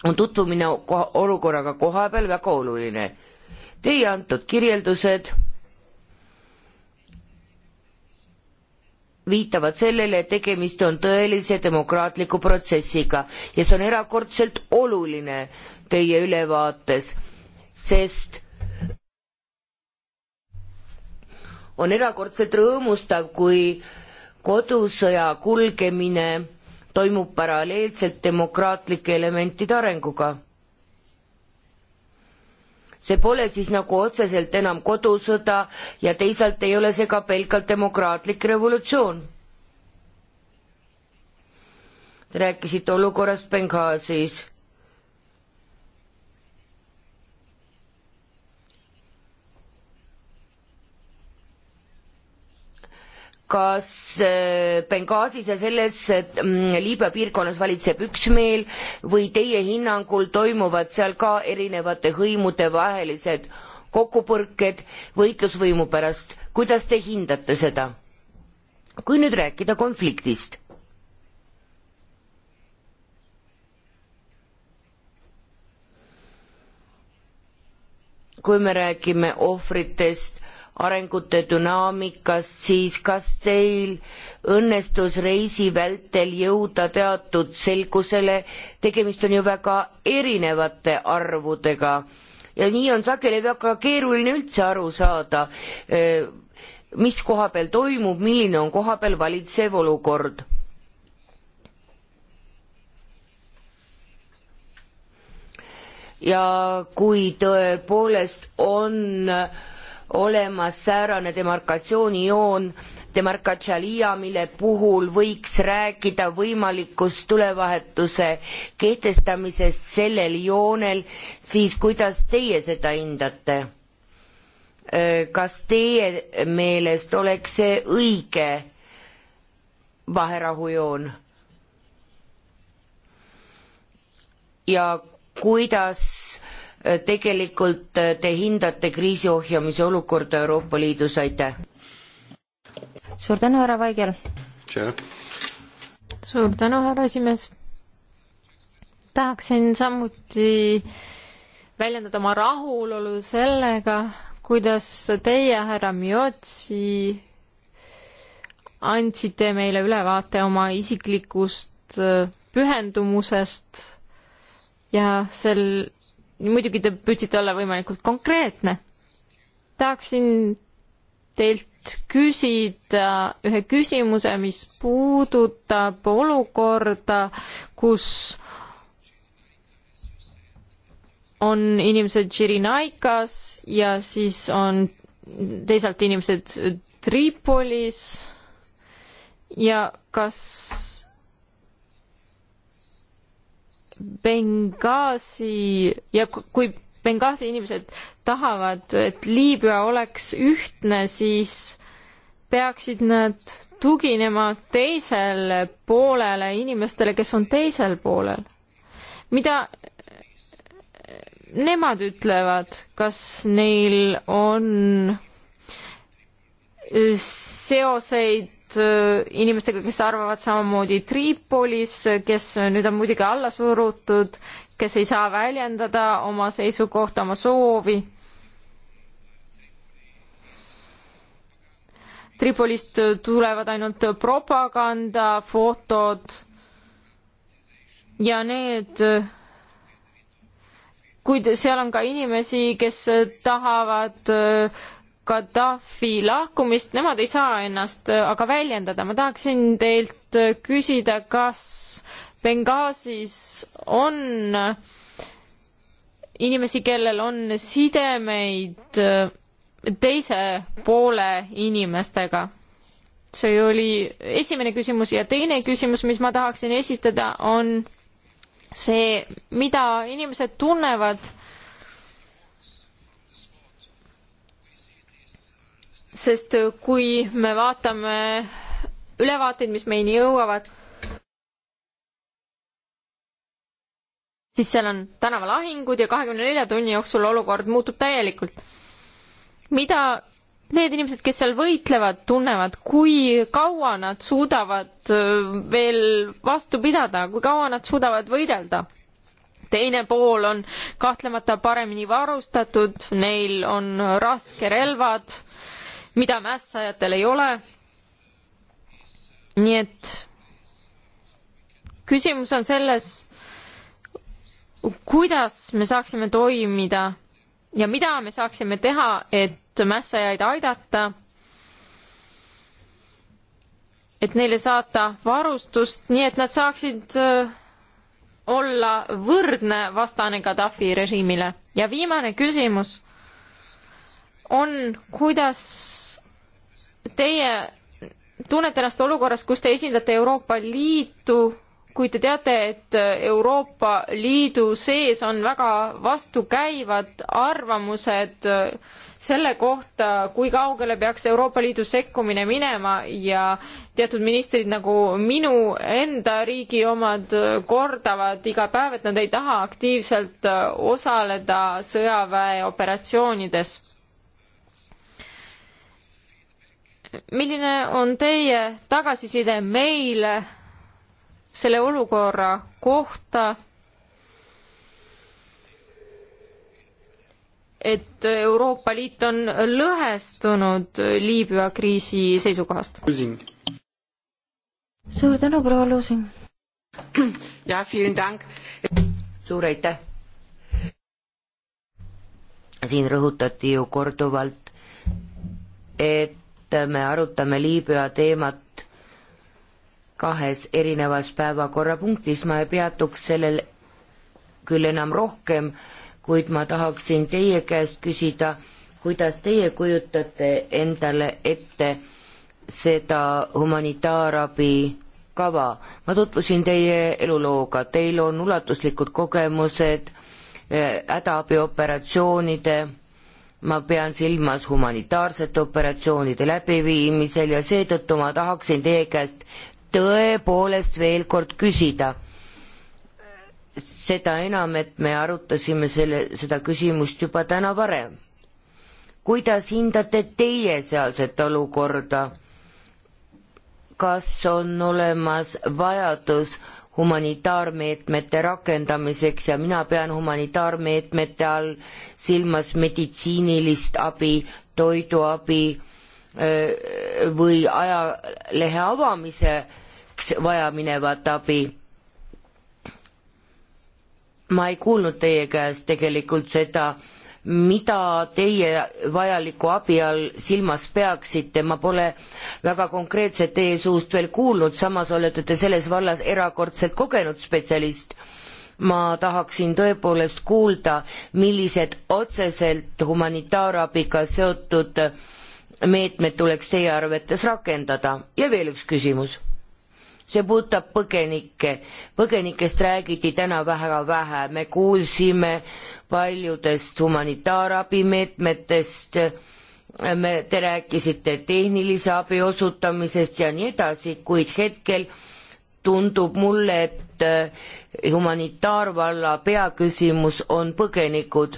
on tutvumine koha, olukorraga koha peal väga oluline. Teie antud kirjeldused viitavad sellele, et tegemist on tõelise demokraatliku protsessiga ja see on erakordselt oluline teie ülevaates, sest on erakordselt rõõmustav, kui kodusõja kulgemine toimub paralleelselt demokraatlike elementide arenguga. see pole siis nagu otseselt enam kodusõda ja teisalt ei ole see ka pelgalt demokraatlik revolutsioon. Te rääkisite olukorrast Benghazis kas äh, Benghazis ja selles mm, Liibüa piirkonnas valitseb üksmeel või teie hinnangul toimuvad seal ka erinevate hõimude vahelised kokkupõrked võitlusvõimu pärast, kuidas te hindate seda? kui nüüd rääkida konfliktist kui me räägime ohvritest arengute dünaamikast, siis kas teil õnnestus reisi vältel jõuda teatud selgusele, tegemist on ju väga erinevate arvudega ja nii on sageli väga keeruline üldse aru saada, e, mis koha peal toimub, milline on koha peal valitsev olukord ja kui tõepoolest on äh, olemas säärane demarkatsioonijoon, demarkatšalia, mille puhul võiks rääkida võimalikust tulevahetuse kehtestamisest sellel joonel, siis kuidas teie seda hindate? kas teie meelest oleks see õige vaherahujoon? ja kuidas äh, tegelikult äh, te hindate kriisi ohjamise olukorda Euroopa Liidus, aitäh! suur tänu, härra Vaigel! suur tänu, härra esimees! tahaksin samuti väljendada oma rahulolu sellega, kuidas teie, härra Miotsi, andsite meile ülevaate oma isiklikust äh, pühendumusest ja sel, muidugi te püüdsite olla võimalikult konkreetne. tahaksin teilt küsida ühe küsimuse, mis puudutab olukorda, kus on inimesed Širinaikas ja siis on teisalt inimesed Tripolis ja kas Benghazi ja kui Benghazi inimesed tahavad, et Liibüa oleks ühtne, siis peaksid nad tuginema teisele poolele, inimestele, kes on teisel poolel. mida nemad ütlevad, kas neil on seoseid Äh, inimestega, kes arvavad samamoodi Tripolis, kes nüüd on muidugi alla surutud, kes ei saa väljendada oma seisukohta, oma soovi. Tripolist tulevad ainult propaganda, fotod ja need, kuid seal on ka inimesi, kes tahavad äh, Gaddafi lahkumist, nemad ei saa ennast äh, aga väljendada. ma tahaksin teilt äh, küsida, kas Benghazis on äh, inimesi, kellel on sidemeid teise poole inimestega? see oli esimene küsimus ja teine küsimus, mis ma tahaksin esitada, on see, mida inimesed tunnevad äh, sest äh, kui me vaatame ülevaateid, mis meini jõuavad, siis seal on tänavalahingud ja kahekümne nelja tunni jooksul olukord muutub täielikult. mida need inimesed, kes seal võitlevad, tunnevad, kui kaua nad suudavad äh, veel vastu pidada, kui kaua nad suudavad võidelda? teine pool on kahtlemata paremini varustatud, neil on raskerelvad, mida mässajatel ei ole. nii et küsimus on selles, kuidas me saaksime toimida ja mida me saaksime teha, et mässajaid aidata, et neile saata varustust, nii et nad saaksid äh, olla võrdne vastane Gaddafi režiimile. ja viimane küsimus on, kuidas teie tunnete ennast olukorras, kus te esindate Euroopa Liitu, kui te teate, et Euroopa Liidu sees on väga vastukäivad arvamused selle kohta, kui kaugele peaks Euroopa Liidu sekkumine minema ja teatud ministrid nagu minu enda riigi omad kordavad iga päev, et nad ei taha aktiivselt osaleda sõjaväeoperatsioonides milline on teie tagasiside meile selle olukorra kohta? et Euroopa Liit on lõhestunud Liibüa kriisi seisukohast. suur tänu, proua Luusin. jah, suur aitäh. siin rõhutati ju korduvalt, et et me arutame Liibüa teemat kahes erinevas päevakorrapunktis, ma ei peatuks sellel küll enam rohkem, kuid ma tahaksin teie käest küsida, kuidas teie kujutate endale ette seda humanitaarabi kava. ma tutvusin teie elulooga, teil on ulatuslikud kogemused eh, hädaabioperatsioonide äh, ma pean silmas humanitaarsete operatsioonide läbiviimisel ja seetõttu ma tahaksin teie käest tõepoolest veel kord küsida. seda enam, et me arutasime selle, seda küsimust juba täna varem. kuidas hindate teie sealset olukorda? kas on olemas vajadus humanitaarmeetmete rakendamiseks ja mina pean humanitaarmeetmete all silmas meditsiinilist abi, toiduabi või ajalehe avamiseks vajaminevat abi. ma ei kuulnud teie käest tegelikult seda, mida teie vajaliku abi all silmas peaksite, ma pole väga konkreetselt teie suust veel kuulnud, samas olete te selles vallas erakordselt kogenud spetsialist. ma tahaksin tõepoolest kuulda, millised otseselt humanitaarabiga seotud meetmed tuleks teie arvates rakendada ja veel üks küsimus see puudutab põgenikke. põgenikest räägiti täna väga vähe, me kuulsime paljudest humanitaarabimeetmetest, me, te rääkisite tehnilise abi osutamisest ja nii edasi, kuid hetkel tundub mulle, et eh, humanitaarvalla peaküsimus on põgenikud.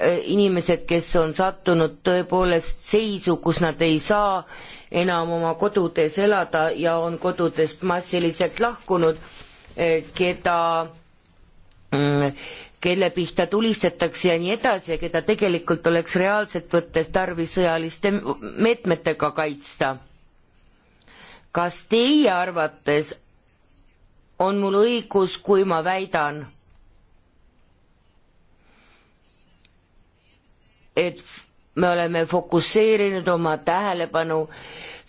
Äh, inimesed, kes on sattunud tõepoolest seisu, kus nad ei saa enam oma kodudes elada ja on kodudest massiliselt lahkunud, äh, keda, mm, kelle pihta tulistatakse ja nii edasi ja keda tegelikult oleks reaalselt võttes tarvis sõjaliste meetmetega kaitsta. kas teie arvates on mul õigus, kui ma väidan, et me oleme fokusseerinud oma tähelepanu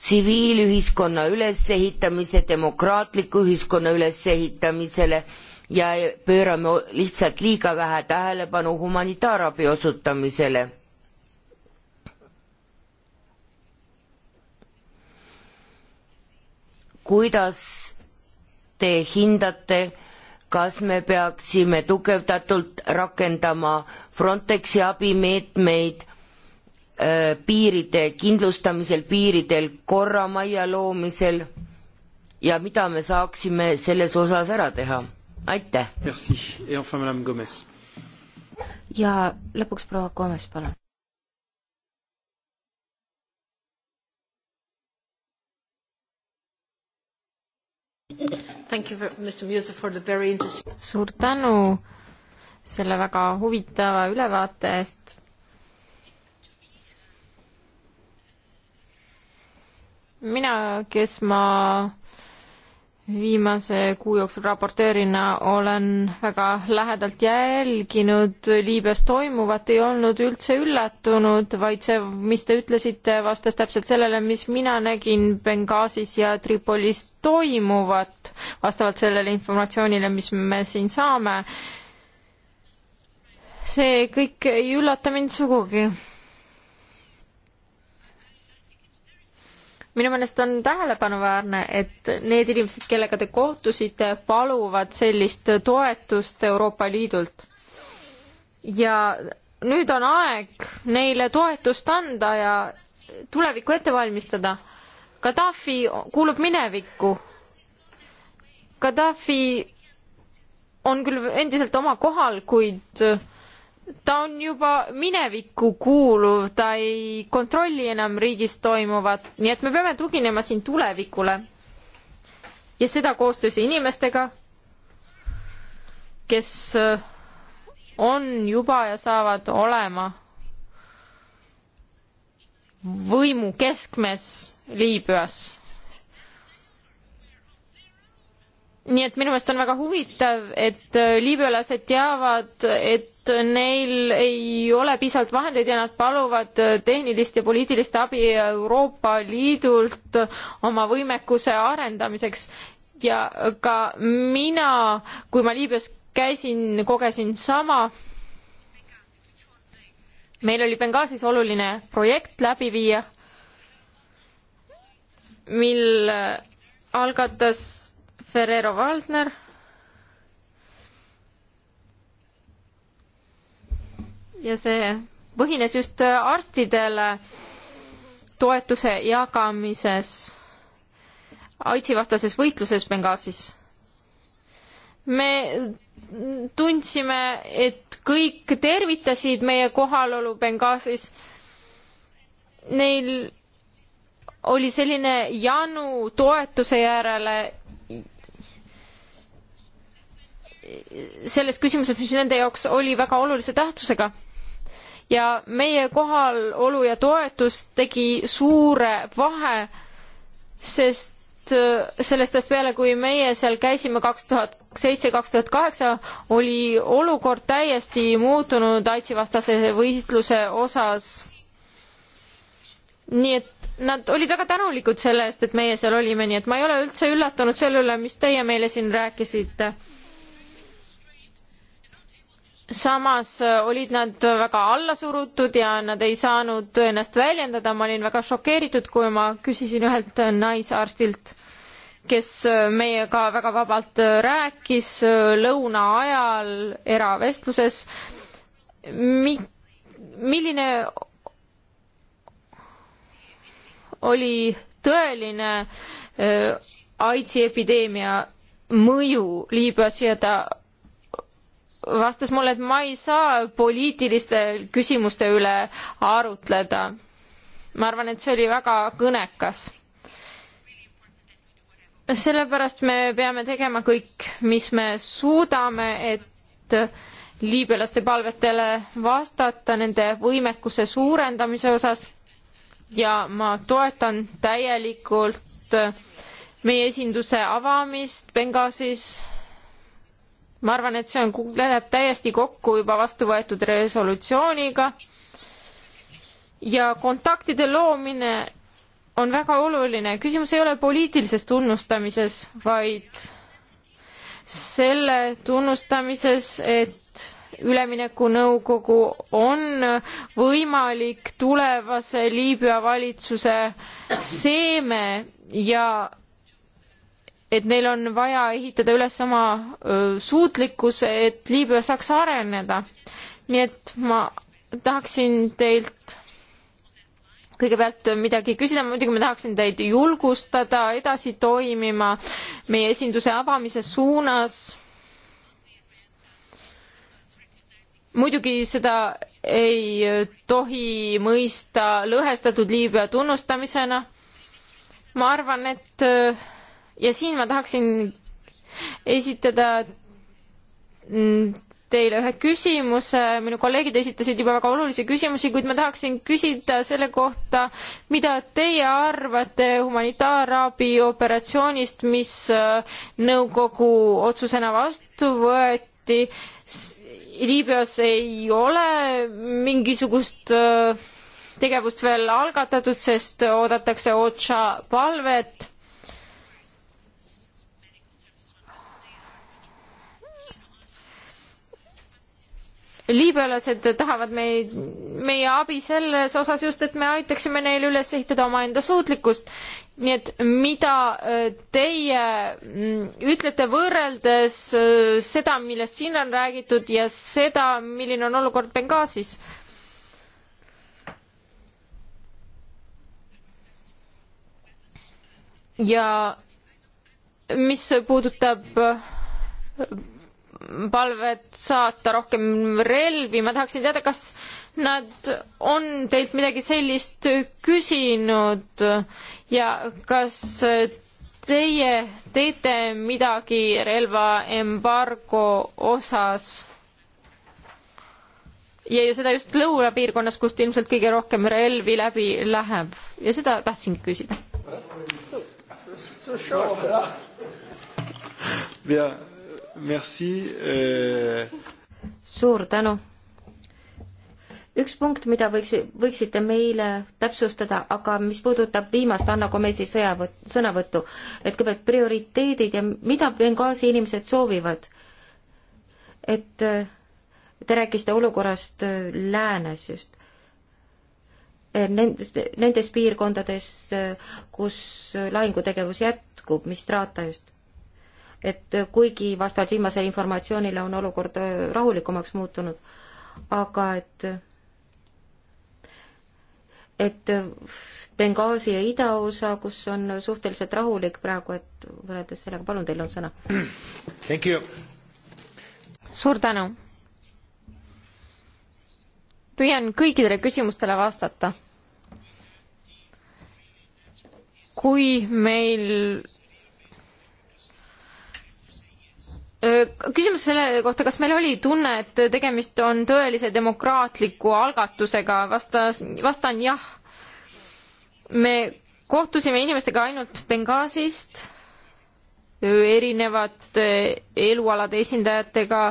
tsiviilühiskonna ülesehitamise, demokraatliku ühiskonna ülesehitamisele ja pöörame lihtsalt liiga vähe tähelepanu humanitaarabi osutamisele. kuidas te hindate kas me peaksime tugevdatult rakendama Frontexi abimeetmeid äh, piiride kindlustamisel, piiridel korramajja loomisel ja mida me saaksime selles osas ära teha, aitäh! ja lõpuks proua Gomes, palun Interesting... suur tänu selle väga huvitava ülevaate eest. mina, kes ma viimase kuu jooksul raporteerina olen väga lähedalt jälginud Liibüas toimuvat, ei olnud üldse üllatunud, vaid see, mis te ütlesite, vastas täpselt sellele, mis mina nägin Benghazis ja Tripolis toimuvat, vastavalt sellele informatsioonile, mis me siin saame. see kõik ei üllata mind sugugi minu meelest on tähelepanuväärne, et need inimesed, kellega te kohtusite, paluvad sellist toetust Euroopa Liidult. ja nüüd on aeg neile toetust anda ja tulevikku ette valmistada. Gaddafi kuulub minevikku. Gaddafi on küll endiselt oma kohal, kuid ta on juba minevikku kuuluv, ta ei kontrolli enam riigis toimuvat, nii et me peame tuginema siin tulevikule. ja seda koostöös inimestega, kes äh, on juba ja saavad olema võimu keskmes Liibüas. nii et minu meelest on väga huvitav, et äh, liibüalased teavad, et et neil ei ole piisavalt vahendeid ja nad paluvad tehnilist ja poliitilist abi Euroopa Liidult oma võimekuse arendamiseks. ja ka mina, kui ma Liibüas käisin, kogesin sama. meil oli Benghazis oluline projekt läbi viia, mil algatas Ferrero Valdner ja see põhines just arstidele toetuse jagamises AIDSi vastases võitluses Benghazis. me tundsime, et kõik tervitasid meie kohalolu Benghazis. Neil oli selline janu toetuse järele selles küsimuses, mis nende jaoks oli väga olulise tähtsusega ja meie kohalolu ja toetus tegi suure vahe, sest äh, sellest ajast peale, kui meie seal käisime kaks tuhat seitse, kaks tuhat kaheksa, oli olukord täiesti muutunud AIDSi vastase võitluse osas. nii et nad olid väga tänulikud selle eest, et meie seal olime, nii et ma ei ole üldse üllatunud selle üle, mis teie meile siin rääkisite samas äh, olid nad väga alla surutud ja nad ei saanud ennast väljendada, ma olin väga šokeeritud, kui ma küsisin ühelt naisarstilt, kes äh, meiega väga vabalt äh, rääkis lõuna ajal eravestluses, mi-, milline oli tõeline AIDSi epideemia mõju Liibüas ja ta vastas mulle, et ma ei saa poliitiliste küsimuste üle arutleda. ma arvan, et see oli väga kõnekas. sellepärast me peame tegema kõik, mis me suudame, et liibüalaste palvetele vastata nende võimekuse suurendamise osas ja ma toetan täielikult meie esinduse avamist Benghazis ma arvan, et see on, läheb täiesti kokku juba vastu võetud resolutsiooniga. ja kontaktide loomine on väga oluline. küsimus ei ole poliitilises tunnustamises, vaid selle tunnustamises, et üleminekunõukogu on võimalik tulevase Liibüa valitsuse seeme ja et neil on vaja ehitada üles oma suutlikkus, et Liibüa saaks areneda. nii et ma tahaksin teilt kõigepealt midagi küsida, muidugi ma tahaksin teid julgustada edasi toimima meie esinduse avamise suunas. muidugi seda ei tohi mõista lõhestatud Liibüa tunnustamisena. ma arvan, et ja siin ma tahaksin esitada teile ühe küsimuse, minu kolleegid esitasid juba väga olulisi küsimusi, kuid ma tahaksin küsida selle kohta, mida teie arvate humanitaarabi operatsioonist, mis äh, nõukogu otsusena vastu võeti. Liibüas ei ole mingisugust äh, tegevust veel algatatud, sest oodatakse OTSA palvet liibüalased tahavad meid, meie abi selles osas just, et me aitaksime neil üles ehitada omaenda suutlikkust. nii et mida äh, teie mm, ütlete võrreldes äh, seda, millest siin on räägitud ja seda, milline on olukord Benghazis? ja mis puudutab äh, palvet saata rohkem relvi, ma tahaksin teada, kas nad on teilt midagi sellist küsinud ja kas teie teete midagi relvaembargo osas? ja, ja seda just lõunapiirkonnas, kust ilmselt kõige rohkem relvi läbi läheb ja seda tahtsingi küsida. ja Euh, suur tänu. üks punkt, mida võiks, võiksite meile täpsustada, aga mis puudutab viimast Anna Komesi sõjavõtt, sõnavõttu, et kõigepealt prioriteedid ja mida Benghazi inimesed soovivad. et äh, te rääkisite olukorrast äh, läänes just äh, nendes, nendes piirkondades, kus lahingutegevus jätkub, mis Strata just et kuigi vastavalt viimasele informatsioonile on olukord äh, rahulikumaks muutunud, aga et et Benghazi ja idaosa, kus on suhteliselt rahulik praegu, et võrreldes sellega, palun, teil on sõna. suur tänu. püüan kõikidele küsimustele vastata. kui meil küsimus selle kohta, kas meil oli tunne, et tegemist on tõelise demokraatliku algatusega, vastas, vastan jah. me kohtusime inimestega ainult Benghazist, erinevate elualade esindajatega,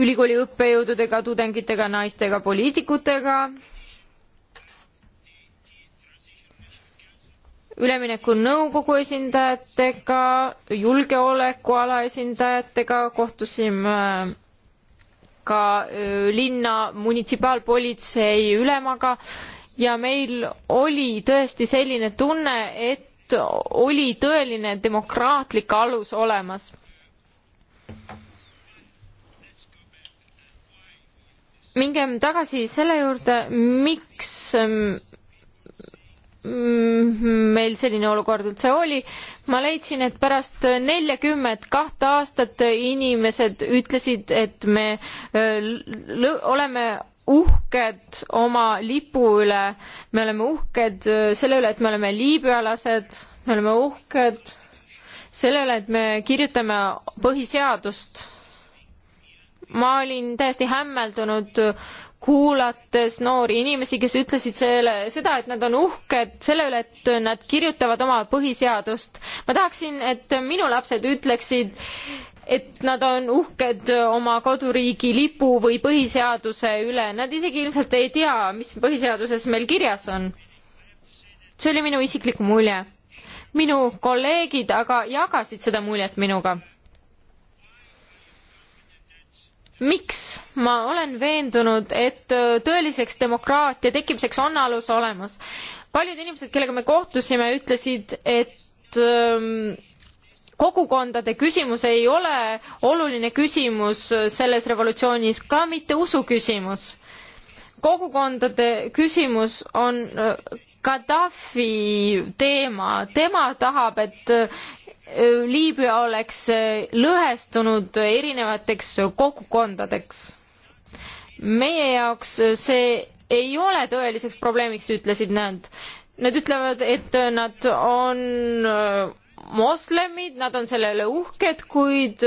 ülikooli õppejõududega, tudengitega, naistega, poliitikutega ülemineku nõukogu esindajatega, julgeolekuala esindajatega, kohtusime äh, ka äh, linna munitsipaalpolitsei ülemaga ja meil oli tõesti selline tunne, et oli tõeline demokraatlik alus olemas. mingem tagasi selle juurde, miks ähm, Mm-hmm, meil selline olukord üldse oli. ma leidsin, et pärast neljakümmet kahte aastat inimesed ütlesid, et me äh, oleme uhked oma lipu üle, me oleme uhked äh, selle üle, et me oleme liibüalased, me oleme uhked selle üle, et me kirjutame põhiseadust ma olin täiesti hämmeldunud, kuulates noori inimesi, kes ütlesid selle, seda, et nad on uhked selle üle, et nad kirjutavad oma põhiseadust. ma tahaksin, et minu lapsed ütleksid, et nad on uhked oma koduriigi lipu või põhiseaduse üle. Nad isegi ilmselt ei tea, mis põhiseaduses meil kirjas on. see oli minu isiklik mulje. minu kolleegid aga jagasid seda muljet minuga miks ma olen veendunud, et äh, tõeliseks demokraatia tekkimiseks on alus olemas. paljud inimesed, kellega me kohtusime, ütlesid, et ähm, kogukondade küsimus ei ole oluline küsimus selles revolutsioonis, ka mitte usu küsimus. kogukondade küsimus on äh, Gaddafi teema, tema tahab, et Liibüa oleks äh, lõhestunud erinevateks kogukondadeks. meie jaoks äh, see ei ole tõeliseks probleemiks, ütlesid nad. Nad ütlevad, et äh, nad on moslemid, nad on selle üle uhked, kuid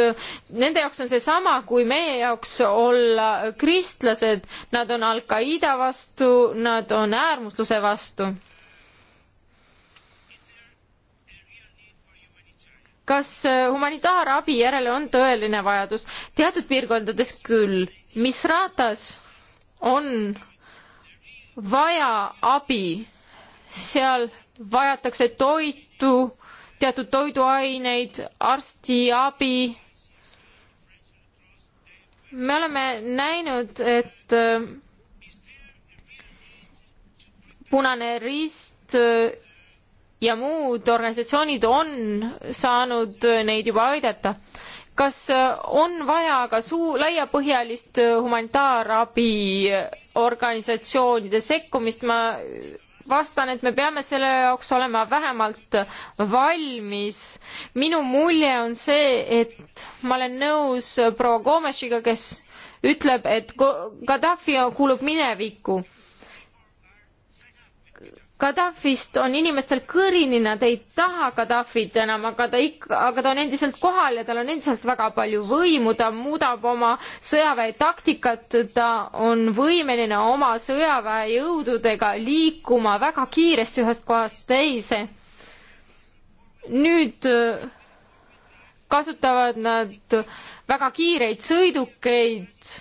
nende jaoks on seesama, kui meie jaoks olla kristlased, nad on Al-Qaeda vastu, nad on äärmusluse vastu kas äh, humanitaarabi järele on tõeline vajadus? teatud piirkondades küll. Misratas on vaja abi, seal vajatakse toitu, teatud toiduaineid, arstiabi. me oleme näinud, et äh, Punane Rist äh, ja muud organisatsioonid on saanud neid juba aidata. kas on vaja ka suu-, laiapõhjalist humanitaarabi organisatsioonide sekkumist, ma vastan, et me peame selle jaoks olema vähemalt valmis. minu mulje on see, et ma olen nõus proua Gomešiga, kes ütleb, et Gaddafi kuulub minevikku Gaddafist on inimestel kõrini, nad ei taha Gaddafit enam, aga ta ikka, aga ta on endiselt kohal ja tal on endiselt väga palju võimu, ta muudab oma sõjaväe taktikat, ta on võimeline oma sõjaväejõududega liikuma väga kiiresti ühest kohast teise. nüüd äh, kasutavad nad väga kiireid sõidukeid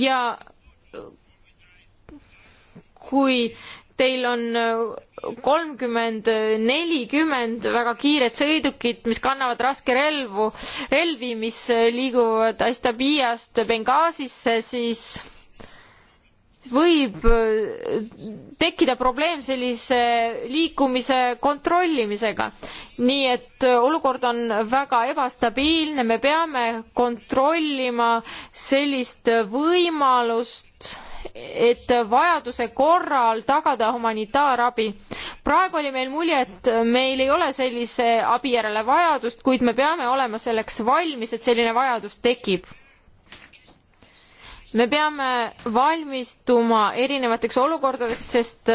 ja kui teil on äh, kolmkümmend, äh, nelikümmend väga kiiret sõidukit, mis kannavad raskerelvu, relvi, mis äh, liiguvad Astabiast Benghazisse, siis võib tekkida probleem sellise liikumise kontrollimisega. nii et olukord on väga ebastabiilne, me peame kontrollima sellist võimalust et vajaduse korral tagada humanitaarabi. praegu oli meil mulje, et meil ei ole sellise abi järele vajadust, kuid me peame olema selleks valmis, et selline vajadus tekib me peame valmistuma erinevateks olukordadeks, sest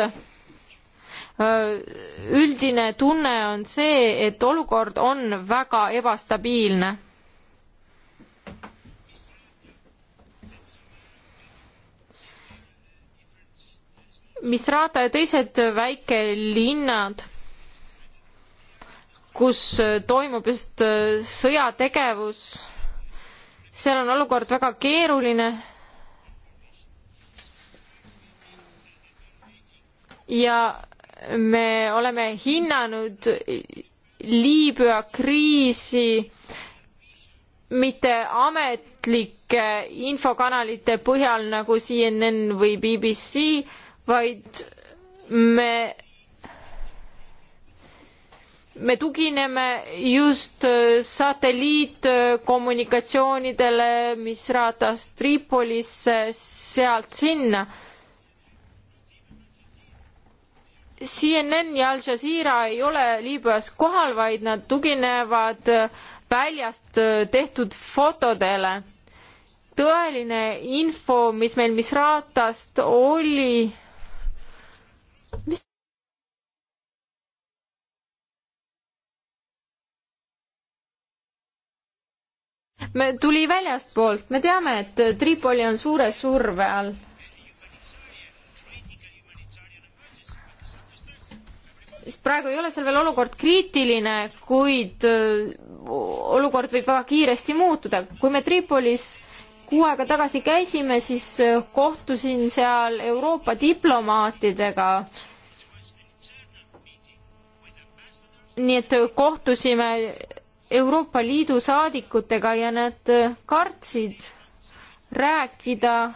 üldine tunne on see, et olukord on väga ebastabiilne Misrata ja teised väikelinnad, kus toimub just äh, sõjategevus, seal on olukord väga keeruline. ja me oleme hinnanud Liibüa kriisi mitte ametlike infokanalite põhjal nagu CNN või BBC, vaid me me tugineme just äh, satelliitkommunikatsioonidele, mis raatas Tripolisse sealt sinna. CNN ja Al Jazeera ei ole Liibüas kohal, vaid nad tuginevad äh, väljast äh, tehtud fotodele. tõeline info, mis meil Misratast oli me tuli väljastpoolt, me teame, et Tripoli on suure surve all. praegu ei ole seal veel olukord kriitiline, kuid äh, olukord võib väga kiiresti muutuda. kui me Tripolis kuu aega tagasi käisime, siis äh, kohtusin seal Euroopa diplomaatidega. nii et kohtusime Euroopa Liidu saadikutega ja nad äh, kartsid rääkida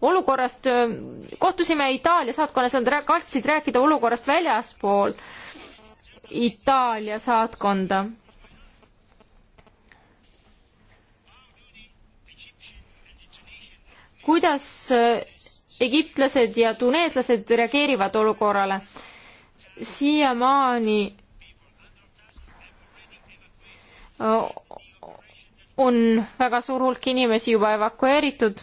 olukorrast, äh, kohtusime Itaalia saatkonnas, nad kartsid rääkida olukorrast väljaspool Itaalia saatkonda kuidas äh, egiptlased ja tuneeslased reageerivad olukorrale. siiamaani on väga suur hulk inimesi juba evakueeritud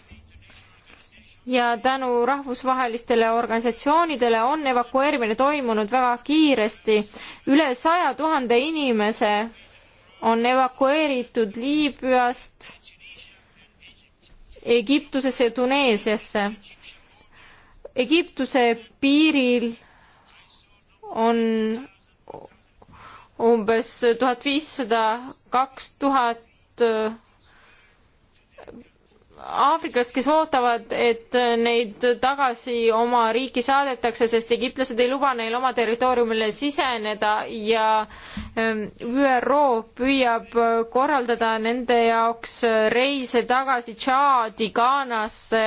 ja tänu rahvusvahelistele organisatsioonidele on evakueerimine toimunud väga kiiresti. üle saja tuhande inimese on evakueeritud Liibüast Egiptusesse ja Tuneesiasse. Egiptuse piiril on umbes tuhat viissada, kaks tuhat äh, aafriklast, kes ootavad, et neid tagasi oma riiki saadetakse, sest egiptlased ei luba neil oma territooriumile siseneda ja ähm, ÜRO püüab korraldada nende jaoks reise tagasi Tšaadi, Ghanasse,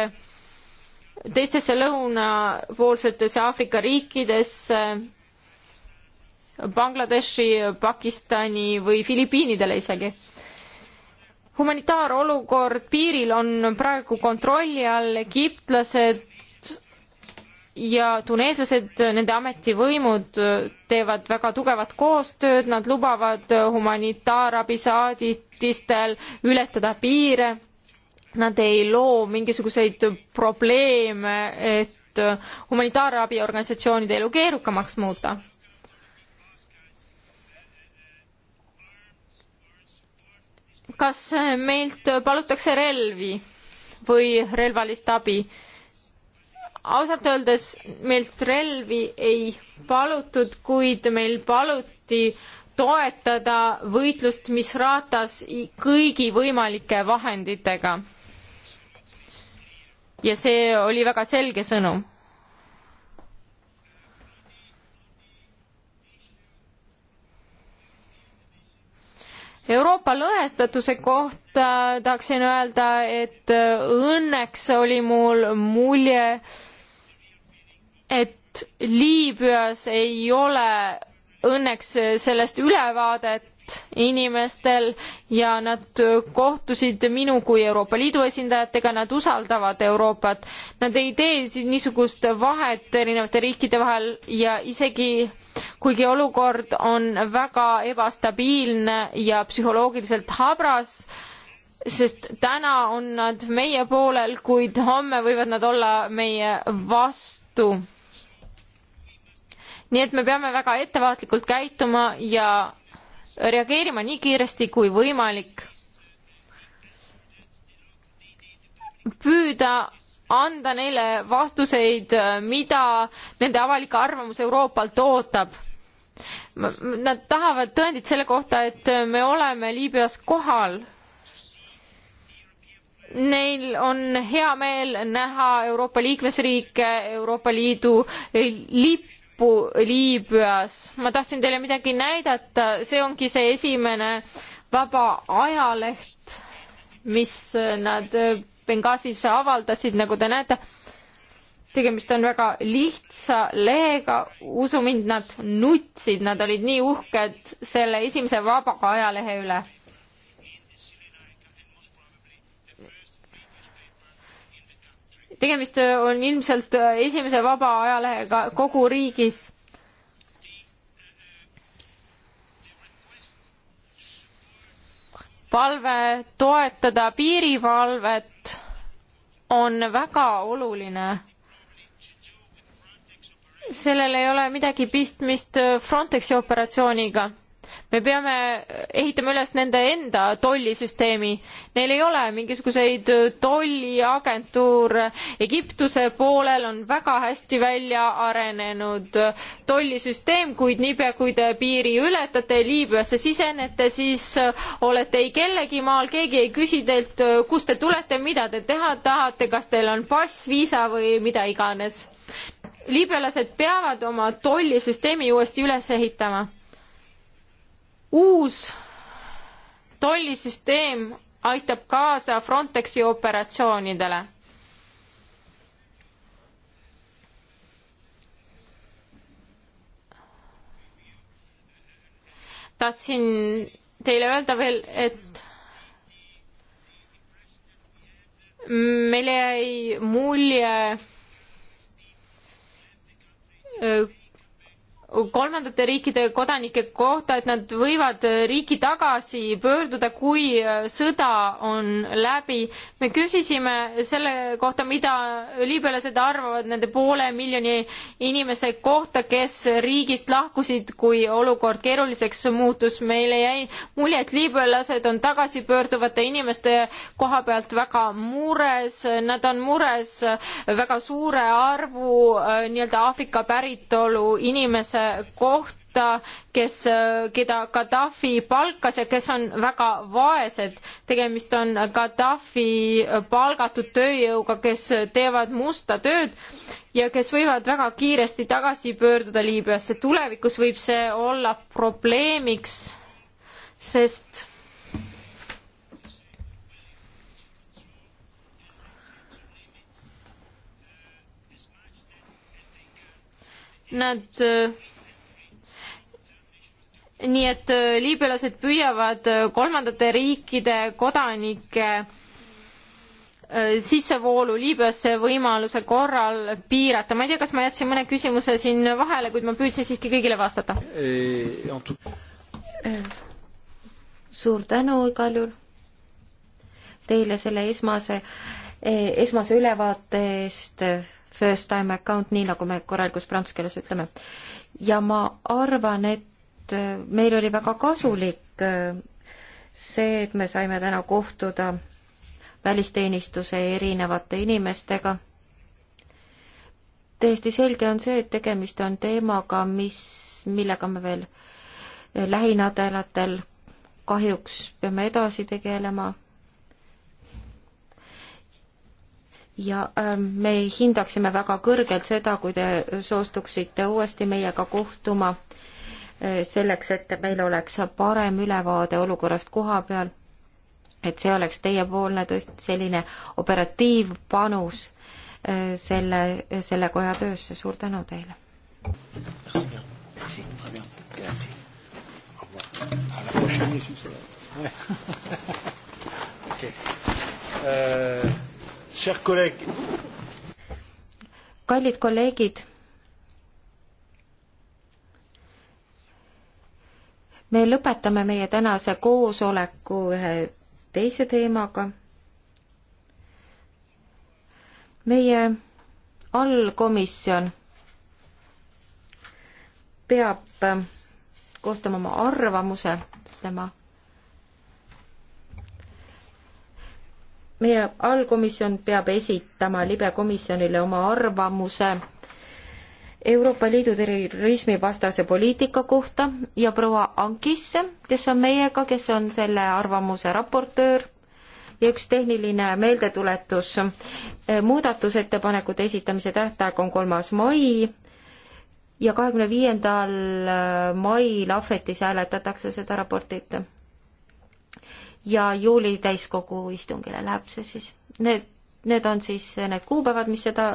teistesse lõunapoolsetesse Aafrika riikidesse Bangladeshi, Pakistani või Filipiinidele isegi. humanitaarolukord piiril on praegu kontrolli all, egiptlased ja tuneeslased, nende ametivõimud teevad väga tugevat koostööd, nad lubavad humanitaarabi saadististel ületada piire, nad ei loo mingisuguseid probleeme, et humanitaarabiorganisatsioonide elu keerukamaks muuta kas meilt palutakse relvi või relvalist abi? ausalt öeldes meilt relvi ei palutud, kuid meil paluti toetada võitlust, mis raatas kõigi võimalike vahenditega. ja see oli väga selge sõnum Euroopa lõhestatuse kohta tahaksin öelda, et äh, õnneks oli mul mulje, et Liibüas ei ole õnneks eh, sellest ülevaadet inimestel ja nad eh, kohtusid minu kui Euroopa Liidu esindajatega, nad usaldavad Euroopat. Nad ei tee siin niisugust vahet erinevate riikide vahel ja isegi kuigi olukord on väga ebastabiilne ja psühholoogiliselt habras, sest täna on nad meie poolel, kuid homme võivad nad olla meie vastu nii et me peame väga ettevaatlikult käituma ja reageerima nii kiiresti kui võimalik. püüda anda neile vastuseid, mida nende avalik arvamus Euroopalt ootab. Nad tahavad tõendit selle kohta, et me oleme Liibüas kohal. Neil on hea meel näha Euroopa liikmesriike, Euroopa Liidu eh, lippu lõppu Liibüas. ma tahtsin teile midagi näidata, see ongi see esimene vaba ajaleht, mis nad Benghazis avaldasid, nagu te näete. tegemist on väga lihtsa lehega, usu mind, nad nutsid, nad olid nii uhked selle esimese vaba ajalehe üle tegemist on ilmselt esimese vaba ajalehega kogu riigis. palve toetada piirivalvet on väga oluline. sellel ei ole midagi pistmist Frontexi operatsiooniga me peame ehitama üles nende enda tollisüsteemi. Neil ei ole mingisuguseid tolliagentuure. Egiptuse poolel on väga hästi välja arenenud tollisüsteem, kuid niipea, kui te piiri ületate, Liibüasse sisenete, siis olete ei kellegi maal, keegi ei küsi teilt, kust te tulete, mida te teha tahate, kas teil on pass, viisa või mida iganes. liibüalased peavad oma tollisüsteemi uuesti üles ehitama uus tollisüsteem aitab kaasa Frontexi operatsioonidele. tahtsin teile öelda veel, et meile jäi mulje kolmandate riikide kodanike kohta, et nad võivad äh, riiki tagasi pöörduda, kui äh, sõda on läbi. me küsisime selle kohta, mida liibüalased arvavad nende poole miljoni inimese kohta, kes riigist lahkusid, kui olukord keeruliseks muutus. meile jäi mulje, et liibüalased on tagasipöörduvate inimeste koha pealt väga mures, nad on mures väga suure arvu äh, nii-öelda Aafrika päritolu inimese kohta, kes, keda Gaddafi palkas ja kes on väga vaesed. tegemist on Gaddafi palgatud tööjõuga, kes teevad musta tööd ja kes võivad väga kiiresti tagasi pöörduda Liibüasse. tulevikus võib see olla probleemiks, sest nad nii et äh, liibüalased püüavad äh, kolmandate riikide kodanike äh, sissevoolu Liibüasse võimaluse korral piirata. ma ei tea, kas ma jätsin mõne küsimuse siin vahele, kuid ma püüdsin siiski kõigile vastata. Eh, eh, suur tänu igal juhul teile selle esmase, eh, esmase ülevaate eest, first time account, nii nagu me korralikus prantsuse keeles ütleme. ja ma arvan, et Äh, meil oli väga kasulik äh, see, et me saime täna kohtuda välisteenistuse erinevate inimestega. täiesti selge on see, et tegemist on teemaga, mis, millega me veel äh, lähinädalatel kahjuks peame edasi tegelema. ja ähm, me hindaksime väga kõrgelt seda, kui te soostuksite uuesti meiega kohtuma äh, Eh, selleks, et meil oleks parem ülevaade olukorrast koha peal, et see oleks teiepoolne tõesti selline operatiivpanus eh, selle, selle koja töösse, suur tänu teile! Euh, kallid kolleegid me lõpetame meie tänase koosoleku ühe teise teemaga. meie allkomisjon peab koostama oma arvamuse, tema meie allkomisjon peab esitama libekomisjonile oma arvamuse Euroopa Liidu terrorismivastase poliitika kohta ja proua Ankisse, kes on meiega, kes on selle arvamuse raportöör ja üks tehniline meeldetuletus. Eh, muudatusettepanekute esitamise tähtaeg on kolmas mai ja kahekümne viiendal eh, mail ahvetis hääletatakse seda raportit. ja juuli täiskogu istungile läheb see siis. Need need on siis need kuupäevad, mis seda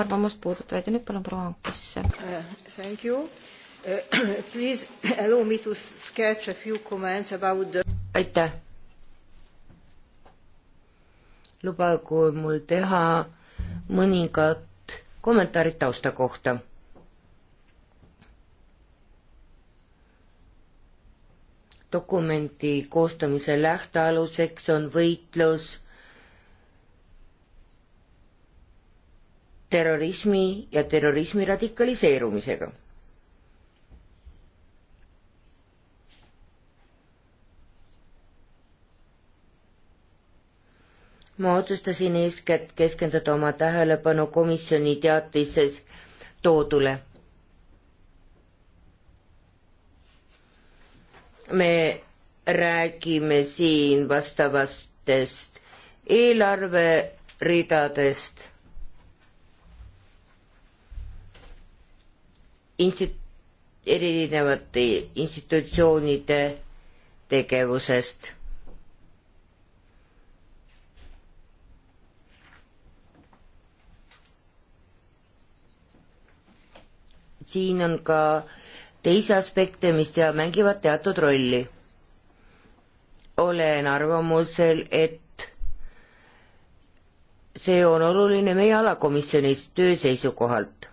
arvamust puudutavad ja nüüd palun proua Ankisse. Uh, thank you uh,. Please allow me to sketch a few comments about the aitäh! lubagu mul teha mõningat kommentaarid tausta kohta. dokumenti koostamise lähtealuseks on võitlus terrorismi ja terrorismi radikaliseerumisega. ma otsustasin eeskätt keskenduda oma tähelepanu komisjoni teatises toodule. me räägime siin vastavastest eelarveridadest insti-, erinevate institutsioonide tegevusest. siin on ka teisi aspekte, mis te mängivad teatud rolli. olen arvamusel, et see on oluline meie alakomisjonis töö seisukohalt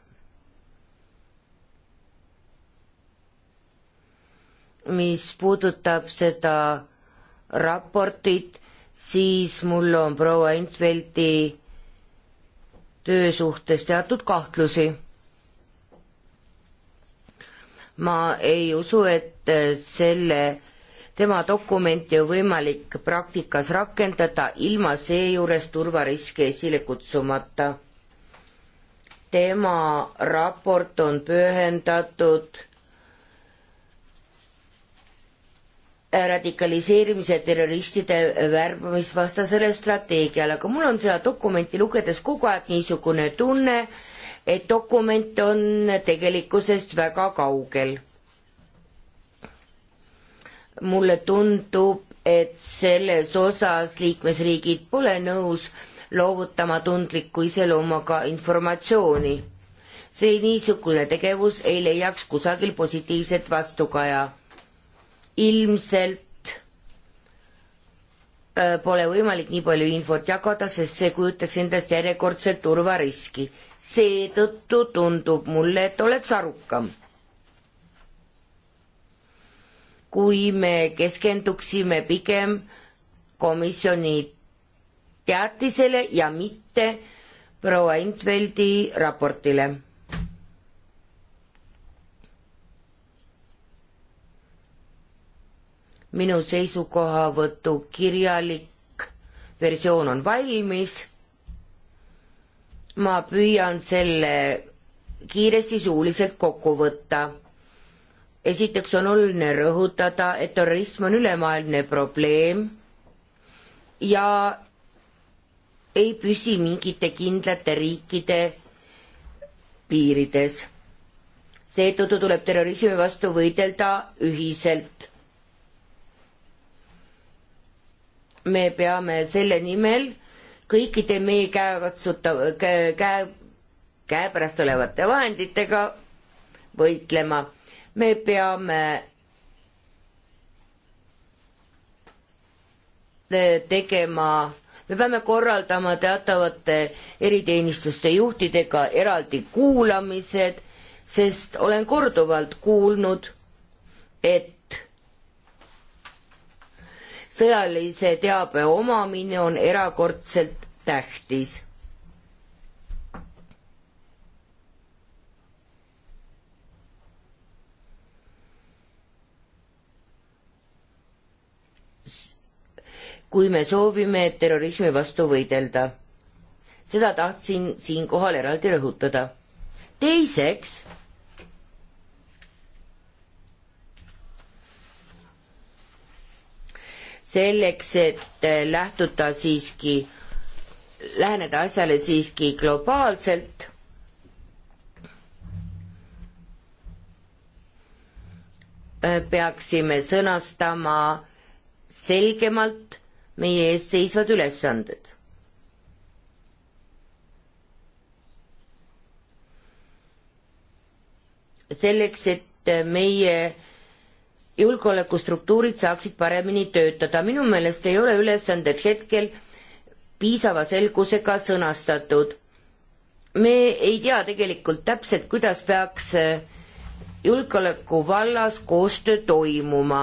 mis puudutab seda raportit, siis mul on proua Intvelti töö suhtes teatud kahtlusi. ma ei usu, et selle, tema dokumenti on võimalik praktikas rakendada ilma seejuures turvariske esile kutsumata. tema raport on pühendatud radikaliseerimise terroristide värbamisvastasele strateegiale, aga mul on seda dokumenti lugedes kogu aeg niisugune tunne, et dokument on tegelikkusest väga kaugel. mulle tundub, et selles osas liikmesriigid pole nõus loovutama tundliku iseloomuga informatsiooni. see niisugune tegevus ei leiaks kusagil positiivset vastukaja ilmselt äh, pole võimalik nii palju infot jagada, sest see kujutaks endast järjekordselt turvariski. seetõttu tundub mulle, et oleks arukam, kui me keskenduksime pigem komisjoni teatisele ja mitte proua Intveldi raportile minu seisukohavõtu kirjalik versioon on valmis. ma püüan selle kiiresti suuliselt kokku võtta. esiteks on oluline rõhutada, et terrorism on ülemaailmne probleem ja ei püsi mingite kindlate riikide piirides. seetõttu tuleb terrorismi vastu võidelda ühiselt me peame selle nimel kõikide meie käekatsutav, käe, käe, käepärast olevate vahenditega võitlema. me peame e, tegema, me peame korraldama teatavate eriteenistuste juhtidega eraldi kuulamised, sest olen korduvalt kuulnud, et sõjalise teabe omamine on erakordselt tähtis. kui me soovime terrorismi vastu võidelda. seda tahtsin siinkohal eraldi rõhutada. teiseks selleks, et äh, lähtuda siiski, läheneda asjale siiski globaalselt. Äh, peaksime sõnastama selgemalt meie ees seisvad ülesanded. selleks, et äh, meie julgeolekustruktuurid saaksid paremini töötada. minu meelest ei ole ülesanded hetkel piisava selgusega sõnastatud. me ei tea tegelikult täpselt, kuidas peaks äh, julgeoleku vallas koostöö toimuma.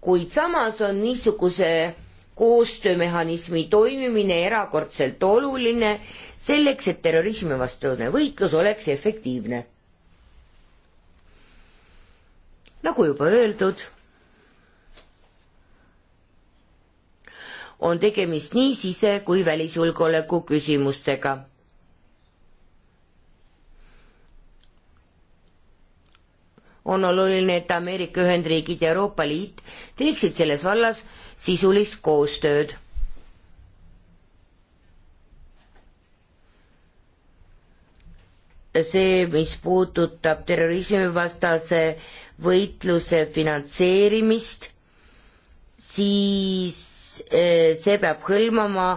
kuid samas on niisuguse koostöömehhanismi toimimine erakordselt oluline selleks, et terrorismi vastane võitlus oleks efektiivne nagu juba öeldud, on tegemist nii sise- kui välisjulgeoleku küsimustega. on oluline, et Ameerika Ühendriigid ja Euroopa Liit teeksid selles vallas sisulist koostööd see, mis puudutab terrorismivastase võitluse finantseerimist, siis eh, see peab hõlmama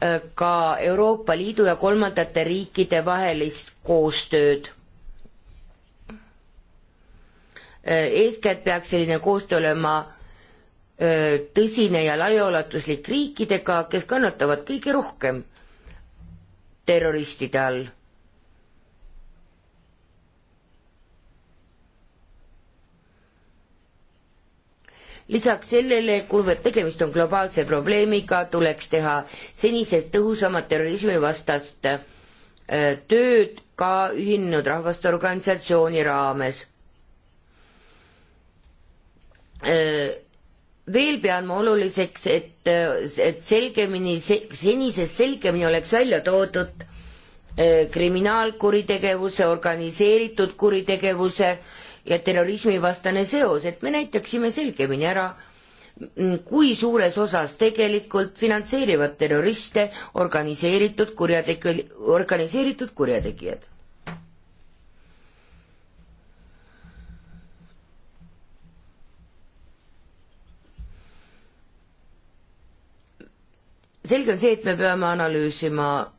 eh, ka Euroopa Liidu ja kolmandate riikide vahelist koostööd. Eh, eeskätt peaks selline koostöö olema tõsine ja laiaulatuslik riikidega, kes kannatavad kõige rohkem terroristide all lisaks sellele, kuivõrd tegemist on globaalse probleemiga, tuleks teha senisest tõhusamat terrorismivastast äh, tööd ka Ühinenud Rahvaste Organisatsiooni raames. Äh, veel pean ma oluliseks, et, et selgemini, senisest selgemini oleks välja toodud äh, kriminaalkuritegevuse, organiseeritud kuritegevuse äh, ja terrorismivastane seos, et me näitaksime selgemini ära, mm, kui suures osas tegelikult finantseerivad terroriste organiseeritud kurjategijad, organiseeritud kurjategijad. selge on see, et me peame analüüsima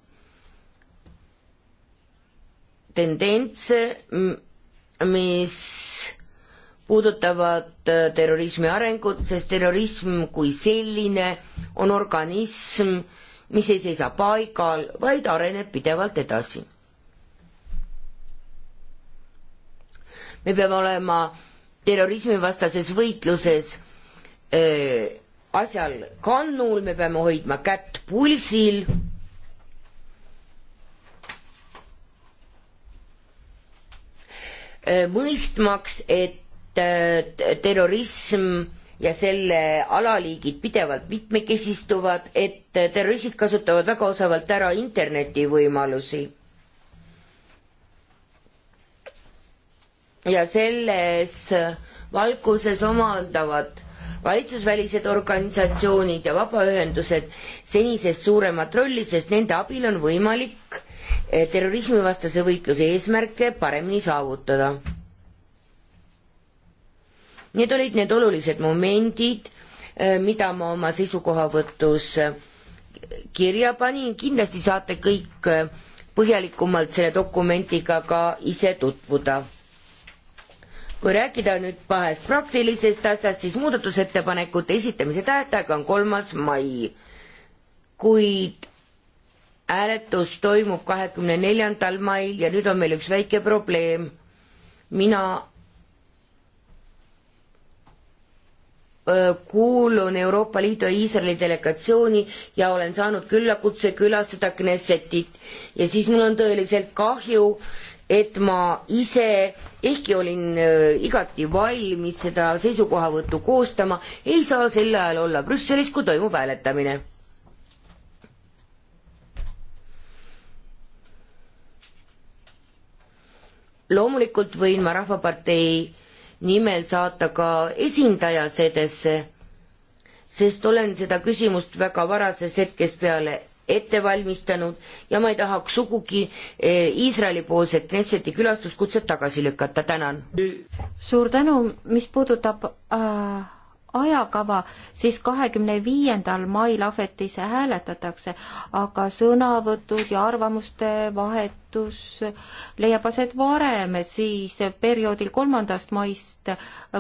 tendentse, mis puudutavad äh, terrorismi arengut, sest terrorism kui selline on organism, mis ei seisa paigal, vaid areneb pidevalt edasi. me peame olema terrorismivastases võitluses öö, äh, asjal kannul, me peame hoidma kätt pulsil Äh, mõistmaks, et äh, terrorism ja selle alaliigid pidevalt mitmekesistuvad, et äh, terroristid kasutavad väga osavalt ära interneti võimalusi. ja selles valguses omandavad valitsusvälised organisatsioonid ja vabaühendused senisest suuremat rolli, sest nende abil on võimalik Eh, terrorismivastase võitluse eesmärke paremini saavutada. Need olid need olulised momendid, eh, mida ma oma seisukohavõtus eh, kirja panin, kindlasti saate kõik põhjalikumalt selle dokumendiga ka ise tutvuda. kui rääkida nüüd pahest praktilisest asjast, siis muudatusettepanekute esitamise tähtaeg on kolmas mai, kuid hääletus toimub kahekümne neljandal mail ja nüüd on meil üks väike probleem. mina äh, kuulun Euroopa Liidu ja Iisraeli delegatsiooni ja olen saanud küllakutse külastada Knessetit ja siis mul on tõeliselt kahju, et ma ise, ehkki olin äh, igati valmis seda seisukohavõttu koostama, ei saa sel ajal olla Brüsselis, kui toimub hääletamine loomulikult võin ma Rahvapartei nimel saata ka esindaja sedesse, sest olen seda küsimust väga varases hetkes peale ette valmistanud ja ma ei tahaks sugugi eh, Iisraeli poolset Knesseti külastuskutset tagasi lükata, tänan. suur tänu, mis puudutab äh ajakava, siis kahekümne viiendal mail Ahvetis hääletatakse, aga sõnavõtud ja arvamuste vahetus leiab aset varem, siis perioodil kolmandast maist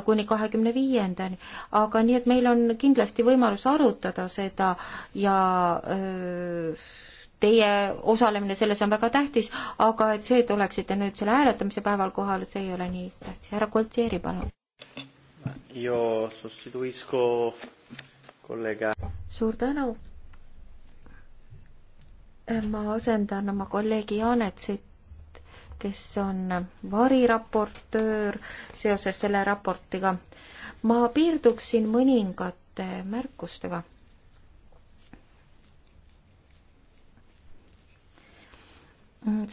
kuni kahekümne viiendani. aga nii, et meil on kindlasti võimalus arutada seda ja öö, teie osalemine selles on väga tähtis, aga et see, et oleksite nüüd selle hääletamise päeval kohal, see ei ole nii tähtis. härra Koltsieri, palun. Io sostituisco kollega. suur tänu. ma asendan oma kolleegi Jaanetsit, kes on variraportöör seoses selle raportiga. ma piirduksin mõningate märkustega.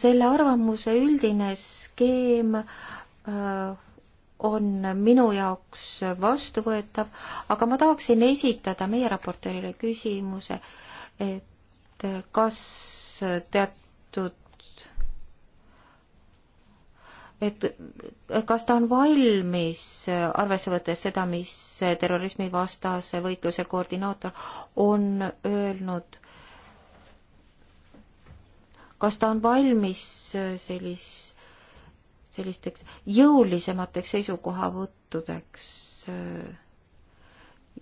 selle arvamuse üldine skeem öö, äh, on minu jaoks vastuvõetav, aga ma tahaksin esitada meie raportöörile küsimuse, et kas teatud et kas ta on valmis, arvesse võttes seda, mis terrorismivastase võitluse koordinaator on öelnud, kas ta on valmis sellist sellisteks jõulisemateks seisukohavõttudeks äh,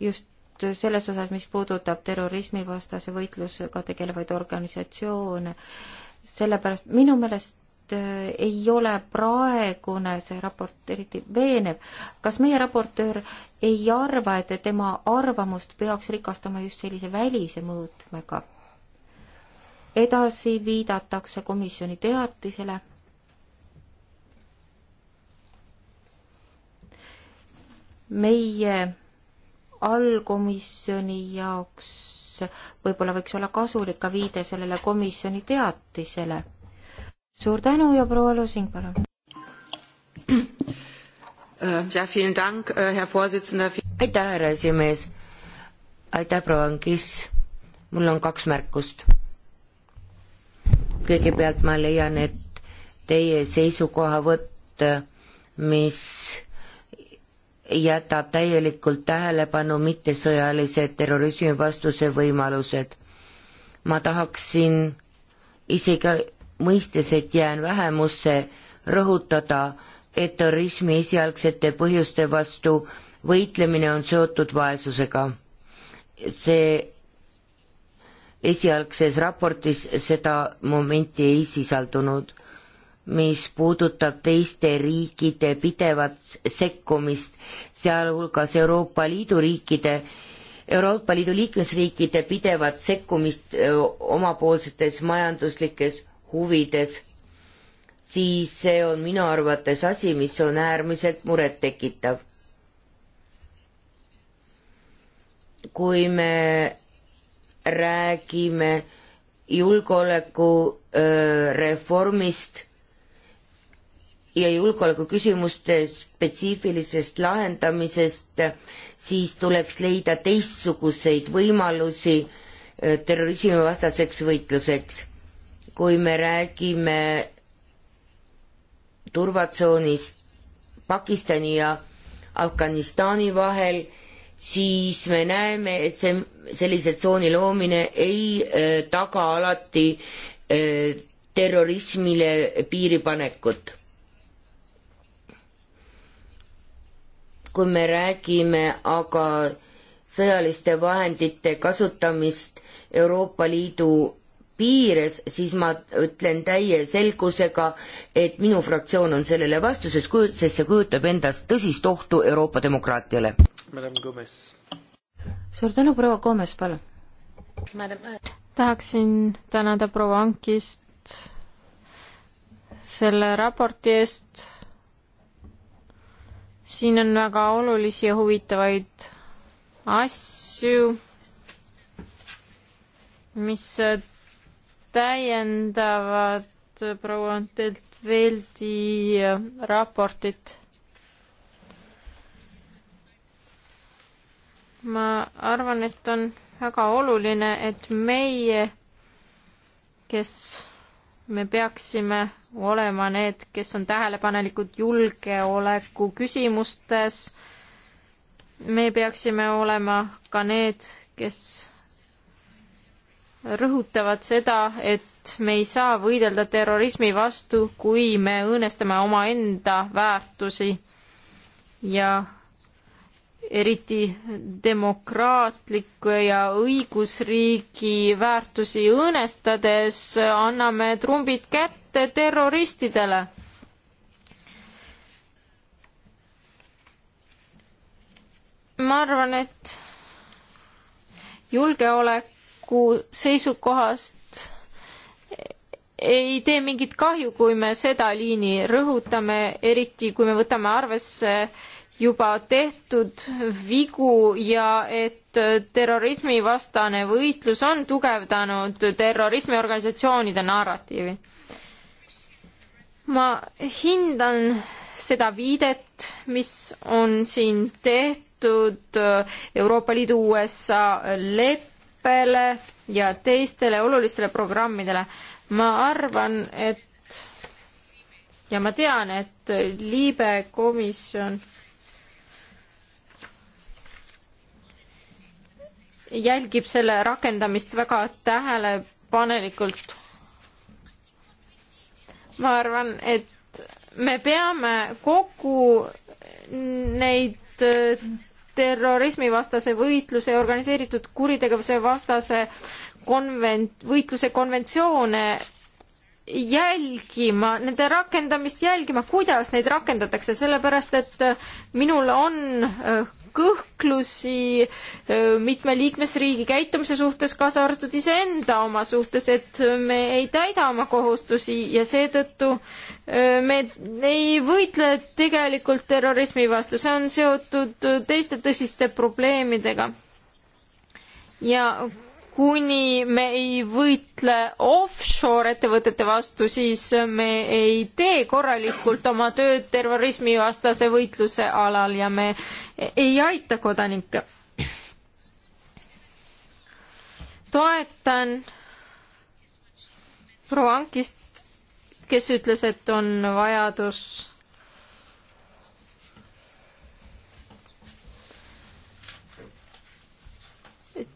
just selles osas, mis puudutab terrorismivastase võitlusega tegelevaid organisatsioone, sellepärast minu meelest äh, ei ole praegune see raport eriti veenev. kas meie raportöör ei arva, et tema arvamust peaks rikastama just sellise välise mõõtmega? edasi viidatakse komisjoni teatisele meie allkomisjoni jaoks võib-olla võiks olla kasulik ka viide sellele komisjoni teatisele. suur tänu ja proua Lusing, palun. Äh, äh, aitäh, härra esimees. aitäh, proua Angis. mul on kaks märkust. kõigepealt ma leian, et teie seisukohavõtt, mis jätab täielikult tähelepanu mittesõjalised terrorismi vastuse võimalused. ma tahaksin isegi mõistes, et jään vähemusse, rõhutada, et terrorismi esialgsete põhjuste vastu võitlemine on seotud vaesusega. see esialgses raportis seda momenti ei sisaldunud mis puudutab teiste riikide pidevat sekkumist, sealhulgas Euroopa Liidu riikide, Euroopa Liidu liikmesriikide pidevat sekkumist omapoolsetes majanduslikes huvides, siis see on minu arvates asi, mis on äärmiselt murettekitav. kui me räägime julgeolekureformist ja julgeolekuküsimuste spetsiifilisest lahendamisest, siis tuleks leida teistsuguseid võimalusi äh, terrorismivastaseks võitluseks. kui me räägime turvatsoonist Pakistani ja Afganistani vahel, siis me näeme, et see, sellise tsooni loomine ei äh, taga alati äh, terrorismile piiri panekut kui me räägime aga sõjaliste vahendite kasutamist Euroopa Liidu piires, siis ma ütlen täie selgusega, et minu fraktsioon on sellele vastu, sest kujut-, sest see kujutab endast tõsist ohtu Euroopa demokraatiale. suur tänu, proua Gomes, palun. Äh, tahaksin tänada proua Ankist selle raporti eest siin on väga olulisi ja huvitavaid asju, mis täiendavad proua Antelt Veldi raportit. ma arvan, et on väga oluline, et meie, kes me peaksime olema need, kes on tähelepanelikud julgeoleku küsimustes. me peaksime olema ka need, kes rõhutavad seda, et me ei saa võidelda terrorismi vastu, kui me õõnestame omaenda väärtusi ja eriti demokraatlikke ja õigusriigi väärtusi õõnestades anname trumbid kätte terroristidele. ma arvan, et julgeoleku seisukohast ei tee mingit kahju, kui me seda liini rõhutame, eriti kui me võtame arvesse äh, juba tehtud vigu ja et terrorismivastane võitlus on tugevdanud terrorismiorganisatsioonide narratiivi. ma hindan seda viidet, mis on siin tehtud Euroopa Liidu USA leppele ja teistele olulistele programmidele. ma arvan, et ja ma tean, et liibe komisjon jälgib selle rakendamist väga tähelepanelikult. ma arvan, et me peame kogu neid äh, terrorismivastase võitluse ja organiseeritud kuritegevuse vastase konvent-, võitluse konventsioone jälgima, nende rakendamist jälgima, kuidas neid rakendatakse, sellepärast et minul on äh, kõhklusi mitme liikmesriigi käitumise suhtes, kaasa arvatud iseenda oma suhtes, et me ei täida oma kohustusi ja seetõttu me ei võitle tegelikult terrorismi vastu, see on seotud teiste tõsiste probleemidega. ja kuni me ei võitle offshore ettevõtete vastu, siis me ei tee korralikult oma tööd terrorismivastase võitluse alal ja me ei aita kodanikke. toetan proua Ankist, kes ütles, et on vajadus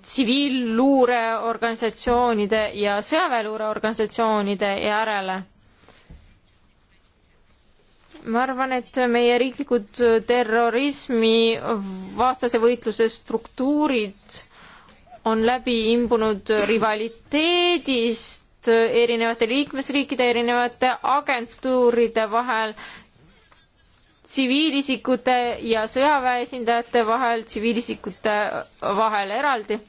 tsiviilluureorganisatsioonide ja sõjaväeluureorganisatsioonide järele. ma arvan, et meie riiklikud terrorismi vastase võitluse struktuurid on läbi imbunud rivaliteedist erinevate liikmesriikide, erinevate agentuuride vahel tsiviilisikute ja sõjaväe esindajate vahel, tsiviilisikute vahel eraldi.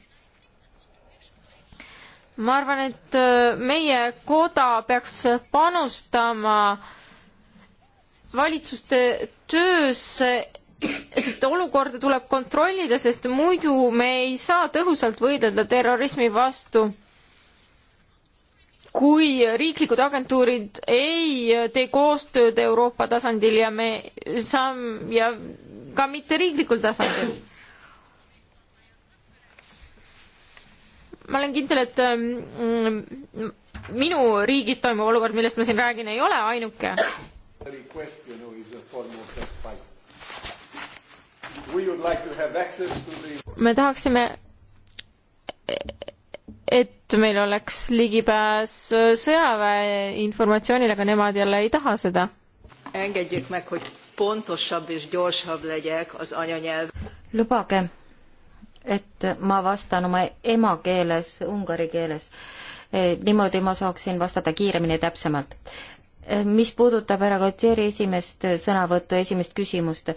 ma arvan, et äh, meie koda peaks panustama valitsuste töösse, sest olukorda tuleb kontrollida, sest muidu me ei saa tõhusalt võidelda terrorismi vastu kui riiklikud agentuurid ei tee koostööd Euroopa tasandil ja me saam- ja ka mitte riiklikul tasandil. ma olen kindel, et mm, minu riigis toimuv olukord, millest ma siin räägin, ei ole ainuke. me tahaksime et meil oleks ligipääs sõjaväe informatsioonile, aga nemad jälle ei taha seda. lubage, et ma vastan oma emakeeles, ungari keeles. E, niimoodi ma saaksin vastata kiiremini ja täpsemalt. E, mis puudutab härra Kotsieri esimest sõnavõttu, esimest küsimust,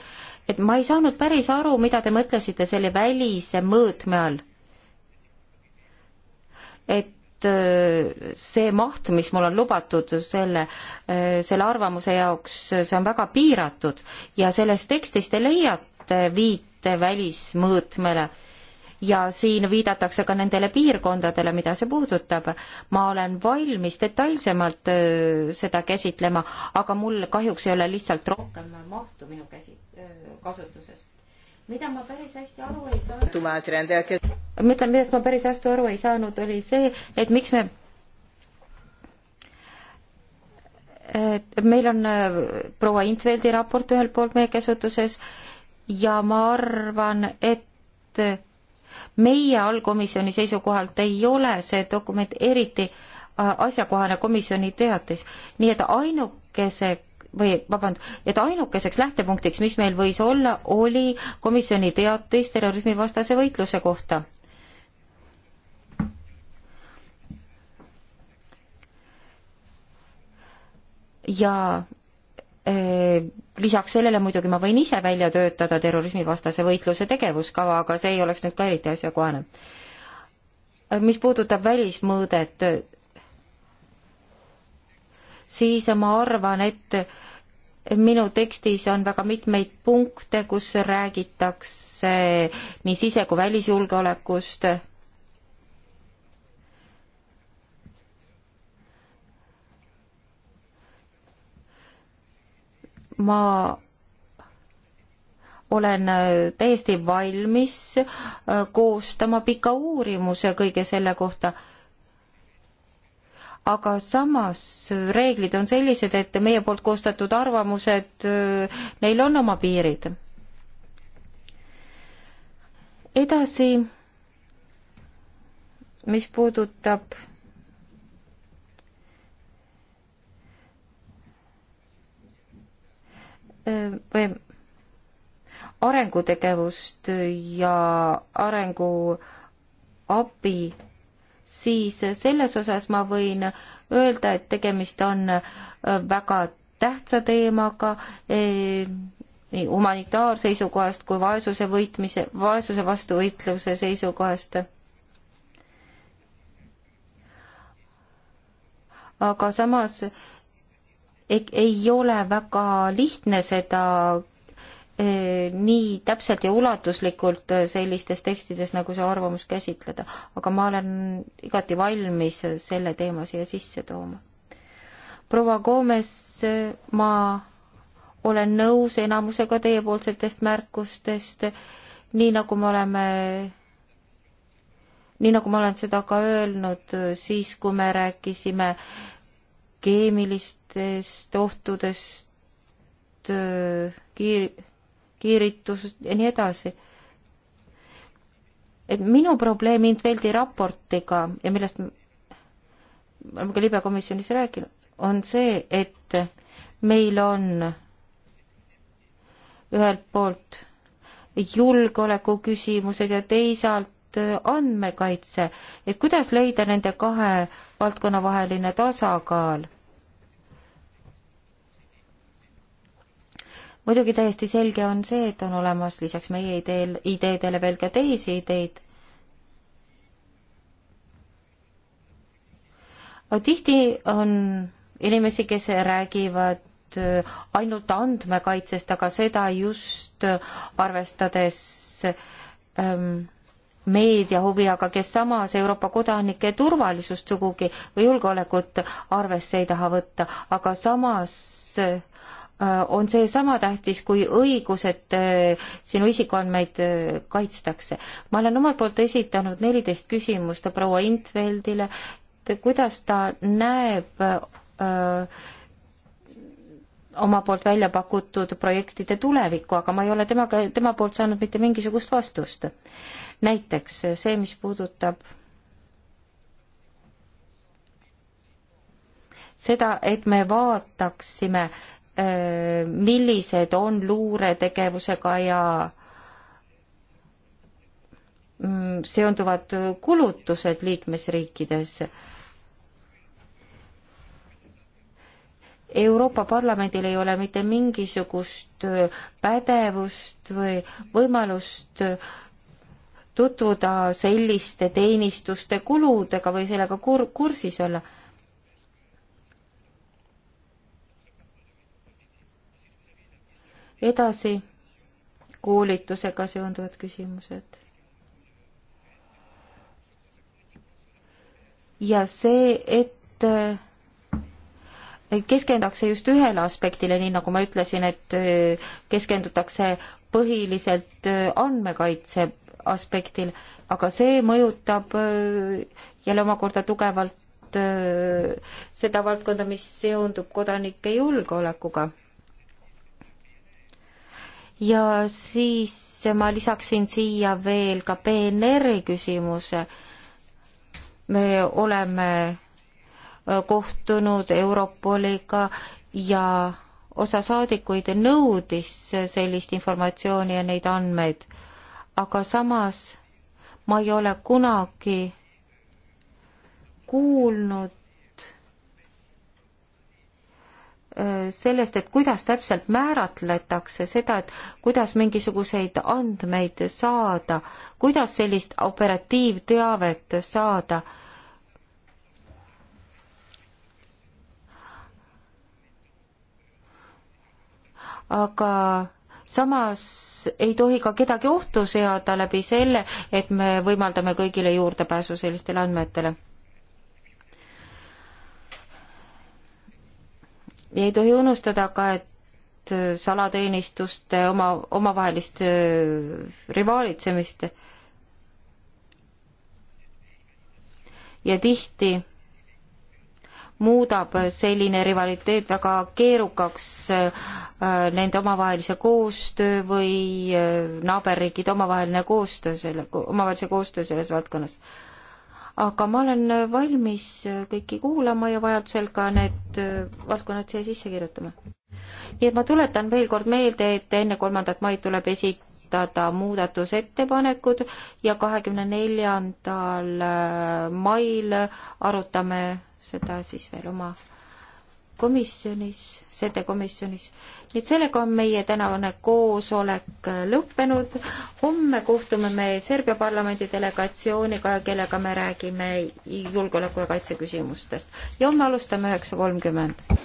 et ma ei saanud päris aru, mida te mõtlesite selle välise mõõtme all et äh, see maht, mis mul on lubatud selle, äh, selle arvamuse jaoks, see on väga piiratud ja selles tekstis te leiate viite välismõõtmele ja siin viidatakse ka nendele piirkondadele, mida see puudutab. ma olen valmis detailsemalt äh, seda käsitlema, aga mul kahjuks ei ole lihtsalt rohkem mahtu minu käsi-, kasutuses mida ma päris hästi aru ei saanud, mida, millest ma päris hästi aru ei saanud, oli see, et miks me et meil on äh, proua Intveldi raport ühelt poolt meie käsutuses ja ma arvan, et meie allkomisjoni seisukohalt ei ole see dokument eriti äh, asjakohane komisjoni teatis, nii et ainukese või vabandust, et ainukeseks lähtepunktiks, mis meil võis olla, oli komisjoni teatis terrorismivastase võitluse kohta. ja e, lisaks sellele muidugi ma võin ise välja töötada terrorismivastase võitluse tegevuskava, aga see ei oleks nüüd ka eriti asjakohane. mis puudutab välismõõdet, siis ma arvan, et minu tekstis on väga mitmeid punkte, kus räägitakse nii sise- kui välisjulgeolekust. ma olen äh, täiesti valmis äh, koostama pika uurimuse kõige selle kohta aga samas reeglid on sellised, et meie poolt koostatud arvamused, äh, neil on oma piirid. edasi, mis puudutab äh, või arengutegevust ja arenguabi siis selles osas ma võin öelda, et tegemist on äh, väga tähtsa teemaga eh, nii humanitaarseisukohast kui vaesuse võitmise, vaesuse vastu võitluse seisukohast. aga samas ei, eh, ei ole väga lihtne seda Eh, nii täpselt ja ulatuslikult eh, sellistes tekstides, nagu see arvamus käsitleda, aga ma olen igati valmis selle teema siia sisse tooma. proua Gomes, eh, ma olen nõus enamusega teiepoolsetest märkustest, nii nagu me oleme, nii nagu ma olen seda ka öelnud siis, kui me rääkisime keemilistest ohtudest kiir-, kiiritust ja nii edasi. et minu probleem Intveldi raportiga ja millest me oleme ka libekomisjonis rääkinud, on see, et meil on ühelt poolt julgeoleku küsimused ja teisalt andmekaitse, et kuidas leida nende kahe valdkonna vaheline tasakaal muidugi täiesti selge on see, et on olemas lisaks meie ideel, ideedele veel ka teisi ideid. tihti on inimesi, kes räägivad äh, ainult andmekaitsest, aga seda just arvestades ähm, meedia huvi, aga kes samas Euroopa kodanike turvalisust sugugi või julgeolekut arvesse ei taha võtta, aga samas äh, Äh, on see sama tähtis kui õigus, et äh, sinu isikuandmeid äh, kaitstakse. ma olen omalt poolt esitanud neliteist küsimust proua Intveldile, et kuidas ta näeb öö, oma poolt välja pakutud projektide tulevikku, aga ma ei ole temaga, tema poolt saanud mitte mingisugust vastust. näiteks see, mis puudutab seda, et me vaataksime äh, Äh, millised on luuretegevusega ja mm, seonduvad kulutused liikmesriikides. Euroopa Parlamendil ei ole mitte mingisugust pädevust või võimalust tutvuda selliste teenistuste kuludega või sellega kur-, kursis olla edasi koolitusega seonduvad küsimused. ja see, et äh, keskendutakse just ühele aspektile, nii nagu ma ütlesin, et äh, keskendutakse põhiliselt äh, andmekaitse aspektil, aga see mõjutab jälle omakorda tugevalt seda valdkonda, mis seondub kodanike julgeolekuga ja siis ma lisaksin siia veel ka PNR-i küsimuse. me oleme äh, kohtunud Europoliga ja osa saadikuid nõudis sellist informatsiooni ja neid andmeid, aga samas ma ei ole kunagi kuulnud Äh, sellest, et kuidas täpselt määratletakse seda, et kuidas mingisuguseid andmeid saada, kuidas sellist operatiivteavet saada. aga samas ei tohi ka kedagi ohtu seada läbi selle, et me võimaldame kõigile juurdepääsu sellistele andmetele ja ei tohi unustada ka, et äh, salateenistuste oma, omavahelist äh, rivaalitsemist. ja tihti muudab selline rivaliteet väga keerukaks äh, nende omavahelise koostöö või naaberriikide omavaheline koostöö selle, omavahelise koostöö selles valdkonnas aga ma olen valmis kõiki kuulama ja vajadusel ka need valdkonnad siia sisse kirjutama. nii et ma tuletan veel kord meelde, et enne kolmandat maid tuleb esitada muudatusettepanekud ja kahekümne neljandal mail arutame seda siis veel oma komisjonis, sede komisjonis. nii et sellega on meie tänane koosolek lõppenud. homme kohtume me Serbia parlamendi delegatsiooniga, kellega me räägime julgeoleku ja kaitse küsimustest ja homme alustame üheksa kolmkümmend.